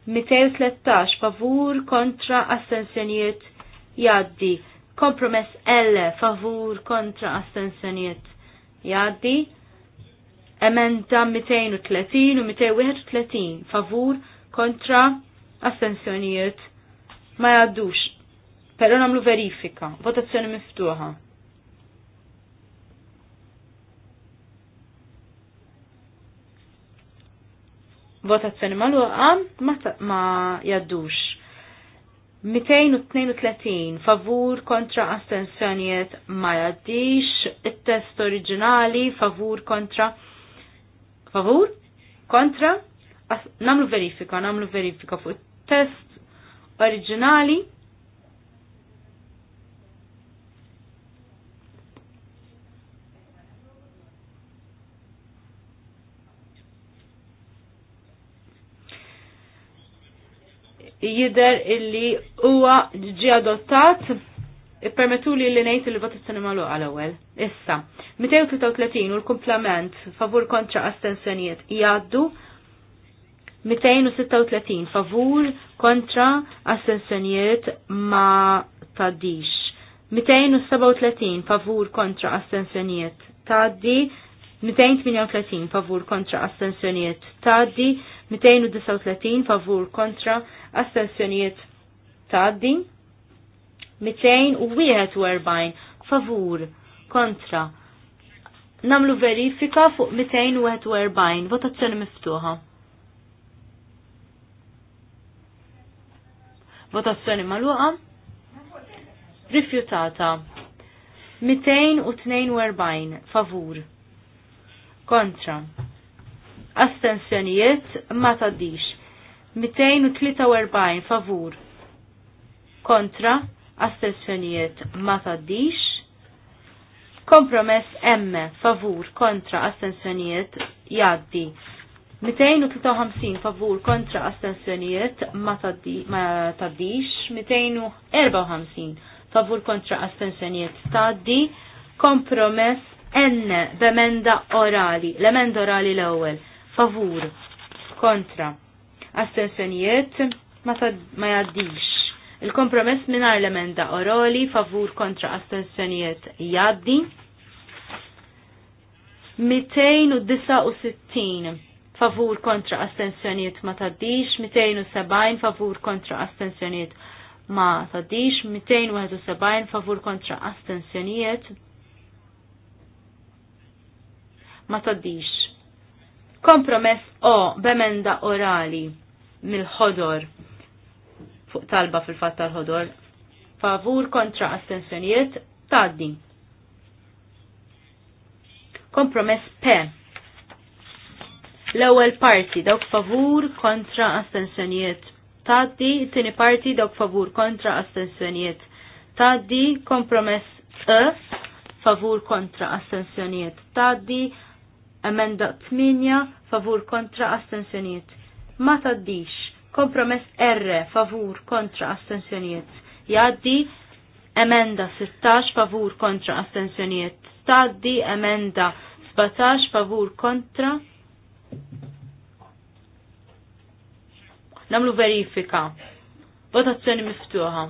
Speaker 3: 213 favur kontra astensjoniet jaddi. Kompromess L favur kontra astensjoniet jaddi. Emenda 230 u 231 favur kontra astensjoniet ma jaddux. Pero namlu verifika, votazzjoni miftuħa. Votazzjoni għam ma, ma jaddux. 232 favur kontra astensjonijiet ma jaddix, it-test oriġinali favur kontra favur kontra As, namlu verifika, namlu verifika fuq test oriġinali jider illi huwa ġi adottat permetu li li nejt li votazzjoni malu għal-ewel. Issa, 233 u l-komplement favur kontra astensjoniet jaddu, 236 favur kontra astensjoniet ma taddix. 237 favur kontra astensjoniet taddi, 238 favur kontra astensjoniet taddi, 239 favur kontra astensjonijiet taddi, 241 favur kontra. Namlu verifika fuq 241, votazzjoni miftuħa. Votazzjoni maluqa? Rifjutata. 242 favur kontra astensjonijiet ma taddix. 243 favur kontra astensjonijiet ma taddix. Kompromess M favur kontra astensjonijiet jaddi. 253 favur kontra astensjonijiet ma taddix. 254 favur kontra astensjonijiet taddi. Kompromess N b'emenda orali, l-emenda orali l-ewwel favur kontra astensjonijiet ma jaddix. Il-kompromess minar l-emenda oroli favur kontra astensjonijiet jaddi. 269 favur kontra astensjoniet ma taddix, 270 favur kontra astensjoniet ma taddix, 271 favur kontra astensjoniet ma taddix. Kompromess O bemenda orali mill-ħodor fuq talba fil-fatt tal-ħodor favur kontra astensjonijiet taddi. Kompromess P l-ewwel parti dawk favur kontra astensjonijiet. Taddi it-tieni parti dawk favur kontra astensjonijiet. Taddi kompromess E favur kontra astensjonijiet. Taddi Emenda 8 favur kontra astensjoniet. Ma taddix. Kompromess R favur kontra astensjoniet. Jaddi emenda 16 favur kontra astensjoniet. Taddi emenda 17 favur kontra. Namlu verifika. Votazzjoni miftuħa.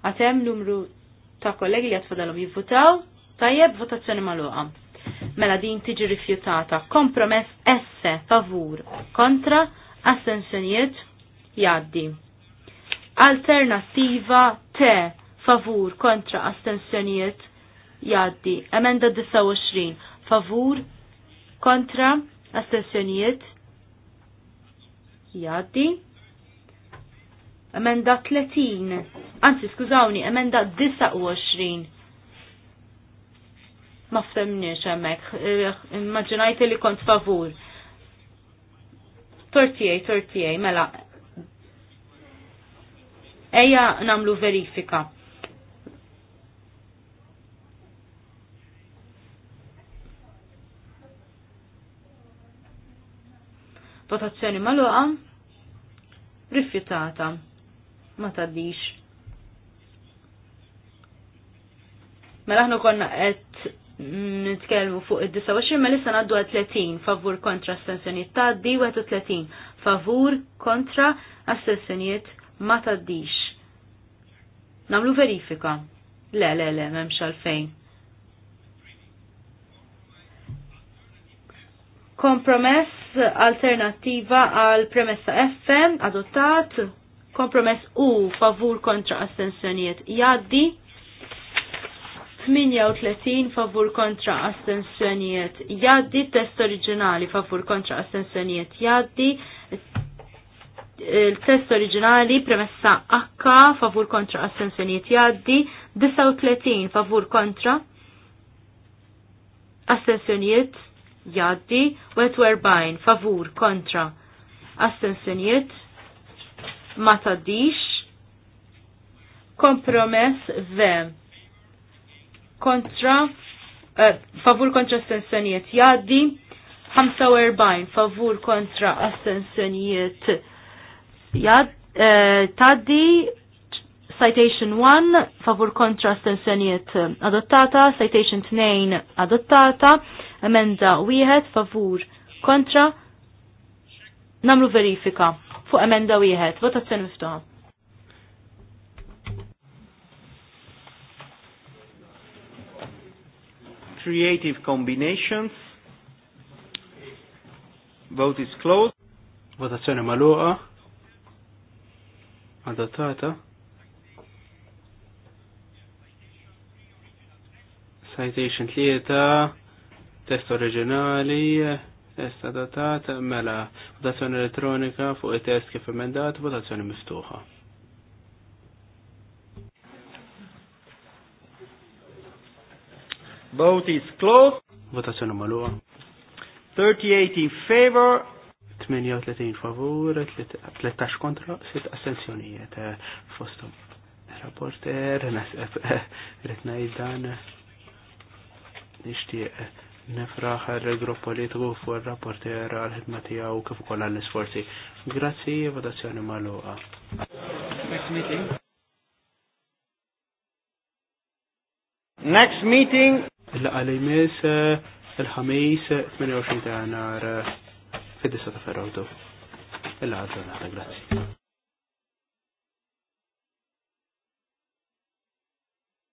Speaker 3: Għatem numru ta' kollegi li għatfadalom jivvutaw, tajjeb votazzjoni maluqa. Mela din tiġi rifjutata. Kompromess esse, favur, kontra, assenzjoniet, jaddi. Alternativa te favur, kontra, assenzjoniet, jaddi. Emenda 29, favur, kontra, assenzjoniet, jaddi. Emenda 30. Anzi, skużawni, emenda 29. Ma ftemniex hemmhekk. Eh, immaġinajt li kont favur. 38, 38, mela. Eja namlu verifika. Votazzjoni maluqa. Rifjutata ma taddix. Mela ħnu konna qed nitkellmu fuq id-29 ma mela issa ngħaddu għal 30 favur kontra astensjonijiet tgħaddi 30 favur kontra astensjonijiet ma taddix. Namlu verifika. Le, le, le, m'hemmx għalfejn. Kompromess alternativa għal premessa FM adottat Kompromess u favur kontra astensjoniet jaddi. 38 favur kontra astensjonijiet jaddi. Test oriġinali favur kontra astensjoniet jaddi. Il-test oriġinali premessa H favur kontra astensjoniet jaddi. 39 favur kontra astensjoniet jaddi. 40, favur kontra jaddi ma taddix. Kompromess ve. Kontra, uh, favur kontra astensjonijiet jaddi. 45 favur kontra astensjonijiet jaddi. uh, eh, taddi Citation 1 favur kontra astensjonijiet adottata, Citation 2 adottata, emenda 1 favur kontra namlu verifika fuq emenda wieħed. Votazzjoni miftuħa.
Speaker 4: Creative combinations. Vote is closed. Votazzjoni maluqa. Adottata. Citation 3. Test oriġinali issa datat mela votazzjoni elettronika fuq it-test kif emendat votazzjoni miftuħa. Vote is closed. Votazzjoni magħluqa. 38 in favor 38 favur, 13 kontra, 6 assenzjonijiet Fostum Rapporter, nasib, rritnajdan, nishtiq nifraħ il-grupp politiku fuq il-rapporter għal-ħidma tiegħu kif ukoll għall-isforzi. Grazzi, votazzjoni magħluqa. Next meeting. Next meeting. Il-qalimis il-ħamis 28 ta' nar fid-disa ta' ferrotu.
Speaker 1: Il-għadżona, grazzi.